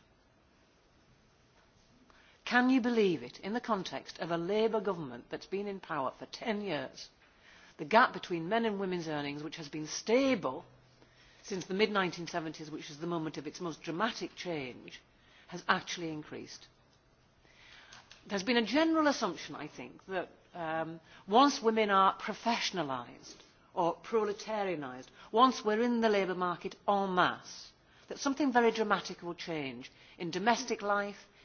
Can you believe it, in the context of a Labour government that's been in power for 10 years, the gap between men and women's earnings, which has been stable since the mid-1970s, which is the moment of its most dramatic change, has actually increased. There's been a general assumption, I think, that um, once women are professionalised or proletarianised, once we're in the labour market en masse, that something very dramatic will change in domestic life,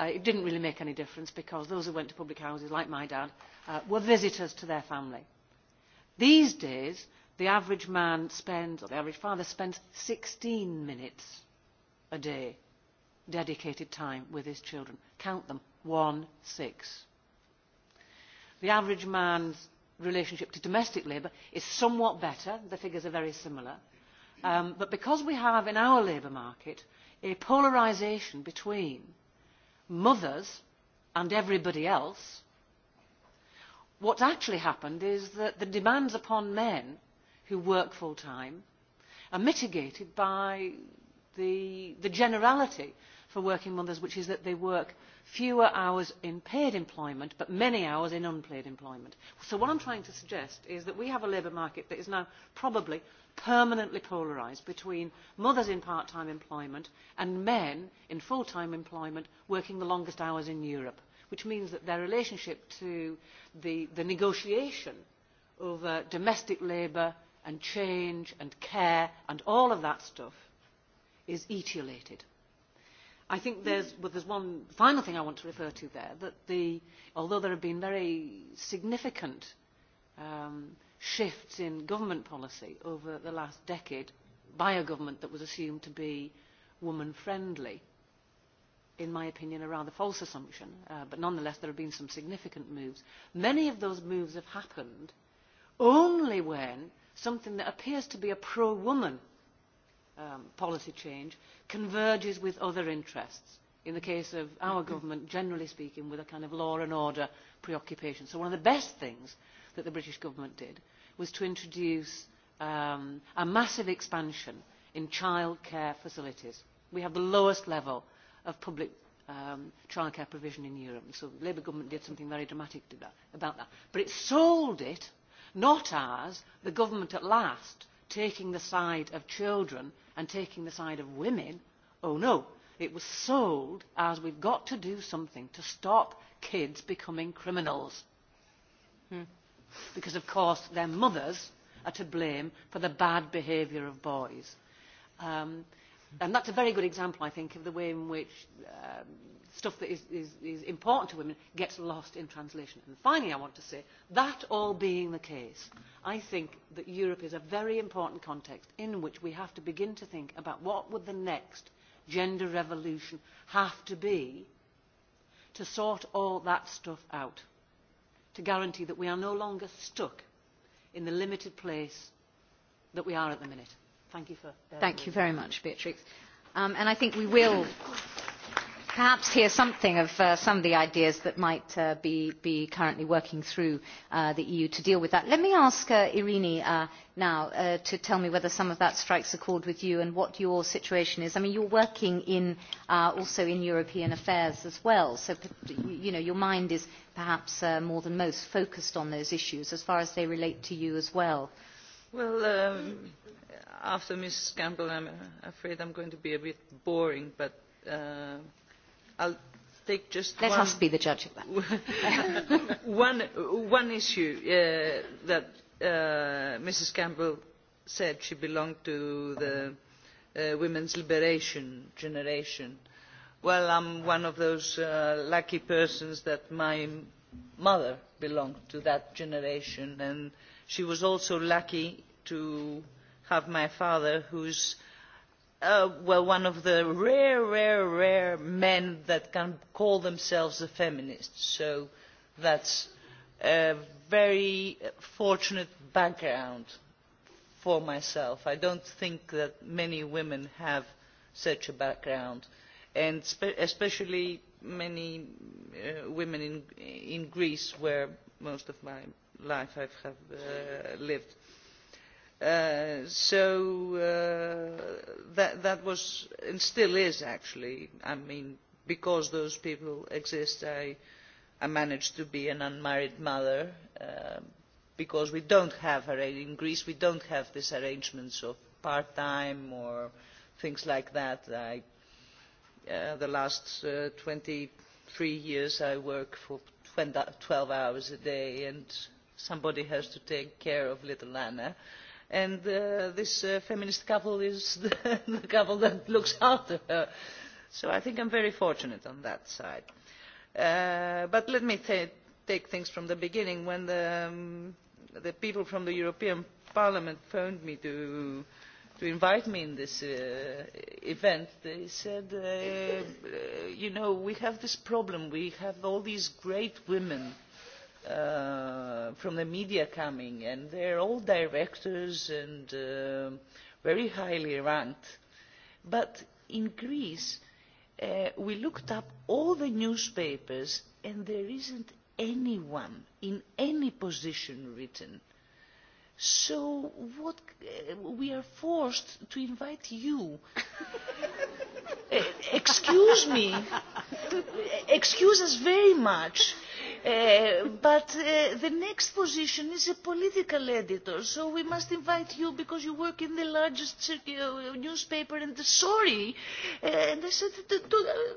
uh, it didn't really make any difference because those who went to public houses, like my dad, uh, were visitors to their family. These days, the average man spends, or the average father spends 16 minutes a day dedicated time with his children. Count them, one, six. The average man's relationship to domestic labour is somewhat better, the figures are very similar. Um, but because we have in our labour market a polarisation between mothers and everybody else, what actually happened is that the demands upon men who work full time are mitigated by the, the generality for working mothers, which is that they work fewer hours in paid employment but many hours in unpaid employment. So what I'm trying to suggest is that we have a labour market that is now probably permanently polarised between mothers in part-time employment and men in full-time employment working the longest hours in Europe, which means that their relationship to the, the negotiation over uh, domestic labour and change and care and all of that stuff is etiolated I think there's, well, there's one final thing I want to refer to there, that the, although there have been very significant um, shifts in government policy over the last decade by a government that was assumed to be woman-friendly, in my opinion, a rather false assumption, uh, but nonetheless there have been some significant moves. Many of those moves have happened only when something that appears to be a pro-woman um, policy change converges with other interests. In the case of our mm-hmm. government, generally speaking, with a kind of law and order preoccupation. So one of the best things that the British government did was to introduce um, a massive expansion in childcare facilities. We have the lowest level of public um, childcare provision in Europe. So the Labour government did something very dramatic to that, about that. But it sold it, not as the government at last taking the side of children and taking the side of women. Oh no, it was sold as we've got to do something to stop kids becoming criminals. Hmm. Because of course their mothers are to blame for the bad behaviour of boys. Um, And that's a very good example, I think, of the way in which um, stuff that is, is, is important to women gets lost in translation. And finally, I want to say, that all being the case, I think that Europe is a very important context in which we have to begin to think about what would the next gender revolution have to be to sort all that stuff out, to guarantee that we are no longer stuck in the limited place that we are at the minute. Thank you, for uh, Thank you very much, Beatrix. Um, and I think we will perhaps hear something of uh, some of the ideas that might uh, be, be currently working through uh, the EU to deal with that. Let me ask uh, Irini uh, now uh, to tell me whether some of that strikes a chord with you and what your situation is. I mean, you're working in, uh, also in European affairs as well, so you know, your mind is perhaps uh, more than most focused on those issues as far as they relate to you as well. Well, um, after Mrs. Campbell, I'm uh, afraid I'm going to be a bit boring, but uh, I'll take just Let one... Let us be the judge of that. one, one issue uh, that uh, Mrs. Campbell said she belonged to the uh, women's liberation generation. Well, I'm one of those uh, lucky persons that my mother belonged to that generation, and she was also lucky to uh, have my father who is uh, well, one of the rare, rare, rare men that can call themselves a feminist. So that's a very fortunate background for myself. I don't think that many women have such a background, and especially many uh, women in, in Greece, where most of my life I have uh, lived. Uh, Uh, so uh, that, that was and still is actually i mean because those people exist i, I managed to be an unmarried mother uh, because we don't have in greece we don't have these arrangements of part time or things like that. I, uh, the last twenty uh, three years i work for twelve hours a day and somebody has to take care of little anna and uh, this uh, feminist couple is the, the couple that looks after her. So I think I'm very fortunate on that side. Uh, but let me th take things from the beginning. When the, um, the people from the European Parliament phoned me to, to invite me in this uh, event, they said, uh, uh, you know, we have this problem. We have all these great women uh, uh, from the media coming, and they're all directors and uh, very highly ranked. But in Greece, uh, we looked up all the newspapers, and there isn't anyone in any position written. So what, uh, we are forced to invite you. uh, excuse me. E-, excuse us very much Uh, but uh, the next position is a political editor, so we must invite you because you work in the largest uh, newspaper. And uh, sorry, uh, and I said, to, to, uh,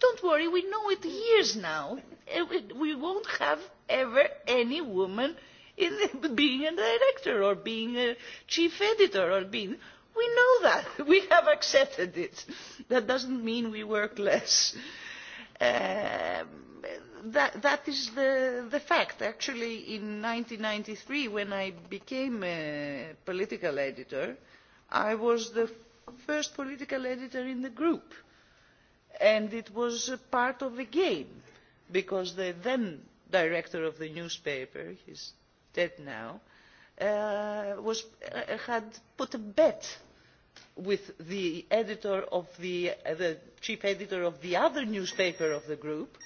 don't worry, we know it years now. Uh, we won't have ever any woman in the, being a director or being a chief editor or being. We know that. We have accepted it. That doesn't mean we work less. Um, that, that is the, the fact. Actually, in 1993, when I became a political editor, I was the first political editor in the group. And it was a part of the game, because the then director of the newspaper, he's dead now, uh, was, uh, had put a bet with the editor of the, uh, the chief editor of the other newspaper of the group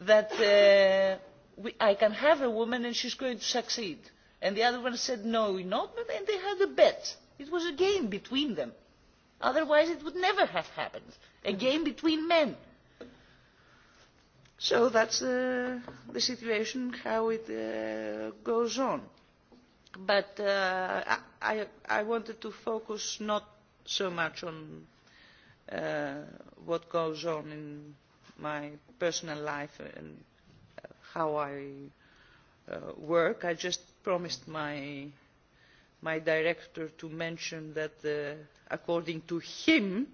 that uh, we, I can have a woman and she's going to succeed. And the other one said, no, we're not, but, and they had a bet. It was a game between them. Otherwise it would never have happened. A game between men. So that's uh, the situation, how it uh, goes on. But uh, I, I wanted to focus not so much on uh, what goes on in my personal life and uh, how I uh, work. I just promised my, my director to mention that uh, according to him,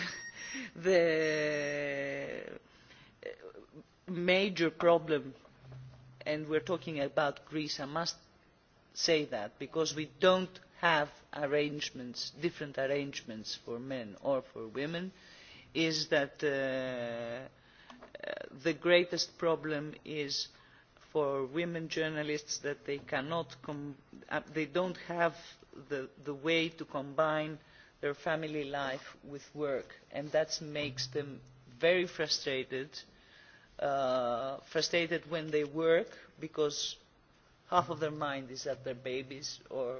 the uh, major problem, and we're talking about Greece, I must say that, because we don't have arrangements, different arrangements for men or for women, uh, is that uh, the greatest problem is for women journalists that they cannot uh, they don't have the, the way to combine their family life with work and that makes them very frustrated uh, frustrated when they work because half of their mind is at their babies or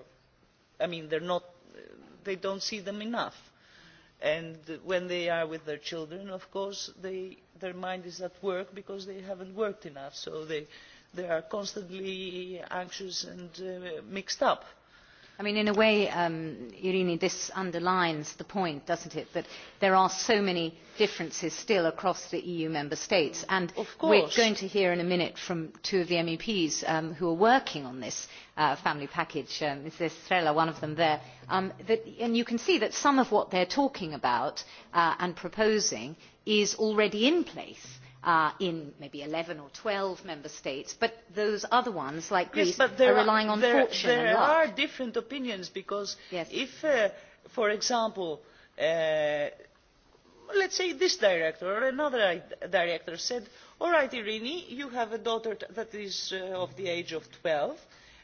I mean they're not they don't see them enough and when they are with their children of course they, their mind is at work because they have not worked enough so they, they are constantly anxious and uh, mixed up. I mean, in a way, um, Irini, this underlines the point, doesn't it, that there are so many differences still across the EU member states. And of course. we're going to hear in a minute from two of the MEPs um, who are working on this uh, family package, um, uh, Ms. Estrella, one of them there. Um, that, and you can see that some of what they're talking about uh, and proposing is already in place uh, in maybe 11 or 12 member states, but those other ones, like Greece, yes, are relying are, on there, fortune there and luck. There are different opinions because yes. if, uh, for example, uh, let's say this director or another director said, all right, Irini, you have a daughter that is uh, of the age of 12.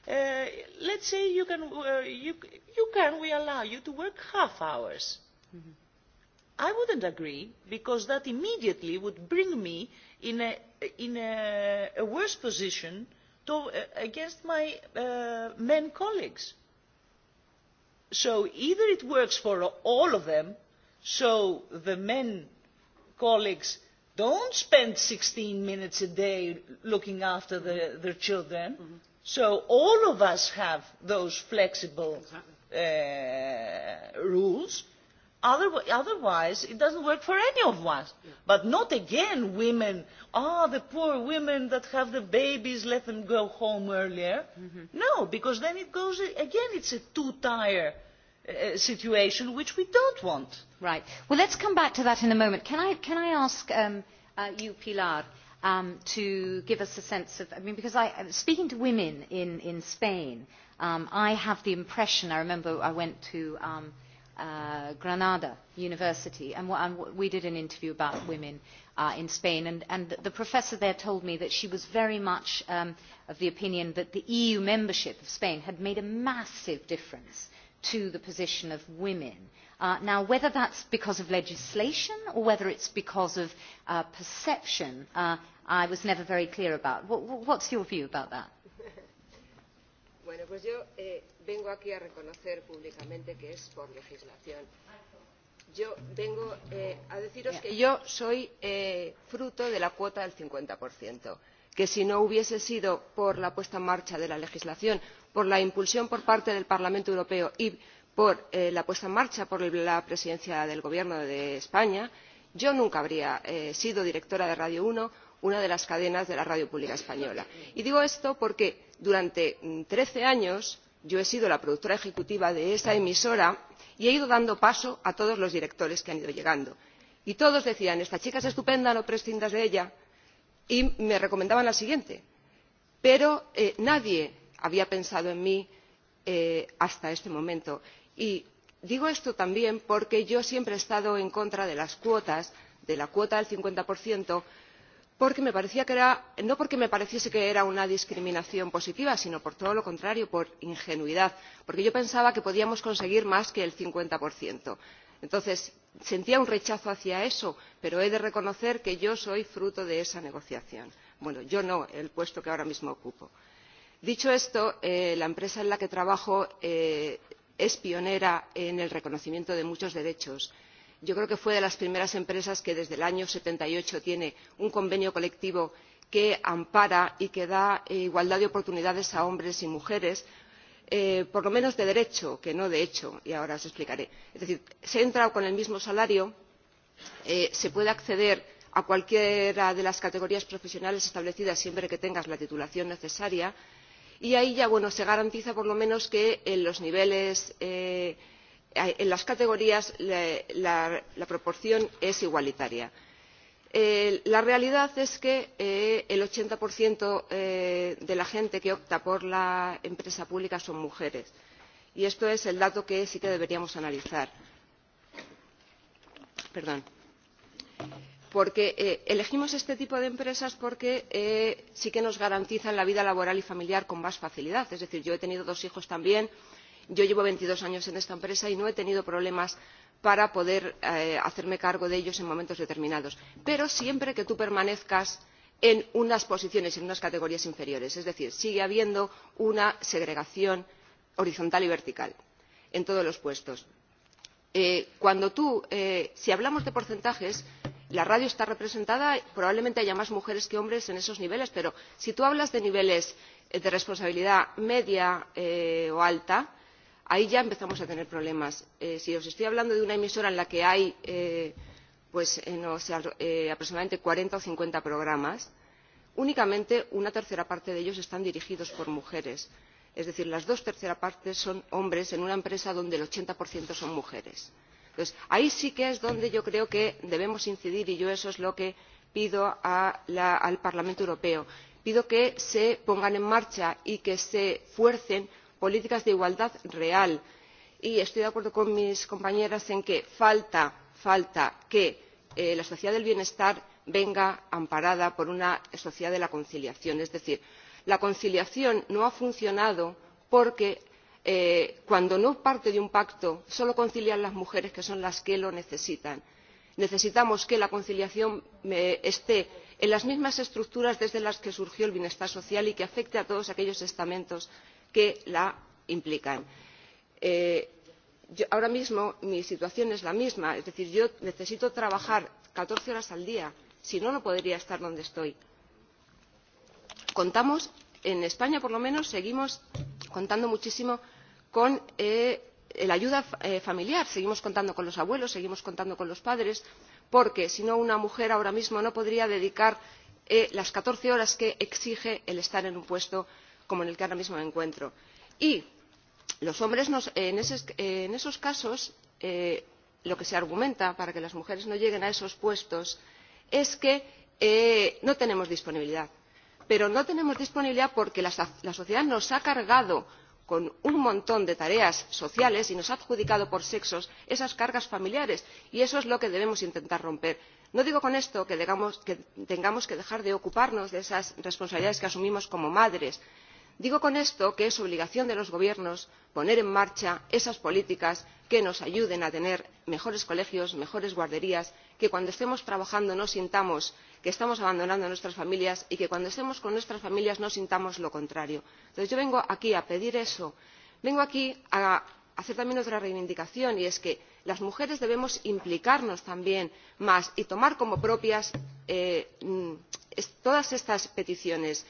Uh, let's say you can, uh, you, you can, we allow you to work half hours. Mm-hmm i would not agree because that immediately would bring me in a, in a, a worse position to, uh, against my uh, men colleagues. so either it works for all of them so the men colleagues do not spend sixteen minutes a day looking after the, mm-hmm. their children mm -hmm. so all of us have those flexible exactly. uh, rules otherwise it does not work for any of us but not again women ah the poor women that have the babies let them go home earlier mm-hmm. no because then it goes again it's a two tire uh, uh, situation which we don't want right well let's come back to that in a moment can i can i ask um, uh, you pilar um, to give us a sense of i mean because i speaking to women in in spain um, i have the impression i remember i went to um, uh, uh, Granada University, and, and we did an interview about women uh, in Spain, and, and the professor there told me that she was very much um, of the opinion that the EU membership of Spain had made a massive difference to the position of women. Uh, now, whether that's because of legislation or whether it's because of uh, perception, uh, I was never very clear about. What, what's your view about that? bueno, pues yo, eh, vengo aquí a reconocer públicamente que es por legislación. Yo vengo eh, a deciros que yo soy eh, fruto de la cuota del 50%, que si no hubiese sido por la puesta en marcha de la legislación, por la impulsión por parte del Parlamento Europeo y por eh, la puesta en marcha por la presidencia del Gobierno de España, yo nunca habría eh, sido directora de Radio 1 una de las cadenas de la radio pública española. Y digo esto porque durante 13 mm, años yo he sido la productora ejecutiva de esa emisora y he ido dando paso a todos los directores que han ido llegando y todos decían esta chica es estupenda no prescindas de ella y me recomendaban al siguiente pero eh, nadie había pensado en mí eh, hasta este momento y digo esto también porque yo siempre he estado en contra de las cuotas de la cuota del cincuenta porque me parecía que era, no porque me pareciese que era una discriminación positiva sino por todo lo contrario por ingenuidad porque yo pensaba que podíamos conseguir más que el cincuenta entonces sentía un rechazo hacia eso pero he de reconocer que yo soy fruto de esa negociación bueno yo no el puesto que ahora mismo ocupo. dicho esto eh, la empresa en la que trabajo eh, es pionera en el reconocimiento de muchos derechos y yo creo que fue de las primeras empresas que desde el año mil novecientos setenta y ocho tiene un convenio colectivo que ampara y que da eh, igualdad de oportunidades a hombres y mujeres eh, por lo menos de derecho que no de hecho y ahora os explicaré. es decir se entra con el mismo salario eh, se puede acceder a cualquiera de las categorías profesionales establecidas siempre que tengas la titulación necesaria y ahí ya bueno, se garantiza por lo menos que en eh, los niveles eh, en las categorías la, la, la proporción es igualitaria. Eh, la realidad es que eh, el ochenta eh, de la gente que opta por la empresa pública son mujeres y esto es el dato que sí que deberíamos analizar Perdón. porque eh, elegimos este tipo de empresas porque eh, sí que nos garantizan la vida laboral y familiar con más facilidad es decir yo he tenido dos hijos también y yo llevo veintidós años en esta empresa y no he tenido problemas para poder eh, hacerme cargo de ellos en momentos determinados pero siempre que tú permanezcas en unas posiciones en unas categorías inferiores es decir sigue habiendo una segregación horizontal y vertical en todos los puestos. Eh, cuando tú, eh, si hablamos de porcentajes la radio está representada probablemente haya más mujeres que hombres en esos niveles pero si tú hablas de niveles eh, de responsabilidad media eh, o alta ahí ya empezamos a tener problemas. Eh, si os estoy hablando de una emisora en la que hay eh, pues, eh, no, o sea, eh, aproximadamente 40 o 50 programas, únicamente una tercera parte de ellos están dirigidos por mujeres. Es decir, las dos terceras partes son hombres en una empresa donde el 80% son mujeres. Entonces, ahí sí que es donde yo creo que debemos incidir y yo eso es lo que pido a la, al Parlamento Europeo. Pido que se pongan en marcha y que se fuercen políticas de igualdad real y estoy de acuerdo con mis compañeras en que falta, falta que eh, la sociedad del bienestar venga amparada por una sociedad de la conciliación es decir la conciliación no ha funcionado porque eh, cuando no parte de un pacto solo concilian las mujeres que son las que lo necesitan. necesitamos que la conciliación eh, esté en las mismas estructuras desde las que surgió el bienestar social y que afecte a todos aquellos estamentos que la implican. Eh, yo, ahora mismo mi situación es la misma es decir yo necesito trabajar catorce horas al día si no no podría estar donde estoy. contamos en españa por lo menos seguimos contando muchísimo con eh, la ayuda eh, familiar seguimos contando con los abuelos seguimos contando con los padres porque si no una mujer ahora mismo no podría dedicar eh, las catorce horas que exige el estar en un puesto laboral como en el que ahora mismo me encuentro. y los hombres nos, en, ese, en esos casos eh, lo que se argumenta para que las mujeres no lleguen a esos puestos es que eh, no tenemos disponibilidad pero no tenemos disponibilidad porque la, la sociedad nos ha cargado con un montón de tareas sociales y nos ha adjudicado por sexos esas cargas familiares y eso es lo que debemos intentar romper. no digo con esto que, digamos, que tengamos que dejar de ocuparnos de esas responsabilidades que asumimos como madres digo con esto que es obligación de los gobiernos poner en marcha esas políticas que nos ayuden a tener mejores colegios mejores guarderías que cuando estemos trabajando no sintamos que estamos abandonando a nuestras familias y que cuando estemos con nuestras familias no sintamos lo contrario. entonces yo vengo aquí a pedir eso vengo aquí a hacer también otra reivindicación y es que las mujeres debemos implicarnos también más y tomar como propias eh, mm, todas estas peticiones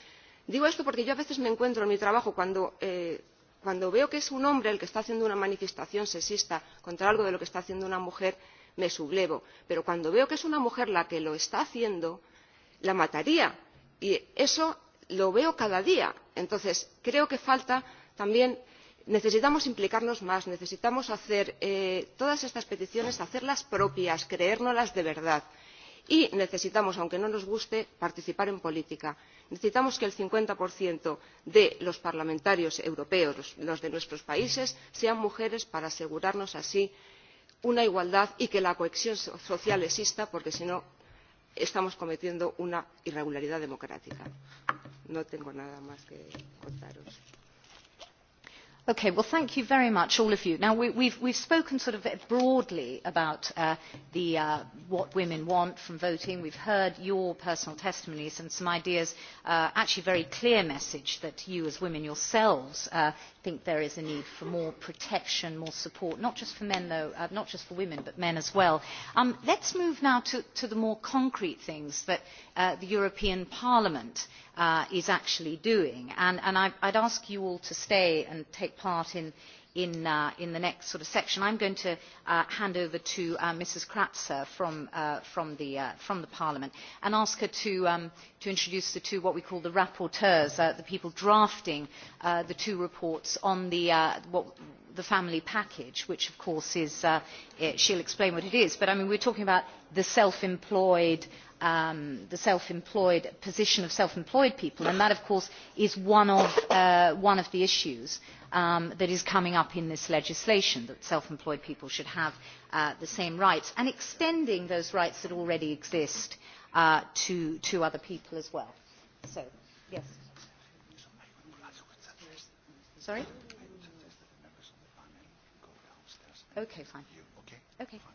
digo esto porque yo a veces me encuentro en mi trabajo cuando, eh, cuando veo que es un hombre el que está haciendo una manifestación sexista contra algo de lo que está haciendo una mujer me sublevo pero cuando veo que es una mujer la que lo está haciendo la mataría y eso lo veo cada día. entonces creo que falta también necesitamos implicarnos más necesitamos hacer eh, todas estas peticiones hacerlas propias creérnoslas de verdad y y necesitamos aunque no nos guste participar en política. necesitamos que el cincuenta de los parlamentarios europeos los de nuestros países sean mujeres para asegurarnos así una igualdad y que la cohesión social exista porque si no estamos cometiendo una irregularidad democrática. no tengo nada más que contaros. Okay, well, thank you very much, all of you. Now, we, we've, we've spoken sort of broadly about uh, the, uh, what women want from voting. We've heard your personal testimonies and some ideas, uh, actually very clear message that you as women yourselves uh, think there is a need for more protection, more support, not just for men, though, uh, not just for women, but men as well. Um, let's move now to, to the more concrete things that uh, the European Parliament uh, is actually doing. And, and I, I'd ask you all to stay and take part in, in, uh, in the next sort of section. I'm going to uh, hand over to uh, Mrs. Kratzer from, uh, from, the, uh, from the Parliament and ask her to, um, to introduce the two, what we call the rapporteurs, uh, the people drafting uh, the two reports on the, uh, what, the family package, which of course is, uh, it, she'll explain what it is, but I mean we're talking about the self-employed, uh, um, the self-employed position of self-employed people, and that, of course, is one of, uh, one of the issues um, that is coming up in this legislation, that self-employed people should have uh, the same rights, and extending those rights that already exist uh, to, to other people as well. So, yes. Sorry? Okay, fine. You, okay? Okay. Fine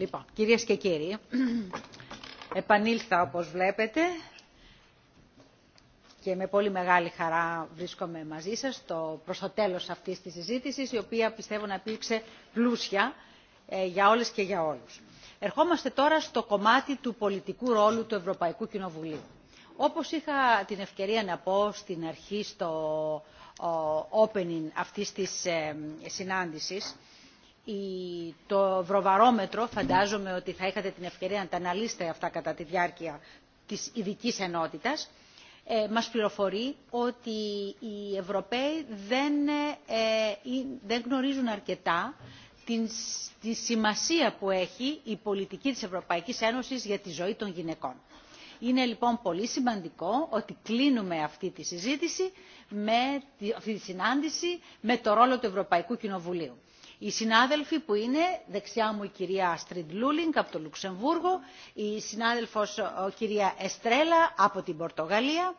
Λοιπόν, κυρίες και κύριοι, επανήλθα όπως βλέπετε και με πολύ μεγάλη χαρά βρίσκομαι μαζί σας το, προς το τέλος αυτής της συζήτησης, η οποία πιστεύω να υπήρξε πλούσια ε, για όλες και για όλους. Ερχόμαστε τώρα στο κομμάτι του πολιτικού ρόλου του Ευρωπαϊκού Κοινοβουλίου. Όπως είχα την ευκαιρία να πω στην αρχή στο ο, opening αυτής της ε, συνάντησης, το Ευρωβαρόμετρο, φαντάζομαι ότι θα είχατε την ευκαιρία να τα αναλύσετε αυτά κατά τη διάρκεια της ειδική ενότητας, ε, μας πληροφορεί ότι οι Ευρωπαίοι δεν, ε, δεν γνωρίζουν αρκετά την, τη σημασία που έχει η πολιτική της Ευρωπαϊκής Ένωσης για τη ζωή των γυναικών. Είναι λοιπόν πολύ σημαντικό ότι κλείνουμε αυτή τη συζήτηση, με, αυτή τη συνάντηση, με το ρόλο του Ευρωπαϊκού Κοινοβουλίου οι συνάδελφοι που είναι δεξιά μου η κυρία Αστριντ Λούλινγκ από το Λουξεμβούργο, η συνάδελφος ο, κυρία Εστρέλα από την Πορτογαλία,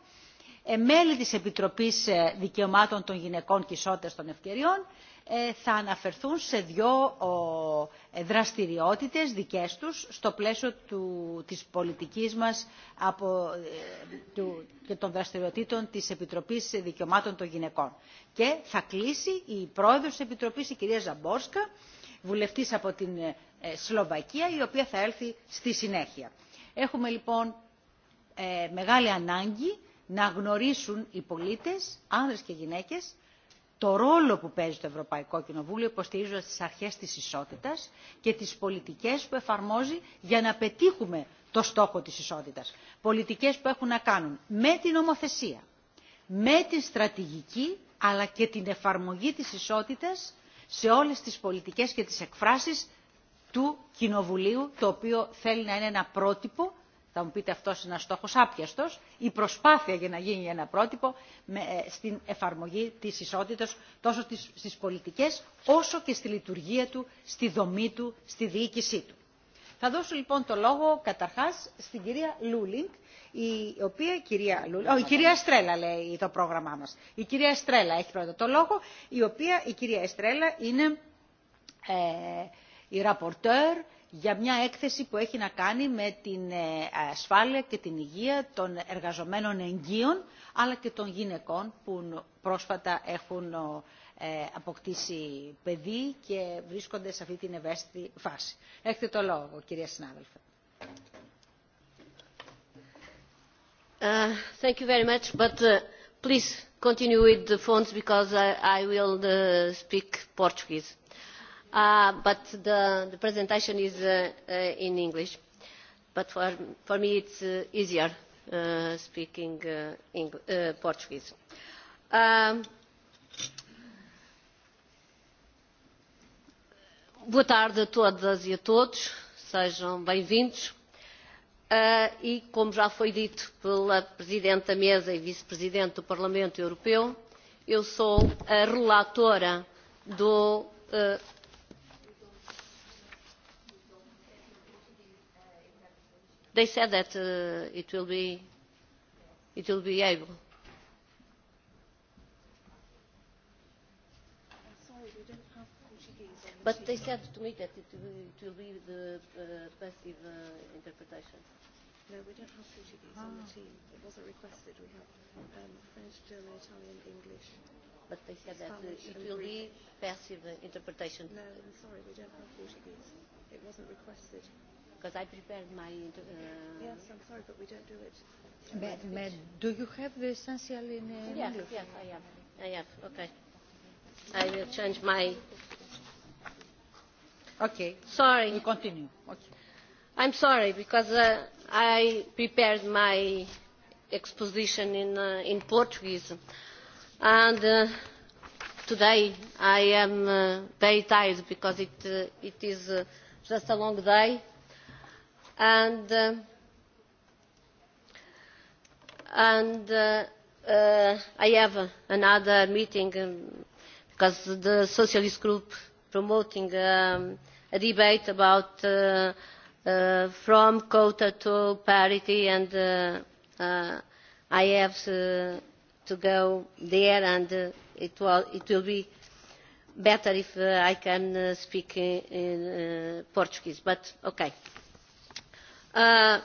μέλη της Επιτροπής Δικαιωμάτων των Γυναικών και Ισότητας των Ευκαιριών θα αναφερθούν σε δύο δραστηριότητες δικές τους στο πλαίσιο του, της πολιτικής μας από, του, και των δραστηριοτήτων της Επιτροπής Δικαιωμάτων των Γυναικών. Και θα κλείσει η πρόεδρος της Επιτροπής, η κυρία Ζαμπόρσκα, βουλευτής από την Σλοβακία, η οποία θα έλθει στη συνέχεια. Έχουμε λοιπόν ε, μεγάλη ανάγκη να γνωρίσουν οι πολίτες, άνδρες και γυναίκες, το ρόλο που παίζει το Ευρωπαϊκό Κοινοβούλιο υποστηρίζοντας τις αρχές της ισότητας και τις πολιτικές που εφαρμόζει για να πετύχουμε το στόχο της ισότητας. Πολιτικές που έχουν να κάνουν με την ομοθεσία, με την στρατηγική αλλά και την εφαρμογή της ισότητας σε όλες τις πολιτικές και τις εκφράσεις του Κοινοβουλίου, το οποίο θέλει να είναι ένα πρότυπο θα μου πείτε αυτός είναι ένας στόχος άπιαστος, η προσπάθεια για να γίνει ένα πρότυπο με, ε, στην εφαρμογή της ισότητας τόσο στις, στις πολιτικές όσο και στη λειτουργία του, στη δομή του, στη διοίκησή του. Θα δώσω λοιπόν το λόγο καταρχάς στην κυρία Λούλινγκ, η οποία η κυρία, ο, η κυρία Εστρέλα λέει το πρόγραμμά μας. Η κυρία Εστρέλα έχει πρώτα το λόγο, η οποία η κυρία Εστρέλα είναι ε, η ραπορτέρ για μια έκθεση που έχει να κάνει με την ασφάλεια και την υγεία των εργαζομένων εγγύων αλλά και των γυναικών που πρόσφατα έχουν αποκτήσει παιδί και βρίσκονται σε αυτή την ευαίσθητη φάση. Έχετε το λόγο, κυρία συνάδελφε. Uh, thank you very much, but uh, please continue with the phones because I, I will uh, speak Portuguese. Uh, but the, the presentation is uh, uh, in English. But for, for me it's uh, easier uh, speaking uh, Eng uh, Portuguese. Um, boa tarde a todas e a todos. Sejam bem-vindos. Uh, e, como já foi dito pela Presidente da Mesa e Vice-Presidente do Parlamento Europeu, eu sou a relatora do uh, they said that uh, it will be it will be able. But they said to me that it will, it will be the uh, passive uh, interpretation. No, we don't have Portuguese ah. on the team. It wasn't requested. We have um, French, German, Italian, English. But they said Spanish that uh, it will Greek. be passive interpretation. No, I'm sorry, we don't have Portuguese. It wasn't requested because I prepared my... Uh, yes, I'm sorry, but we don't do it. But, but do you have the essential in uh, Yes, English? yes, I have. I have, okay. I will change my... Okay. Sorry. You continue. Okay. I'm sorry, because uh, I prepared my exposition in, uh, in Portuguese. And... Uh, today I am uh, very tired because it, uh, it is uh, just a long day and uh, and uh, uh, I have another meeting um, because the socialist group promoting um, a debate about uh, uh, from quota to parity and uh, uh, I have uh, to go there and uh, it, will, it will be better if uh, I can uh, speak in, in uh, Portuguese, but okay. Uh,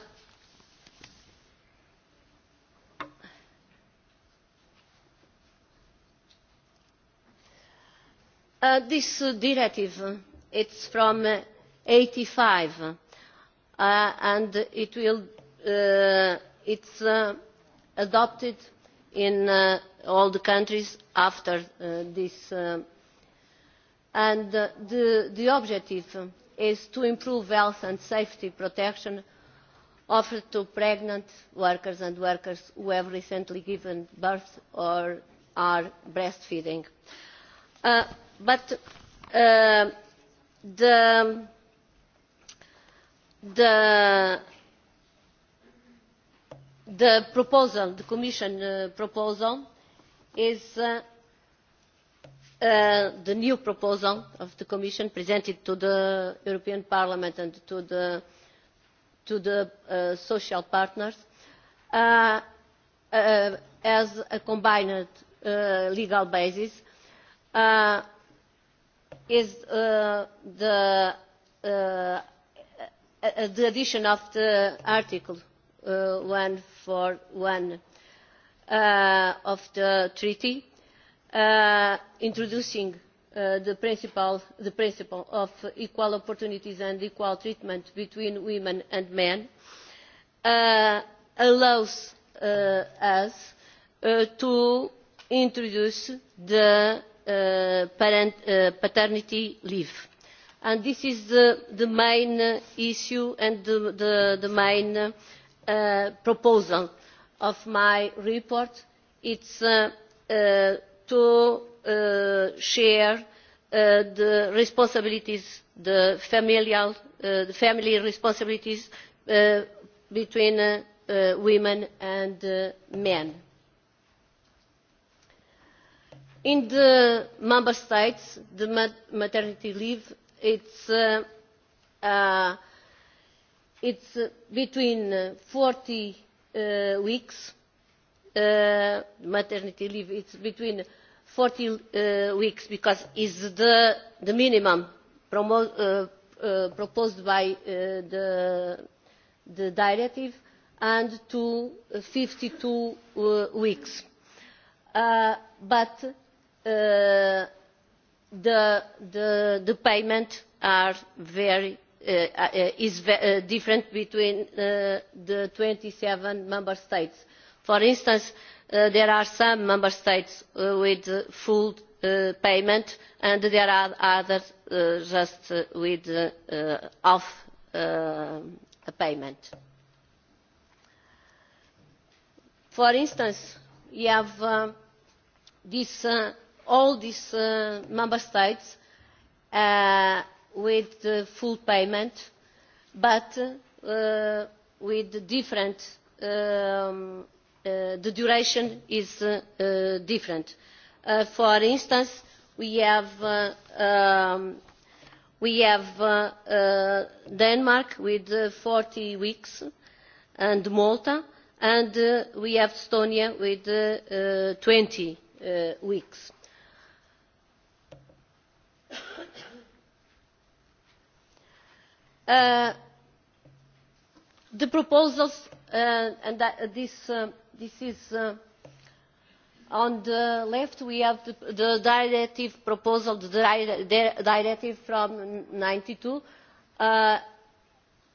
uh, this uh, directive is from one thousand nine hundred and eighty five and it was uh, uh, adopted in uh, all the countries after this and the, the objective is to improve health and safety protection offered to pregnant workers and workers who have recently given birth or are breastfeeding. Uh, but uh, the, the, the proposal, the Commission uh, proposal, is uh, uh, the new proposal of the Commission presented to the European Parliament and to the uh, to the uh, social partners uh, uh, as a combined uh, legal basis uh, is uh, the, uh, uh, the addition of the Article uh, 141 uh, of the treaty uh, introducing Uh, the principle, the principle of equal opportunities and equal treatment between women and men uh, allows uh, us uh, to introduce the uh, parent, uh, paternity leave. And this is the, the main issue and the, the, the main uh, proposal of my report. It's uh, uh, to uh, share uh, the responsibilities, the, familial, uh, the family responsibilities uh, between uh, uh, women and uh, men. In the member states, the mat maternity leave it's uh, uh, it's uh, between 40 uh, weeks. Uh, maternity leave it's between fourteen uh, weeks because it is the, the minimum promo, uh, uh, proposed by uh, the, the directive and to fifty two uh, weeks. Uh, but the, the payment very, is very different between the twenty seven member states. for instance Uh, there are some member states uh, with uh, full uh, payment and there are others uh, just uh, with half a payment. For instance, you have this, all these member states with full payment but with different um, Uh, the duration is uh, uh, different. for instance we have, um, we have denmark with forty weeks and malta and we have estonia with twenty weeks. Uh, the proposals uh, and uh, this this is uh, on the left we have the, the directive proposal the di directive from ninety two uh,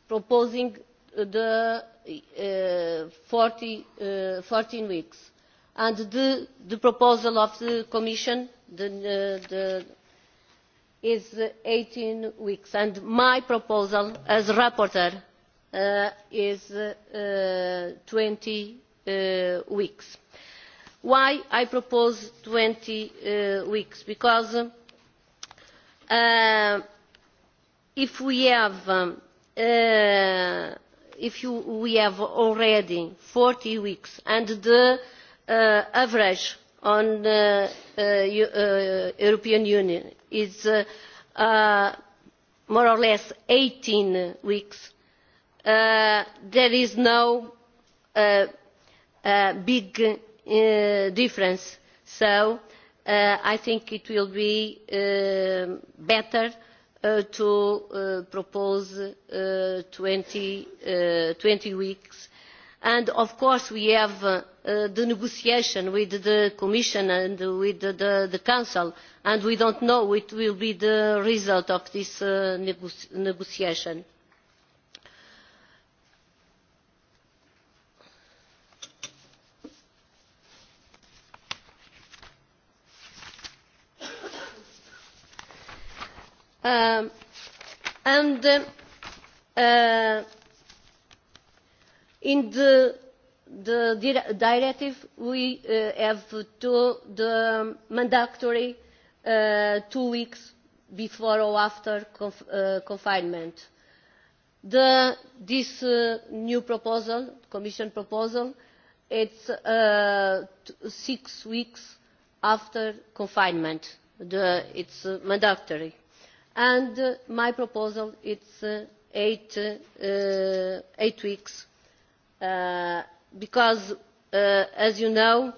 proposing the uh, 40, uh, 14 weeks and the, the proposal of the commission the, uh, the is 18 weeks and my proposal as rapporteur uh, is uh, uh, 20 Uh, weeks. why do i propose twenty uh, weeks? because uh, if we have um, uh, if you, we have already 40 weeks and the uh, average on uh, uh, uh, European Union is uh, uh, more or less 18 weeks, uh, there is no uh, a uh, big uh, difference so uh, i think it will be better to propose twenty weeks and of course we have uh, the negotiation with the commission and with the, the council and we do not know what will be the result of this uh, nego negotiation. Um, and uh, uh, in the, the di directive, we uh, have to the mandatory uh, two weeks before or after conf uh, confinement. The, this uh, new proposal, Commission proposal, it's uh, six weeks after confinement. The, it's uh, mandatory and uh, my proposal is uh, eight, uh, eight weeks uh, because, uh, as you know,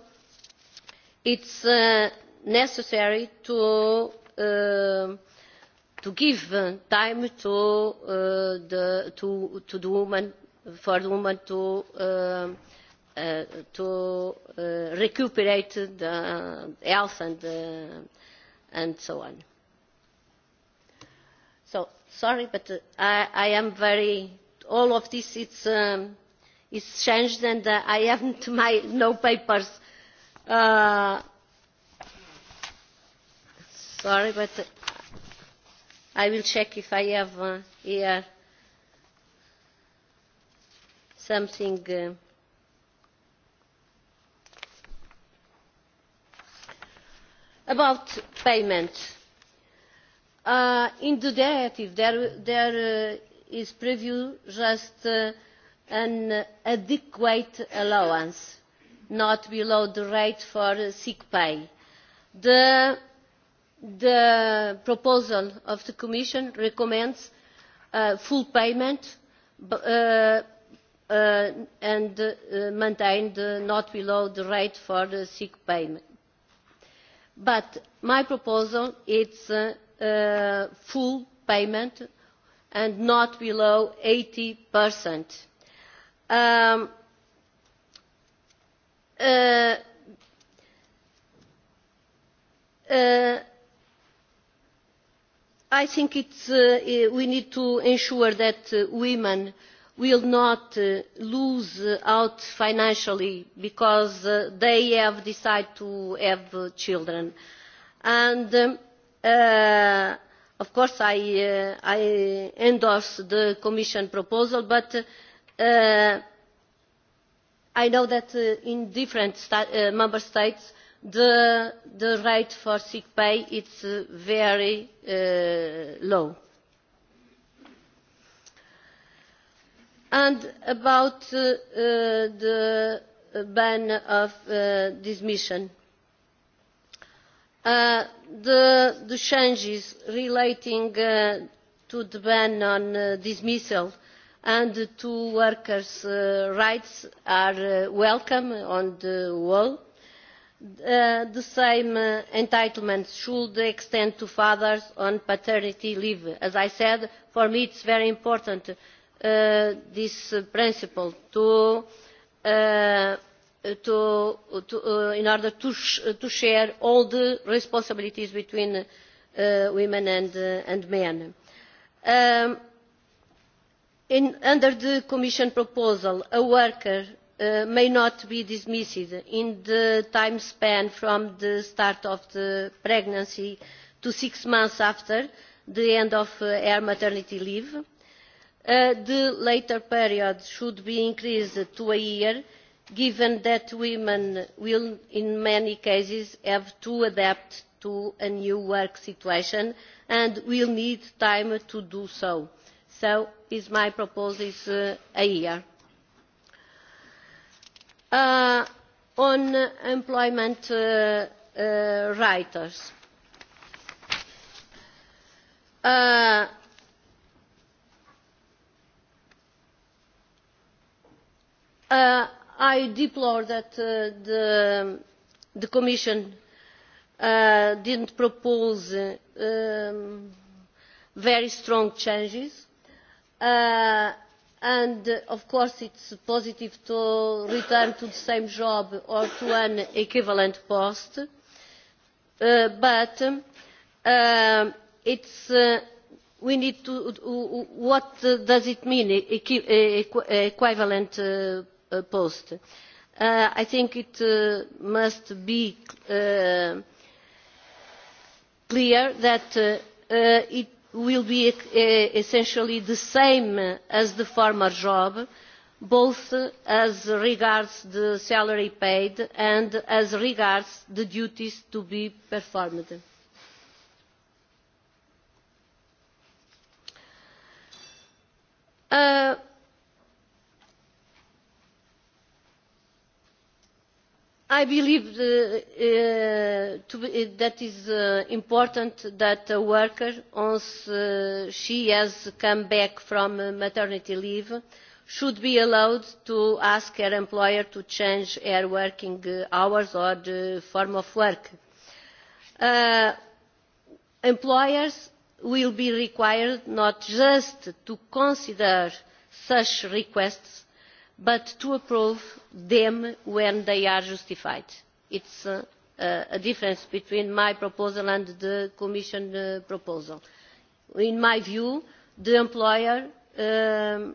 it's uh, necessary to, uh, to give uh, time to, uh, the, to, to the woman, for the woman to, uh, uh, to uh, recuperate the health and, uh, and so on sorry but uh, I, I am very all of this it's um, it's changed and uh, I haven't my no papers. Uh, sorry but uh, I will check if I have uh, here something. Uh, about payments Uh, in the directive there, there uh, is preview just uh, an adequate allowance, not below the rate for sick pay. The, the proposal of the Commission recommends uh, full payment uh, uh, and uh, maintained uh, not below the rate for the sick payment. But my proposal is uh, uh, full payment and not below 80%. Um, uh, uh, I think it's, uh, we need to ensure that uh, women will not uh, lose out financially because uh, they have decided to have uh, children. And um, Uh, of course I, uh, I endorse the Commission proposal, but uh, I know that uh, in different sta uh, member states the, the rate for sick pay is uh, very uh, low. And about uh, uh, the ban of uh, dismission. Uh, Uh, the, the changes relating uh, to the ban on uh, dismissal and to workers' uh, rights are uh, welcome on the whole. Uh, the same uh, entitlements should extend to fathers on paternity leave. As I said, for me it's very important uh, this uh, principle to uh, to, to, uh, in order to, sh to share all the responsibilities between uh, women and, uh, and men. Um, in, under the Commission proposal, a worker uh, may not be dismissed in the time span from the start of the pregnancy to six months after the end of uh, her maternity leave. Uh, the later period should be increased to a year given that women will in many cases have to adapt to a new work situation and will need time to do so. So is my proposal is uh, a year. Uh, on employment uh, uh, writers. Uh, uh, i deplore that uh, the, the commission uh, did not propose uh, um, very strong changes uh, and uh, of course it is positive to return to the same job or to an equivalent post uh, but um, we need to what does it mean equivalent Uh, post. Uh, i think it uh, must be uh, clear that uh, uh, it will be essentially the same as the former job both as regards the salary paid and as regards the duties to be performed. Uh, i believe uh, uh, be, uh, that it is uh, important that a worker once uh, she has come back from uh, maternity leave should be allowed to ask her employer to change her working hours or the form of work. employers will be required not just to consider such requests but to approve them when they are justified. it is uh, a difference between my proposal and the commission uh, proposal. in my view the employer um,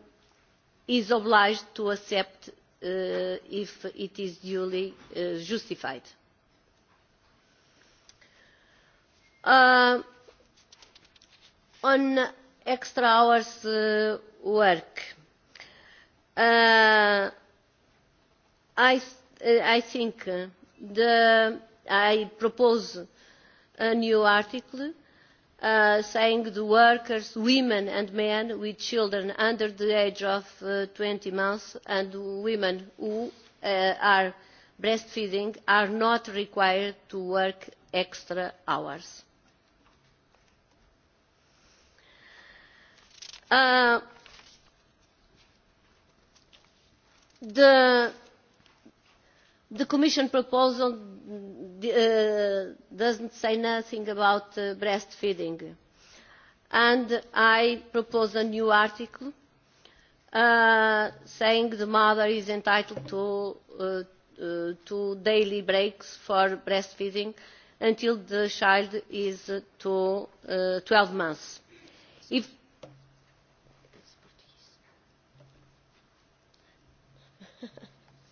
is obliged to accept uh, if it is duly uh, justified. Uh, on extra hours uh, worked Uh, I, th uh, I think uh, the, I propose a new article uh, saying the workers, women and men with children under the age of uh, 20 months and women who uh, are breastfeeding are not required to work extra hours. Uh, the, the commission proposal uh, doesn't say nothing about uh, breastfeeding. And I propose a new article uh, saying the mother is entitled to, uh, uh, to daily breaks for breastfeeding until the child is uh, to, uh, 12 months. If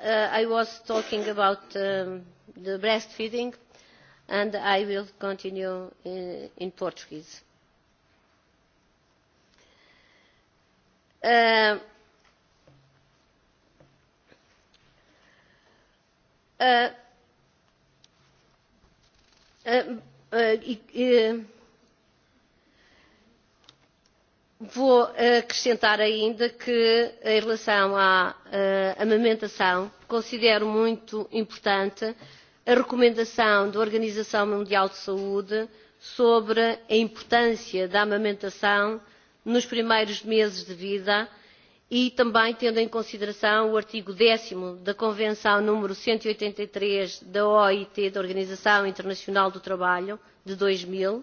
uh, I was talking about um, the breastfeeding and I will continue in, uh, in Portuguese. Uh, uh, uh, uh, uh, uh, Vou acrescentar ainda que, em relação à uh, amamentação, considero muito importante a recomendação da Organização Mundial de Saúde sobre a importância da amamentação nos primeiros meses de vida e também tendo em consideração o artigo 10 da Convenção número 183 e e da OIT, da Organização Internacional do Trabalho, de 2000,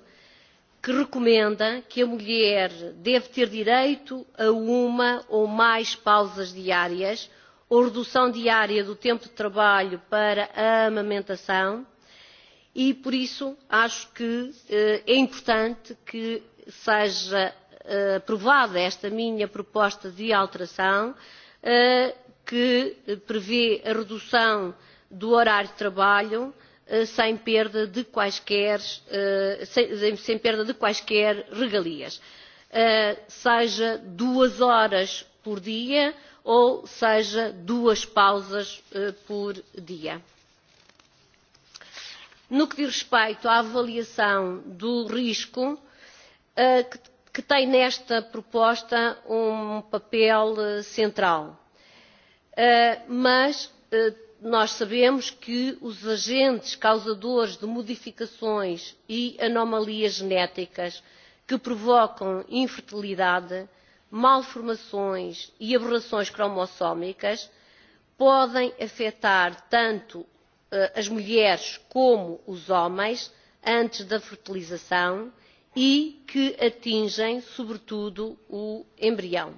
que recomenda que a mulher deve ter direito a uma ou mais pausas diárias ou redução diária do tempo de trabalho para a amamentação e, por isso, acho que eh, é importante que seja eh, aprovada esta minha proposta de alteração eh, que prevê a redução do horário de trabalho eh, Eh, sem perda de quaisquer, eh, sem, sem perda de quaisquer regalias, eh, seja duas horas por dia ou seja duas pausas por dia. No que diz respeito à avaliação do risco, que tem nesta proposta um papel central, mas nós sabemos que os agentes causadores de modificações e anomalias genéticas que provocam infertilidade, malformações e aberrações cromossómicas podem afetar tanto eh, as mulheres como os homens antes da fertilização e que atingem, sobretudo, o embrião.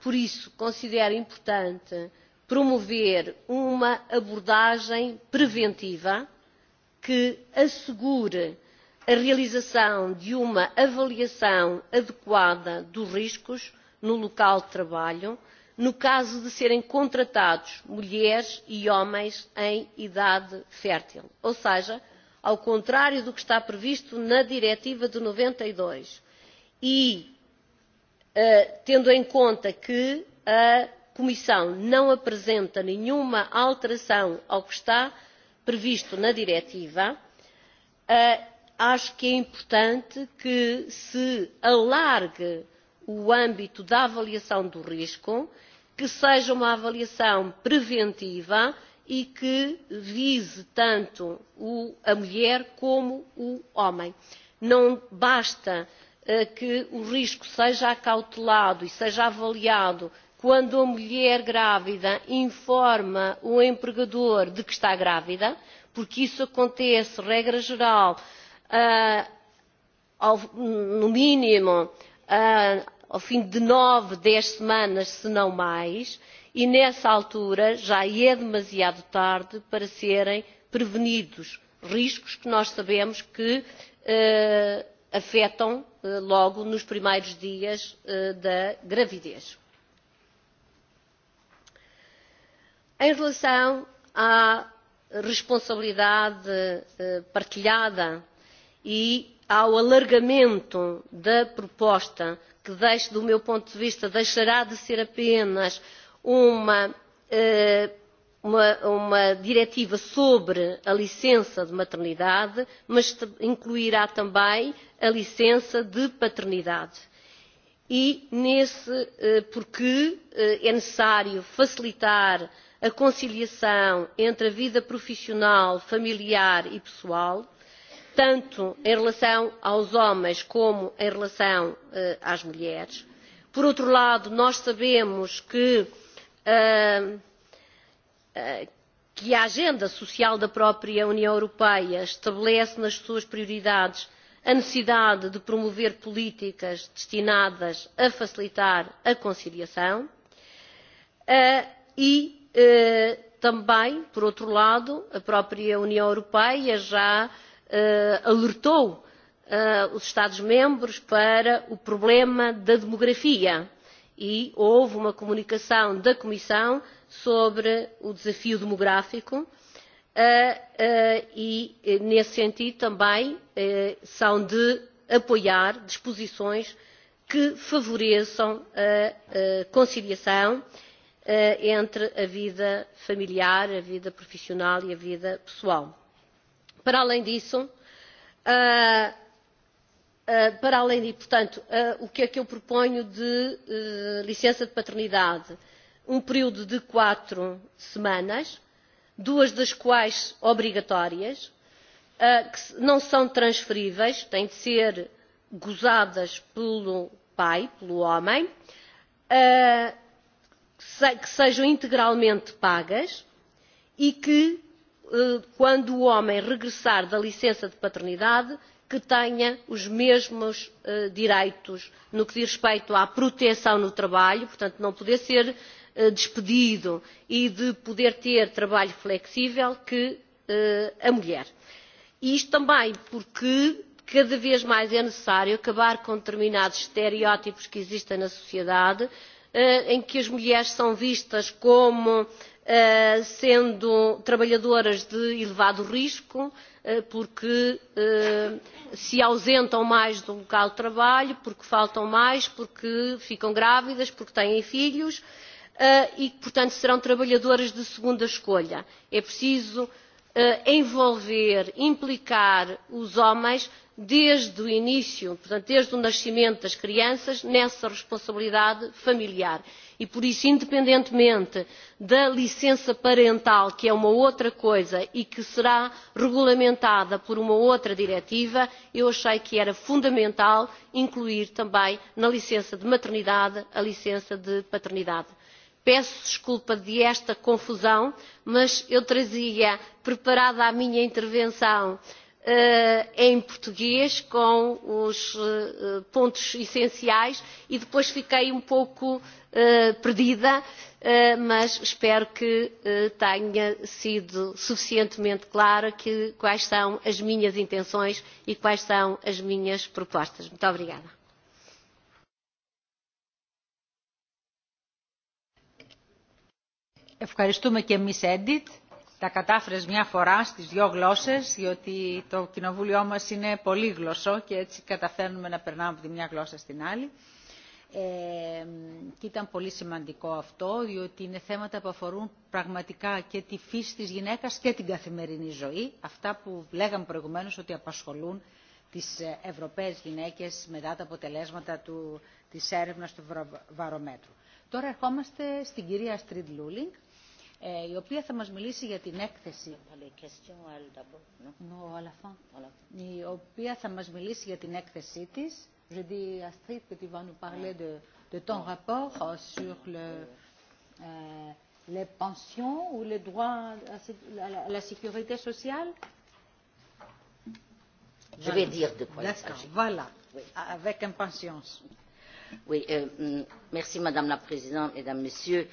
Por isso, considero importante promover uma abordagem preventiva que assegure a realização de uma avaliação adequada dos riscos no local de trabalho no caso de serem contratados mulheres e homens em idade fértil ou seja ao contrário do que está previsto na diretiva de noventa e dois e eh, tendo em conta que a comissão não apresenta nenhuma alteração ao que está previsto na diretiva eh, acho que é importante que se alargue o âmbito da avaliação do risco que seja uma avaliação preventiva e que vise tanto o, a mulher como o homem. Não basta uh, que o risco seja acautelado e seja avaliado quando a mulher grávida informa o empregador de que está grávida, porque isso acontece, regra geral, uh, ao, no mínimo uh, ao fim de nove, dez semanas, se não mais, e nessa altura já é demasiado tarde para serem prevenidos riscos que nós sabemos que uh, eh, afetam uh, eh, logo nos primeiros dias uh, eh, da gravidez. Em relação à responsabilidade eh, partilhada e ao alargamento da proposta, que deixe, do meu ponto de vista, deixará de ser apenas uma, eh, uma, uma diretiva sobre a licença de maternidade, mas incluirá também a licença de paternidade. E nesse, eh, porque é necessário facilitar a conciliação entre a vida profissional, familiar e pessoal, tanto em relação aos homens como em relação uh, às mulheres. Por outro lado, nós sabemos que, uh, uh, que a agenda social da própria União Europeia estabelece nas suas prioridades a necessidade de promover políticas destinadas a facilitar a conciliação uh, e Eh, também, por outro lado, a própria União Europeia já eh, alertou eh, os Estados-membros para o problema da demografia e houve uma comunicação da Comissão sobre o desafio demográfico e, nesse sentido, também são de apoiar disposições que favoreçam a conciliação Eh, entre a vida familiar, a vida profissional e a vida pessoal. Para além disso, eh, eh, para além de, portanto, o que é que eu proponho de licença de paternidade? Um período de quatro semanas, duas das quais obrigatórias, que não são transferíveis, têm de ser gozadas pelo pai, pelo homem, que sejam integralmente pagas e que, eh, quando o homem regressar da licença de paternidade, que tenha os mesmos eh, direitos no que diz respeito à proteção no trabalho, portanto, não poder ser eh, despedido e de poder ter trabalho flexível que eh, a mulher. E isto também porque cada vez mais é necessário acabar com determinados estereótipos que existem na sociedade, eh, Eh, em que as mulheres são vistas como eh, sendo trabalhadoras de elevado risco, eh, porque se ausentam mais do local de trabalho, porque faltam mais, porque ficam grávidas, porque têm filhos e que, portanto, serão trabalhadoras de segunda escolha. É preciso envolver, implicar os homens desde o início, portanto, desde o nascimento das crianças, nessa responsabilidade familiar. E por isso, independentemente da licença parental, que é uma outra coisa e que será regulamentada por uma outra diretiva, eu achei que era fundamental incluir também na licença de maternidade a licença de paternidade peço desculpa de esta confusão mas eu trazia preparada a minha intervenção Eh, em português com os eh, pontos essenciais e depois fiquei um pouco eh, perdida, mas espero que tenha sido suficientemente clara que, quais são as minhas intenções e quais são as minhas propostas. Muito obrigada. Ευχαριστούμε και εμείς, Edith τα κατάφερες μια φορά στις δύο γλώσσες, διότι το κοινοβούλιο μας είναι πολύγλωσσο και έτσι καταφέρνουμε να περνάμε από τη μια γλώσσα στην άλλη. Ε, και ήταν πολύ σημαντικό αυτό, διότι είναι θέματα που αφορούν πραγματικά και τη φύση της γυναίκας και την καθημερινή ζωή, αυτά που λέγαμε προηγουμένως ότι απασχολούν τις Ευρωπαίες γυναίκες μετά τα αποτελέσματα του, της έρευνας του βαρομέτρου. Τώρα ερχόμαστε στην κυρία Στριντ Λούλινγκ, ε, η οποία θα μας μιλήσει για την έκθεση no, à la fin. η οποία θα μας μιλήσει για την έκθεσή της. Je dis Astrid que tu vas nous parler de, de ton rapport euh, sur le, euh, les pensions ou les droits à, à, la, à la sécurité sociale. Je voilà. vais dire de quoi il s'agit. Voilà, oui. avec impatience. Oui, euh, mm, merci Madame la Présidente, Mesdames, Messieurs. Euh,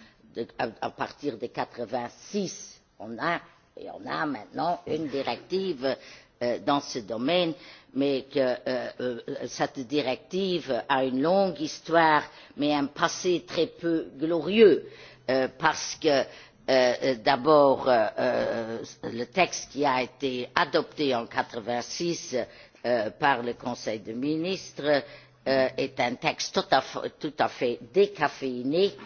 de, à, à partir de quatre vingt six on a et on a maintenant une directive euh, dans ce domaine mais que euh, euh, cette directive a une longue histoire mais un passé très peu glorieux euh, parce que euh, d'abord euh, euh le texte qui a été adopté en quatre vingt six euh, par le conseil des ministres euh, est un texte tout à, tout à fait décaféiné euh,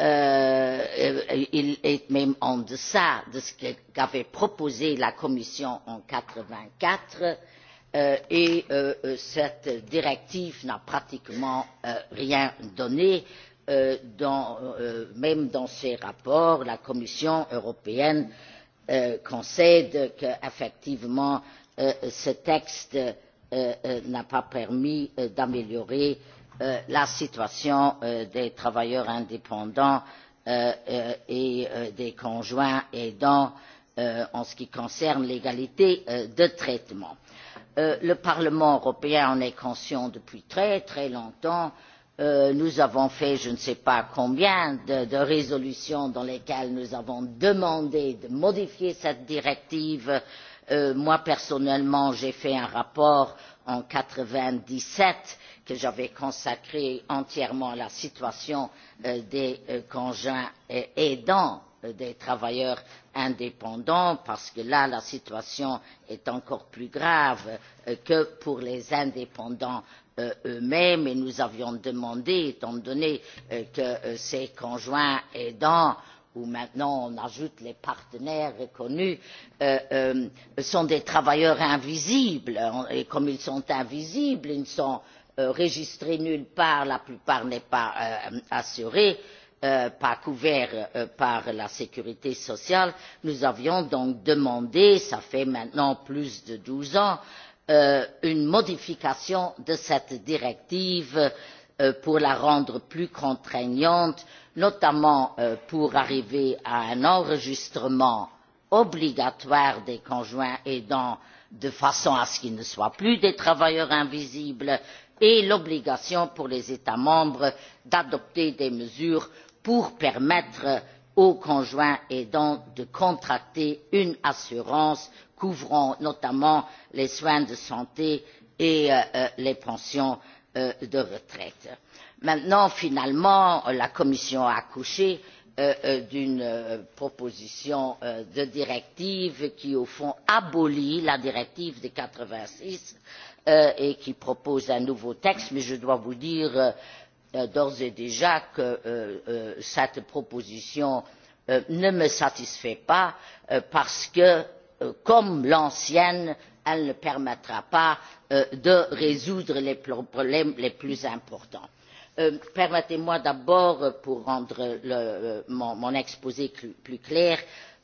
Euh, euh, il est même en deçà de ce qu'avait proposé la commission en quatre vingt quatre et euh, cette directive n'a pratiquement euh, rien donné euh, dans, euh, même dans ses rapports la commission européenne concède qu'effectivement ce texte n'a pas permis d'améliorer euh, la situation euh, des travailleurs indépendants euh, euh, et euh, des conjoints aidants euh, en ce qui concerne l'égalité euh, de traitement. Euh, le Parlement européen en est conscient depuis très très longtemps. Euh, nous avons fait je ne sais pas combien de, de résolutions dans lesquelles nous avons demandé de modifier cette directive. Euh, moi personnellement j'ai fait un rapport en quatre vingt dix sept que j'avais consacré entièrement à la situation euh, des euh, conjoints aidants euh, des travailleurs indépendants parce que là la situation est encore plus grave que pour les indépendants eux mêmes et nous avions demandé étant donné que ces conjoints aidants où maintenant on ajoute les partenaires reconnus euh, euh, sont des travailleurs invisibles et comme ils sont invisibles ils ne sont Euh, registré nulle part la plupart n'est pas euh, assuré euh, pas couvert par la sécurité sociale nous avions donc demandé cela fait maintenant plus de douze ans une modification de cette directive pour la rendre plus contraignante notamment pour arriver à un enregistrement obligatoire des conjoints aidants de façon à ce qu'ils ne soient plus des travailleurs invisibles et et l'obligation pour les états membres d'adopter des mesures pour permettre aux conjoints aidants de contracter une assurance couvrant notamment les soins de santé et euh, euh, les pensions euh, de retraite. maintenant finalement la commission a accouché d'une proposition de directive qui au fond abolit la directive de quatre vingt six Euh, et qui propose un nouveau texte mais je dois vous dire euh, euh, d'ores et déjà que cette proposition ne me satisfait pas parce que comme l'ancienne elle ne permettra pas de résoudre les problèmes les plus importants. permettez moi d'abord pour rendre mon exposé plus clair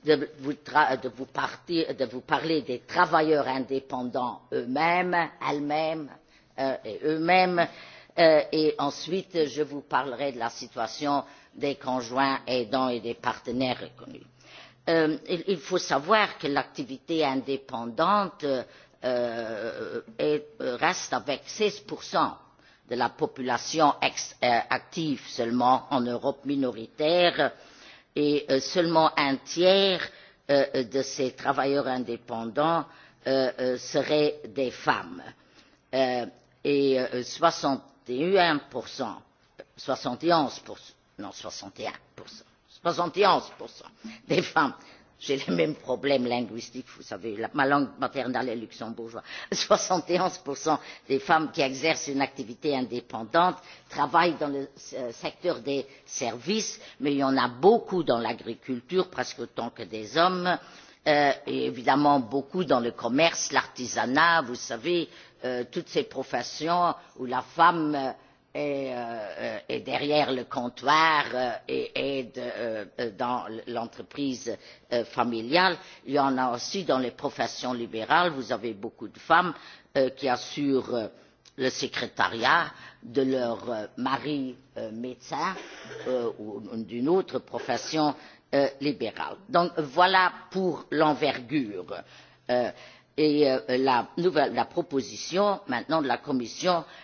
de vous, de vous, partir, de vous parler des travailleurs indépendants eux mêmes elles mêmes euh, et eux mêmes euh, et ensuite je vous parlerai de la situation des conjoints aidants et des partenaires reconnus. Euh, il, il faut savoir que l'activité indépendante euh, est, reste avec seize de la population ex, euh, active seulement en europe minoritaire et et euh, seulement un tiers euh, euh de ces travailleurs indépendants euh, euh seraient des femmes euh, et soixante et un soixante et onze non soixante et un soixante et onze des femmes j'ai les mêmes problèmes linguistiques vous savez la, ma langue maternelle est luxembourgeois soixante et onze des femmes qui exercent une activité indépendante travaillent dans le euh, secteur des services mais il y en a beaucoup dans l'agriculture presque autant que des hommes euh, et évidemment beaucoup dans le commerce l'artisanat vous savez euh, toutes ces professions où la femme euh, est, euh, est derrière le comptoir euh, et est euh, dans l'entreprise euh, familiale. Il y en a aussi dans les professions libérales. Vous avez beaucoup de femmes euh, qui assurent euh, le secrétariat de leur euh, mari euh, médecin euh, ou d'une autre profession euh, libérale. Donc voilà pour l'envergure. Euh, et euh, la, nouvelle, la proposition maintenant de la Commission euh,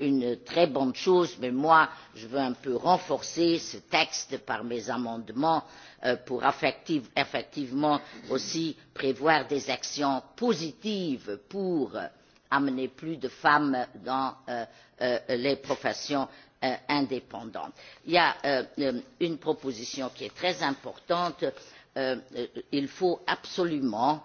une très bonne chose mais moi je veux un peu renforcer ce texte par mes amendements euh, pour effective, effectivement aussi prévoir des actions positives pour euh, amener plus de femmes dans euh, euh, les professions euh, indépendantes. il y a euh, une proposition qui est très importante il faut absolument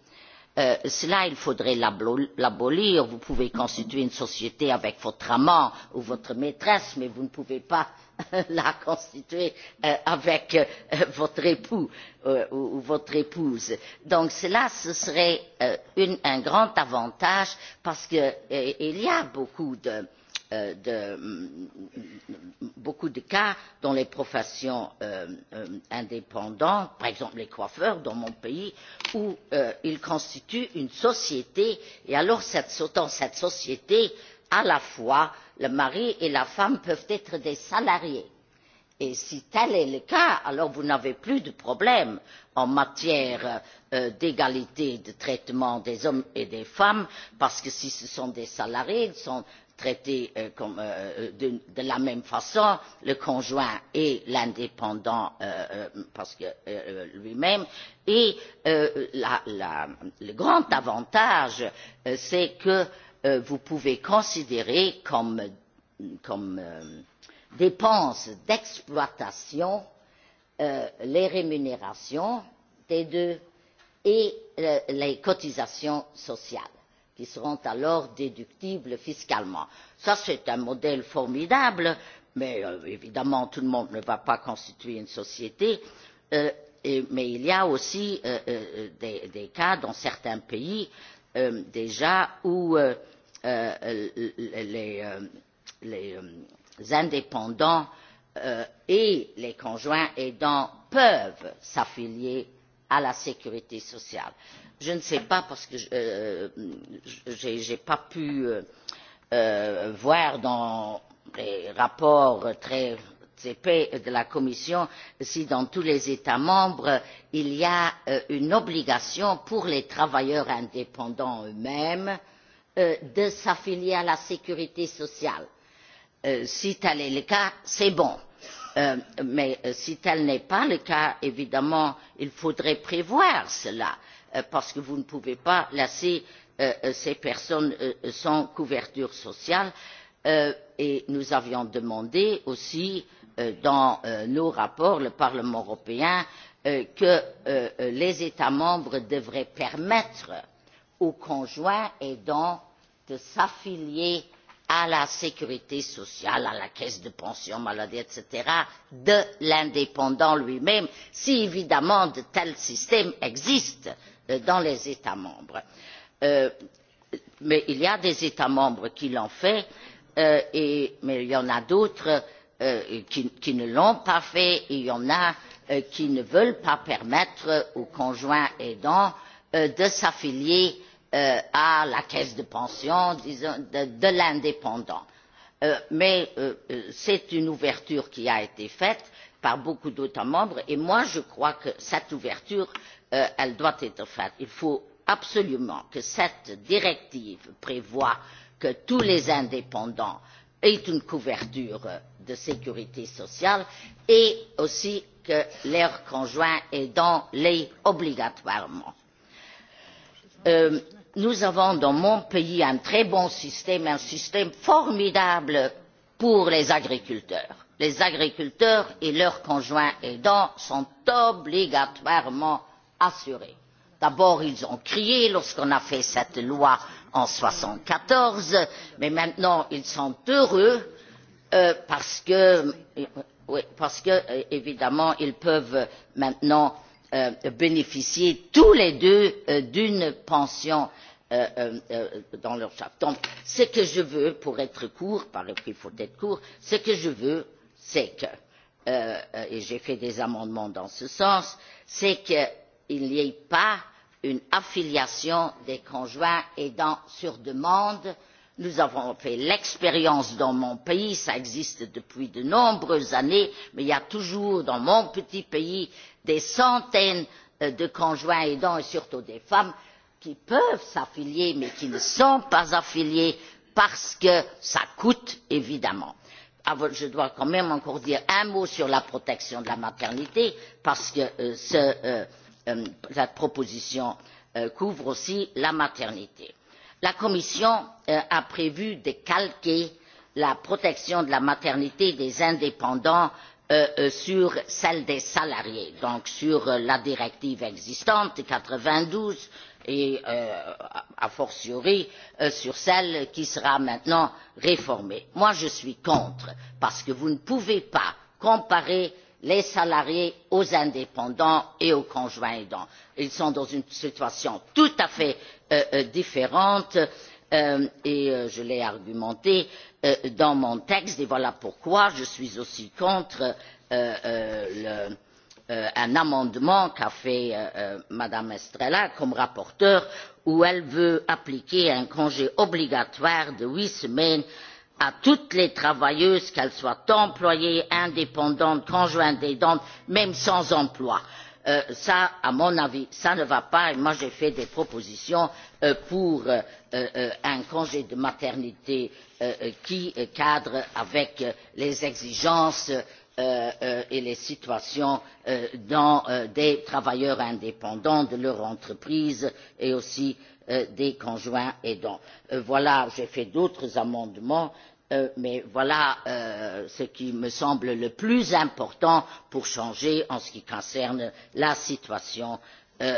euh, cela il faudrait l'abolir vous pouvez constituer une société avec votre amant ou votre maîtresse mais vous ne pouvez pas la constituer euh, avec euh, votre époux euh, ou votre épouse. donc cela ce serait euh, une, un grand avantage parce qu'il euh, y a beaucoup de Euh, de mm, beaucoup de cas dans les professions euh, euh, indépendantes par exemple les coiffeurs dans mon pays où euh, ils constituent une société et alors cette, dans cette société à la fois le mari et la femme peuvent être des salariés et si tel est le cas alors vous n'avez plus de problème en matière euh, d'égalité de traitement des hommes et des femmes parce que si ce sont des salariés ils sont traiter euh, comme, euh, euh de, de la même façon le conjoint et l'indépendant euh, euh parce que euh, euh lui même et euh, la, la, le grand avantage euh, c'est que euh, vous pouvez considérer comme, comme euh, dépenses d'exploitation euh, les rémunérations des deux et euh, les cotisations sociales qui seront alors déductibles fiscalement. c'est un modèle formidable mais euh, évidemment tout le monde ne va pas constituer une société euh, et, mais il y a aussi euh, euh des, des cas dans certains pays euh, déjà où euh, les, les indépendants et les conjoints aidants peuvent s'affilier à la sécurité sociale. je ne sais pas parce que je n'ai euh, pas pu euh, euh, voir dans les rapports très de la commission si dans tous les états membres il y a euh, une obligation pour les travailleurs indépendants eux mêmes de s'affilier à la sécurité sociale. si tel est le cas c'est bon euh, mais euh, si tel n'est pas le cas évidemment il faudrait prévoir cela euh, parce que vous ne pouvez pas laisser euh, ces personnes sans couverture sociale et nous avions demandé aussi dans nos rapports le parlement européen que les états membres devraient permettre aux conjoints aidants de s'affilier à la sécurité sociale à la caisse de pension maladie etc. de l'indépendant lui même si évidemment de tels systèmes existent euh, dans les états membres. Euh, mais il y a des états membres qui l'ont fait euh, et, mais il y en a d'autres euh, qui, qui ne l'ont pas fait et il y en a euh, qui ne veulent pas permettre aux conjoints aidants euh, de s'affilier euh, à la caisse de pension disons, de, de l'indépendant. Euh, mais euh, euh, c'est une ouverture qui a été faite par beaucoup d'états membres et moi je crois que cette ouverture euh, elle doit être faite. il faut absolument que cette directive prévoie que tous les indépendants aient une couverture de sécurité sociale et aussi que leurs conjoints aidants l'aient obligatoirement. Euh, nous avons dans mon pays un très bon système un système formidable pour les agriculteurs. les agriculteurs et leurs conjoints aidants sont obligatoirement assurés. d'abord ils ont crié lorsqu'on a fait cette loi en soixante quatorze mais maintenant ils sont heureux euh, parce que oui, parce que euh, évidemment ils peuvent maintenant Euh, bénéficier tous les deux euh, d'une pension euh, dans leur charge. donc ce que je veux pour être court car il faut être court ce que je veux c'est que et j'ai fait des amendements dans ce sens c'est qu'il n'y ait pas une affiliation des conjoints aidants sur demande nous avons fait l'expérience dans mon pays cela existe depuis de nombreuses années mais il y a toujours dans mon petit pays des centaines euh, de conjoints aidants et surtout des femmes qui peuvent s'affilier mais qui ne sont pas affiliées parce que cela coûte évidemment. Ah, je dois quand même encore dire un mot sur la protection de la maternité parce que euh, ce, euh, euh, la proposition euh, couvre aussi la maternité la commission euh, a prévu de calquer la protection de la maternité des indépendants euh, euh, sur celle des salariés donc sur la directive existante de quatre vingt douze et a fortiori sur celle qui sera maintenant réformée. je suis contre parce que vous ne pouvez pas comparer les salariés aux indépendants et aux conjoints aidants. ils sont dans une situation tout à fait euh, euh différente euh, et euh, je l'ai argumenté euh, dans mon texte et voilà pourquoi je suis aussi contre euh, le, un amendement qu'a fait mme estrela comme rapporteure où elle veut appliquer un congé obligatoire de huit semaines à toutes les travailleuses qu'elles soient employées indépendantes conjointes aidantes même sans emploi. Euh, ça, à mon avis ça ne va pas et moi j'ai fait des propositions euh, pour euh, euh, euh un congé de maternité euh, qui cadre avec les exigences et les situations dans, des travailleurs indépendants de leur entreprise et aussi des conjoints aidants. voilà j'ai fait d'autres amendements Euh, mais voilà euh, ce qui me semble le plus important pour changer en ce qui concerne la situation euh,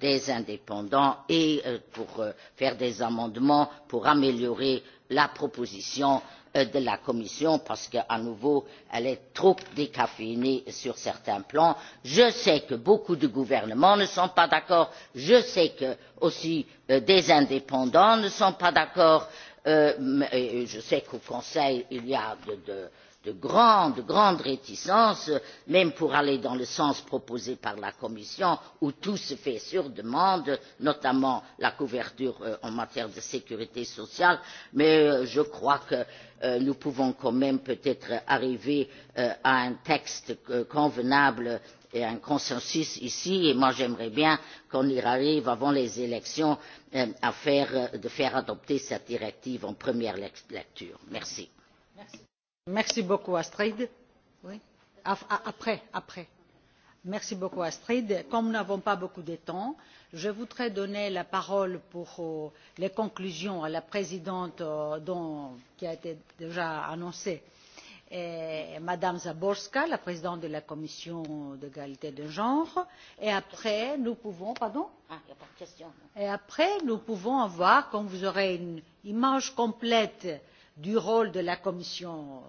des indépendants et pour faire des amendements pour améliorer la proposition de la commission parce qu'à nouveau elle est trop décaféinée sur certains plans. je sais que beaucoup de gouvernements ne sont pas d'accord je sais aussi que des indépendants ne sont pas d'accord et euh, euh, je sais qu'au conseil il y a de, de, de grandes grandes réticences même pour aller dans le sens proposé par la commission où tout se fait sur demande notamment la couverture euh, en matière de sécurité sociale mais euh, je crois que euh, nous pouvons quand même peut être arriver euh, à un texte convenable et un consensus ici et moi j'aimerais bien qu'on y arrive avant les élections euh, à faire, euh, de faire adopter cette directive en première lecture. merci. merci, merci beaucoup astrid. Oui. après, après. Merci beaucoup Astrid. Comme nous n'avons pas beaucoup de temps, je voudrais donner la parole pour euh, les conclusions à la présidente dont, qui a été déjà annoncée mme zborsk la présidente de la commission de l'égalité des genres ah, et après nous pouvons avoir quand vous aurez une image complète du rôle de la commission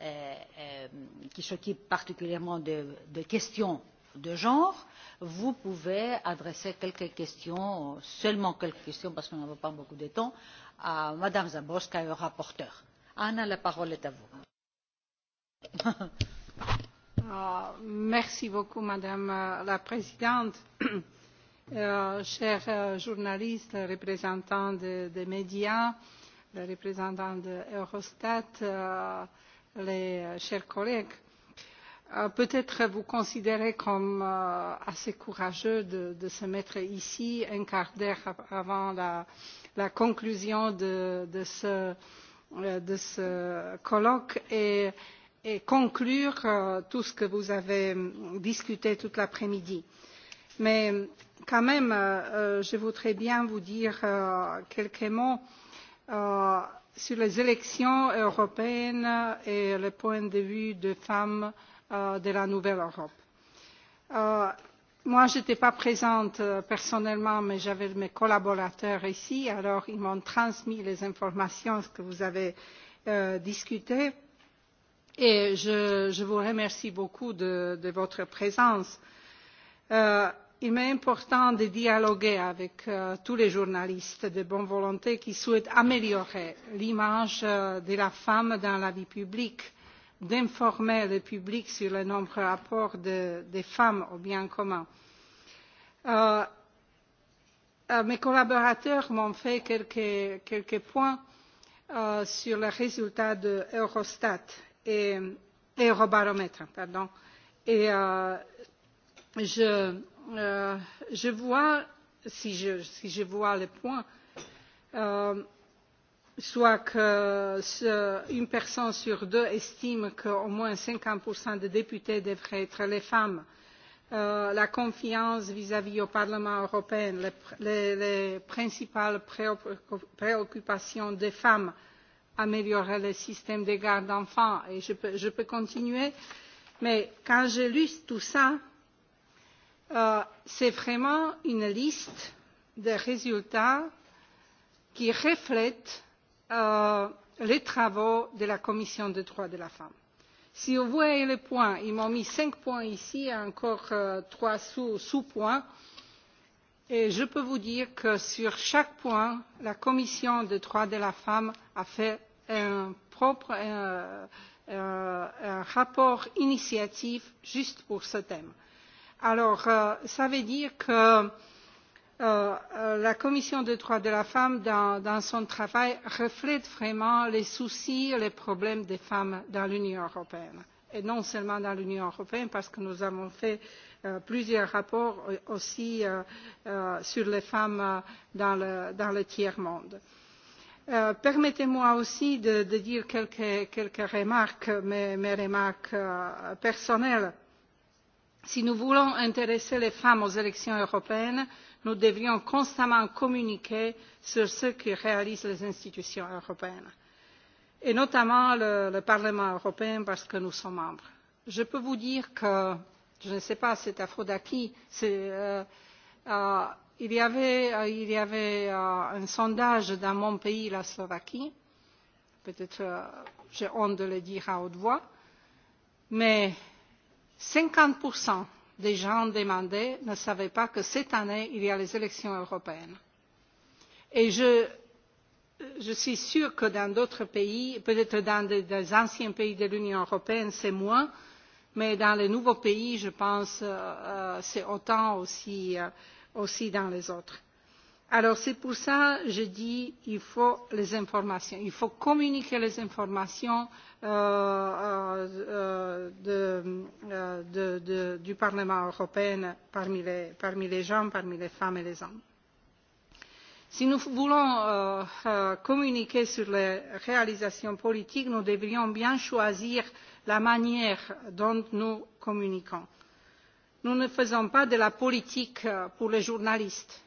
euh, euh, qui s'occupe particulièrement des questions de genre vous pouvez adresser quelques questions seulement quelques questions parce que nous n'avons pas beaucoup de temps à mme zborsk et au rapporteur. anna la parole est à vous. Euh, madame la présidente euh, chers euh, journalistes représentants des médias représentants d'eurostat chers collègues peut être vous considérez comme assez courageux de se mettre ici un quart d'heure avant la conclusion de ce colloque et et conclure euh, tout ce que vous avez euh, discuté toute l'après midi mais euh, quand même je voudrais bien vous dire quelques mots sur les élections européennes et le point de vue des femmes de la nouvelle europe. moi je n'étais pas présente personnellement mais j'avais mes collaborateurs ici alors ils m'ont transmis les informations que vous avez discutées et je, je vous remercie beaucoup de, de votre présence. Euh, il m'est important de dialoguer avec euh, tous les journalistes de bonne volonté qui souhaitent améliorer l'image euh, de la femme dans la vie publique d'informer le public sur les nombreux rapports de, des femmes au bien commun. Euh, euh, mes collaborateurs m'ont fait quelques, quelques points euh, sur les résultats d'eurostat. De et, et Eurobaromètre. Pardon. Et euh, je, euh, je vois, si je, si je vois les points, euh, soit qu'une personne sur deux estime qu'au moins cinquante des députés devraient être des femmes euh, la confiance vis à vis du parlement européen les, les, les principales pré préoccupations des femmes euh, améliorer le système de garde d'enfants et je peux, je peux continuer mais quand j'ai lu tout cela euh, c'est vraiment une liste de résultats qui reflète euh, les travaux de la commission des droits de la femme. si vous voyez les points ils m'ont mis cinq points ici et encore euh, trois sous, sous points mais et je peux vous dire que sur chaque point la commission des droits de la femme a fait un propre un, un, euh, un rapport d'initiative juste pour ce thème. alors cela euh, veut dire que euh, la commission des droits de la femme dans, dans son travail reflète vraiment les soucis et les problèmes des femmes dans l'union européenne et non seulement dans l'union européenne parce que nous avons fait euh, Euh, plusieurs rapports euh, aussi euh, sur les femmes dans le, dans le tiers monde. Euh, permettez moi aussi de, de dire quelques, quelques remarques mes, mes remarques euh, personnelles. si nous voulons intéresser les femmes aux élections européennes nous devrions constamment communiquer sur ce que réalisent les institutions européennes et notamment le, le parlement européen parce que nous sommes membres. je peux vous dire que je ne sais pas c'est à faute à qui euh, euh, il y avait, euh, il y avait euh, un sondage dans mon pays la slovaquie peut être euh, j'ai honte de le dire à haute voix mais cinquante des gens demandés ne savaient pas que cette année il y a les élections européennes et je je suis sûre que dans d'autres pays peut être dans des, des anciens pays de l'union européenne c'est moins mais mais dans les nouveaux pays je pense euh, euh, c'est autant aussi, euh, aussi dans les autres. alors c'est pour cela que je dis qu'il faut les informations il faut communiquer les informations euh, euh, euh de, de, de, du parlement européen parmi les, parmi les gens parmi les femmes et les hommes. si nous voulons communiquer sur les réalisations politiques nous devrions bien choisir la manière dont nous communiquons. nous ne faisons pas de la politique euh, pour les journalistes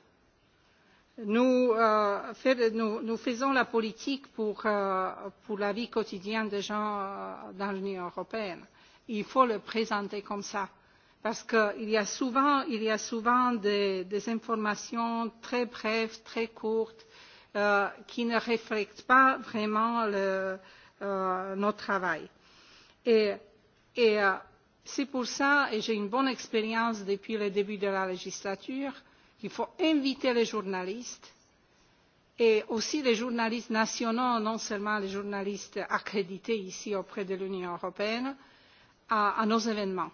nous, euh, faire, nous, nous faisons la politique pour, euh, pour la vie quotidienne des gens euh, dans l'union européenne. il faut le présenter comme cela parce qu'il y a souvent, il y a souvent des, des informations très brèves très courtes euh, qui ne reflètent pas vraiment le, euh, notre travail Et, et euh, c'est pour ça, et j'ai une bonne expérience depuis le début de la législature, qu'il faut inviter les journalistes et aussi les journalistes nationaux, non seulement les journalistes accrédités ici auprès de l'Union européenne, à, à nos événements.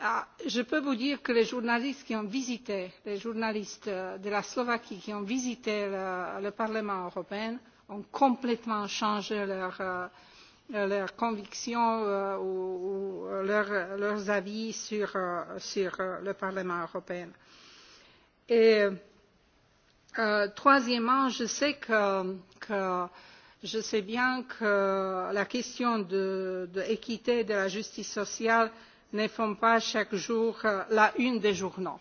À, euh, je peux vous dire que les journalistes qui ont visité, les journalistes euh, de la Slovaquie qui ont visité le, le Parlement européen ont complètement changé leur, euh, Euh, leurs convictions euh, ou, ou euh, leur, leurs avis sur, euh, sur le Parlement européen. Et euh, troisièmement, je sais que, que je sais bien que la question de, de l'équité et de la justice sociale ne font pas chaque jour la une des journaux.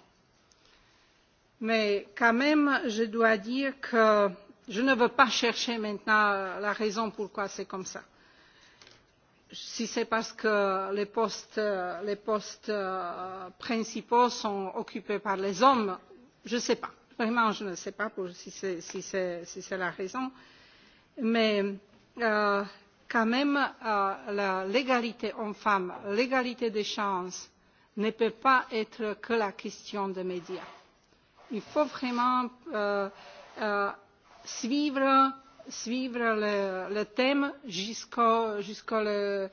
Mais quand même, je dois dire que je ne veux pas chercher maintenant la raison pourquoi c'est comme ça si c'est parce que les postes, les postes euh, principaux sont occupés par les hommes, je ne sais pas. Vraiment, je ne sais pas pour, si c'est si si la raison. Mais euh, quand même, euh, l'égalité hommes-femmes, l'égalité des chances ne peut pas être que la question des médias. Il faut vraiment euh, euh, suivre suivre le, le thème jusqu'aux jusqu le,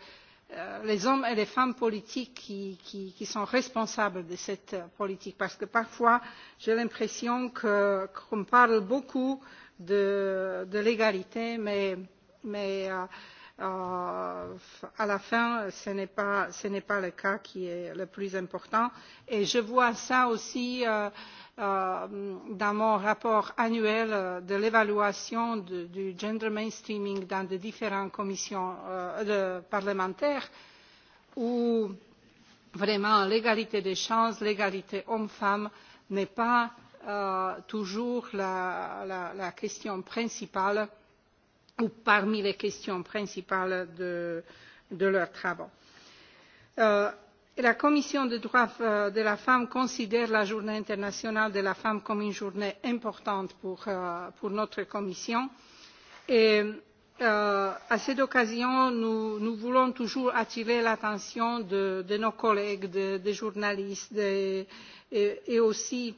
euh, les hommes et les femmes politiques qui, qui, qui sont responsables de cette politique parce que parfois j'ai l'impression qu'on qu parle beaucoup de, de l'égalité mais, mais euh, Euh, à la fin ce n'est pas, pas le cas qui est le plus important et je vois cela aussi euh, euh, dans mon rapport annuel euh, de l'évaluation du gender mainstreaming dans les différentes commissions euh, parlementaires où vraiment l'égalité des chances l'égalité hommes femmes n'est pas euh, toujours la, la, la question principale ou parmi les questions principales de, de leurs travaux. Euh, la commission des droits euh, de la femme considère la journée internationale de la femme comme une journée importante pour, euh, pour notre commission et euh, à cette occasion nous, nous voulons toujours attirer l'attention de, de nos collègues des de journalistes de, et, et aussi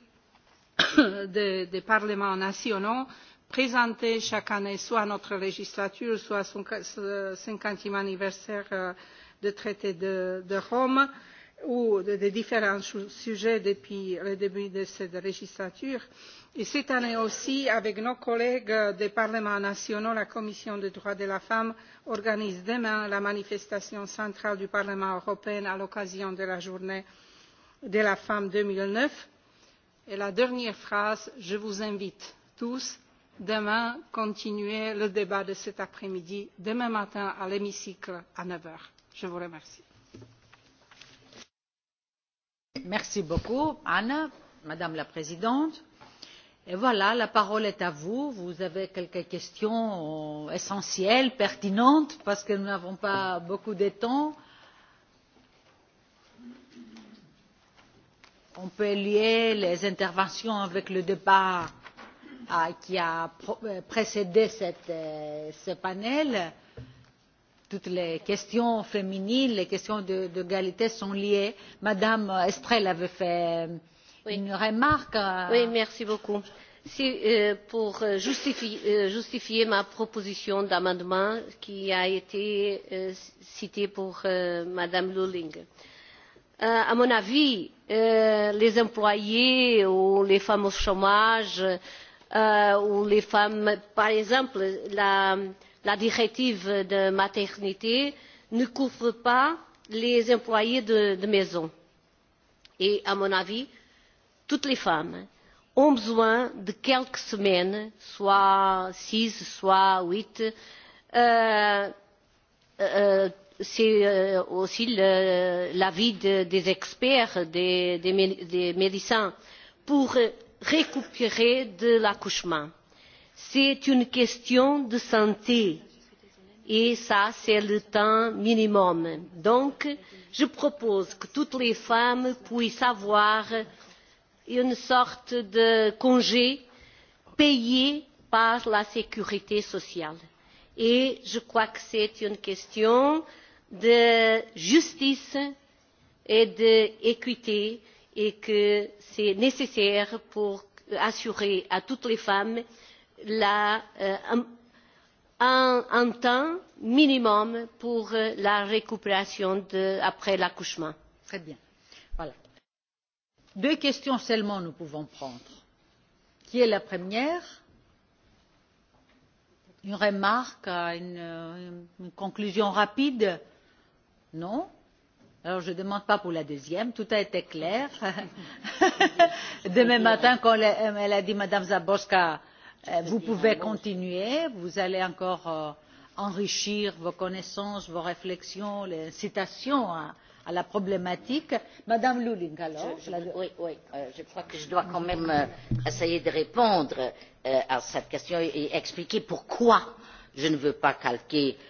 des parlements nationaux sur présentée chaque année soit à notre législature soit à son cinquantième anniversaire euh, du traité de, de rome ou de, de différents sujets depuis le début de cette législature et cette année aussi avec nos collègues des parlements nationaux la commission des droits de la femme organise demain la manifestation centrale du parlement européen à l'occasion de la journée de la femme. deux mille neuf et la dernière phrase je vous invite tous demain continuer le débat de cet après midi demain matin à l'hémicycle à neuf heures. je vous remercie. merci beaucoup anna madame la présidente. Et voilà la parole est à vous vous avez quelques questions essentielles pertinentes parce que nous n'avons pas beaucoup de temps. on peut lier les interventions avec le débat Euh, qui a euh, précédé cette, euh, ce panel toutes les questions féminines les questions d'égalité sont liées. mme estrela avait fait oui. une remarque. oui merci beaucoup. Euh, pour justifier, justifier ma proposition d'amendement qui a été euh, citée par euh, mme lulling à mon avis les employés ou les femmes au chômage euh, où les femmes, par exemple, la, la directive de maternité ne couvre pas les employés de, de maison. Et à mon avis, toutes les femmes ont besoin de quelques semaines, soit six, soit huit. Euh, euh, c'est euh, aussi l'avis de, des experts, des, des, des médecins, pour récupérer de l'accouchement. c'est une question de santé et ça c'est le temps minimum. donc je propose que toutes les femmes puissent avoir une sorte de congé payé par la sécurité sociale. Et je crois que c'est une question de justice et d'équité et que c'est nécessaire pour assurer à toutes les femmes la, euh, un, un temps minimum pour euh, la récupération de, après l'accouchement. Très bien. Voilà. Deux questions seulement nous pouvons prendre. Qui est la première Une remarque, une, une conclusion rapide Non alors je ne demande pas pour la deuxième tout a été clair. demain matin comme l'a dit mme zborsk euh, vous pouvez continuer vous allez encore euh, enrichir vos connaissances vos réflexions les citations à, à la problématique. madame lulling alors je, je, oui, oui, euh, je crois que je dois quand même euh, essayer de répondre euh, à cette question et, et expliquer pourquoi je ne veux pas calquer euh,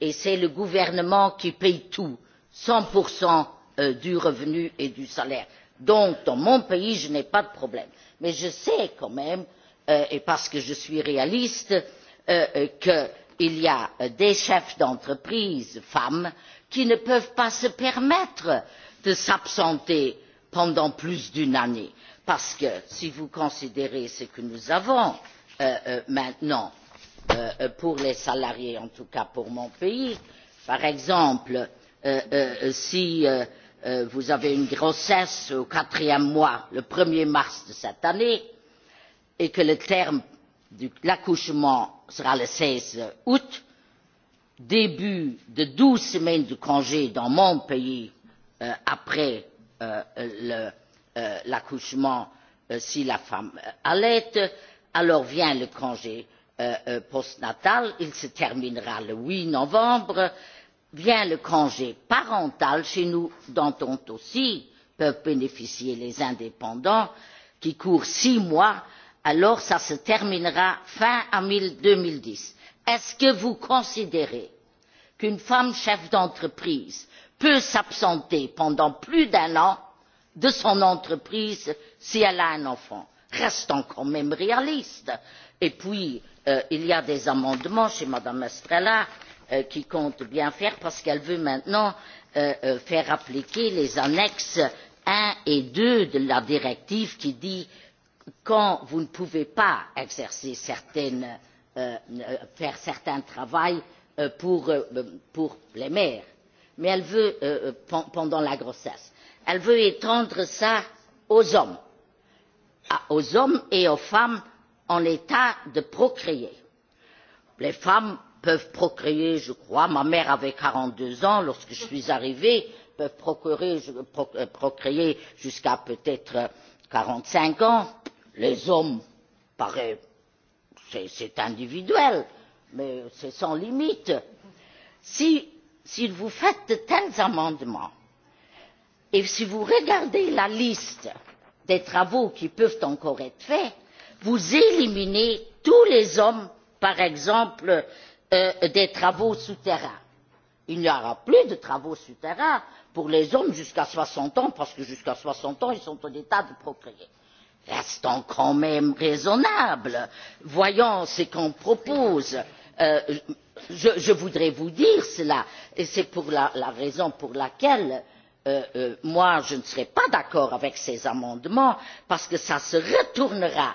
et c'est le gouvernement qui paie tout cent euh, du revenu et du salaire. donc dans mon pays je n'ai pas de problème mais je sais quand même euh, et parce que je suis réaliste euh, qu'il y a des chefs d'entreprise femmes qui ne peuvent pas se permettre de s'absenter pendant plus d'une année parce que si vous considérez ce que nous avons maintenant Euh, euh, pour les salariés en tout cas pour mon pays par exemple euh, si vous avez une grossesse au quatrième mois le un er mars de cette année et que le terme de l'accouchement sera le seize août début de douze semaines de congé dans mon pays après l'accouchement si la femme allaite alors vient le congé Euh, euh, postnatal il se terminera le huit novembre vient le congé parental chez nous dont ont aussi peuvent bénéficier les indépendants qui court six mois alors ça se terminera fin deux mille dix est ce que vous considérez qu'une femme chef d'entreprise peut s'absenter pendant plus d'un an de son entreprise si elle a un enfant? restons quand même réalistes et puis euh, il y a des amendements chez mme estrela euh, qui compte bien faire parce qu'elle veut maintenant euh, faire appliquer les annexes i et ii de la directive qui dit quand vous ne pouvez pas exercer faire certains travaux pour les mères mais elle veut pendant la grossesse elle veut étendre cela aux hommes ah, aux hommes et aux femmes en l'état de procréer. les femmes peuvent procréer je crois ma mère avait quarante deux ans lorsque je suis arrivée peuvent procurer, proc, euh, procréer jusqu'à peut être euh, quarante cinq ans les hommes pareil c'est individuel mais c'est sans limite. si, si vous faites de tels amendements et si vous regardez la liste des travaux qui peuvent encore être faits vous éliminez tous les hommes par exemple euh, des travaux souterrains. il n'y aura plus de travaux souterrains pour les hommes jusqu'à soixante ans parce que jusqu'à soixante ans ils sont en état de procréer. restons quand même raisonnables voyons ce qu'on propose. Euh, je, je voudrais vous dire cela et c'est pour la, la raison pour laquelle euh, euh, moi je ne serai pas d'accord avec ces amendements parce que ça se retournera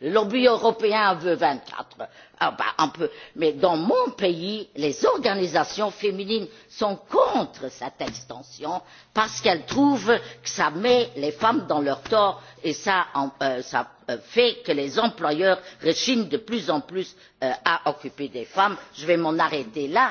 le lobby européen en veut vingt quatre ah, mais dans mon pays les organisations féminines sont contre cette extension parce qu'elles trouvent que cela met les femmes dans leur tort et cela euh, euh, fait que les employeurs rechignent de plus en plus euh, à occuper des femmes. je vais m'arrêter là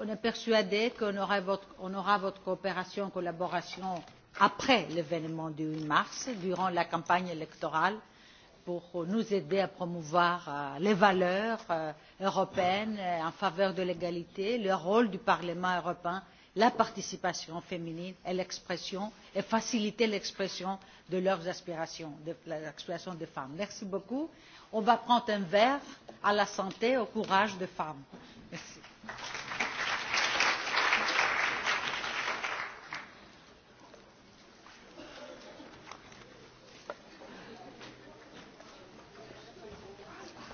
on est persuadé qu'on aura, aura votre coopération collaboration après l'événement du huit mars durant la campagne électorale pour nous aider à promouvoir euh, les valeurs euh, européennes euh, en faveur de l'égalité le rôle du parlement européen la participation féminine et l'expression et faciliter l'expression de leurs aspirations de l'aspiration des femmes. merci beaucoup. on va prendre un verre à la santé et au courage des femmes. merci.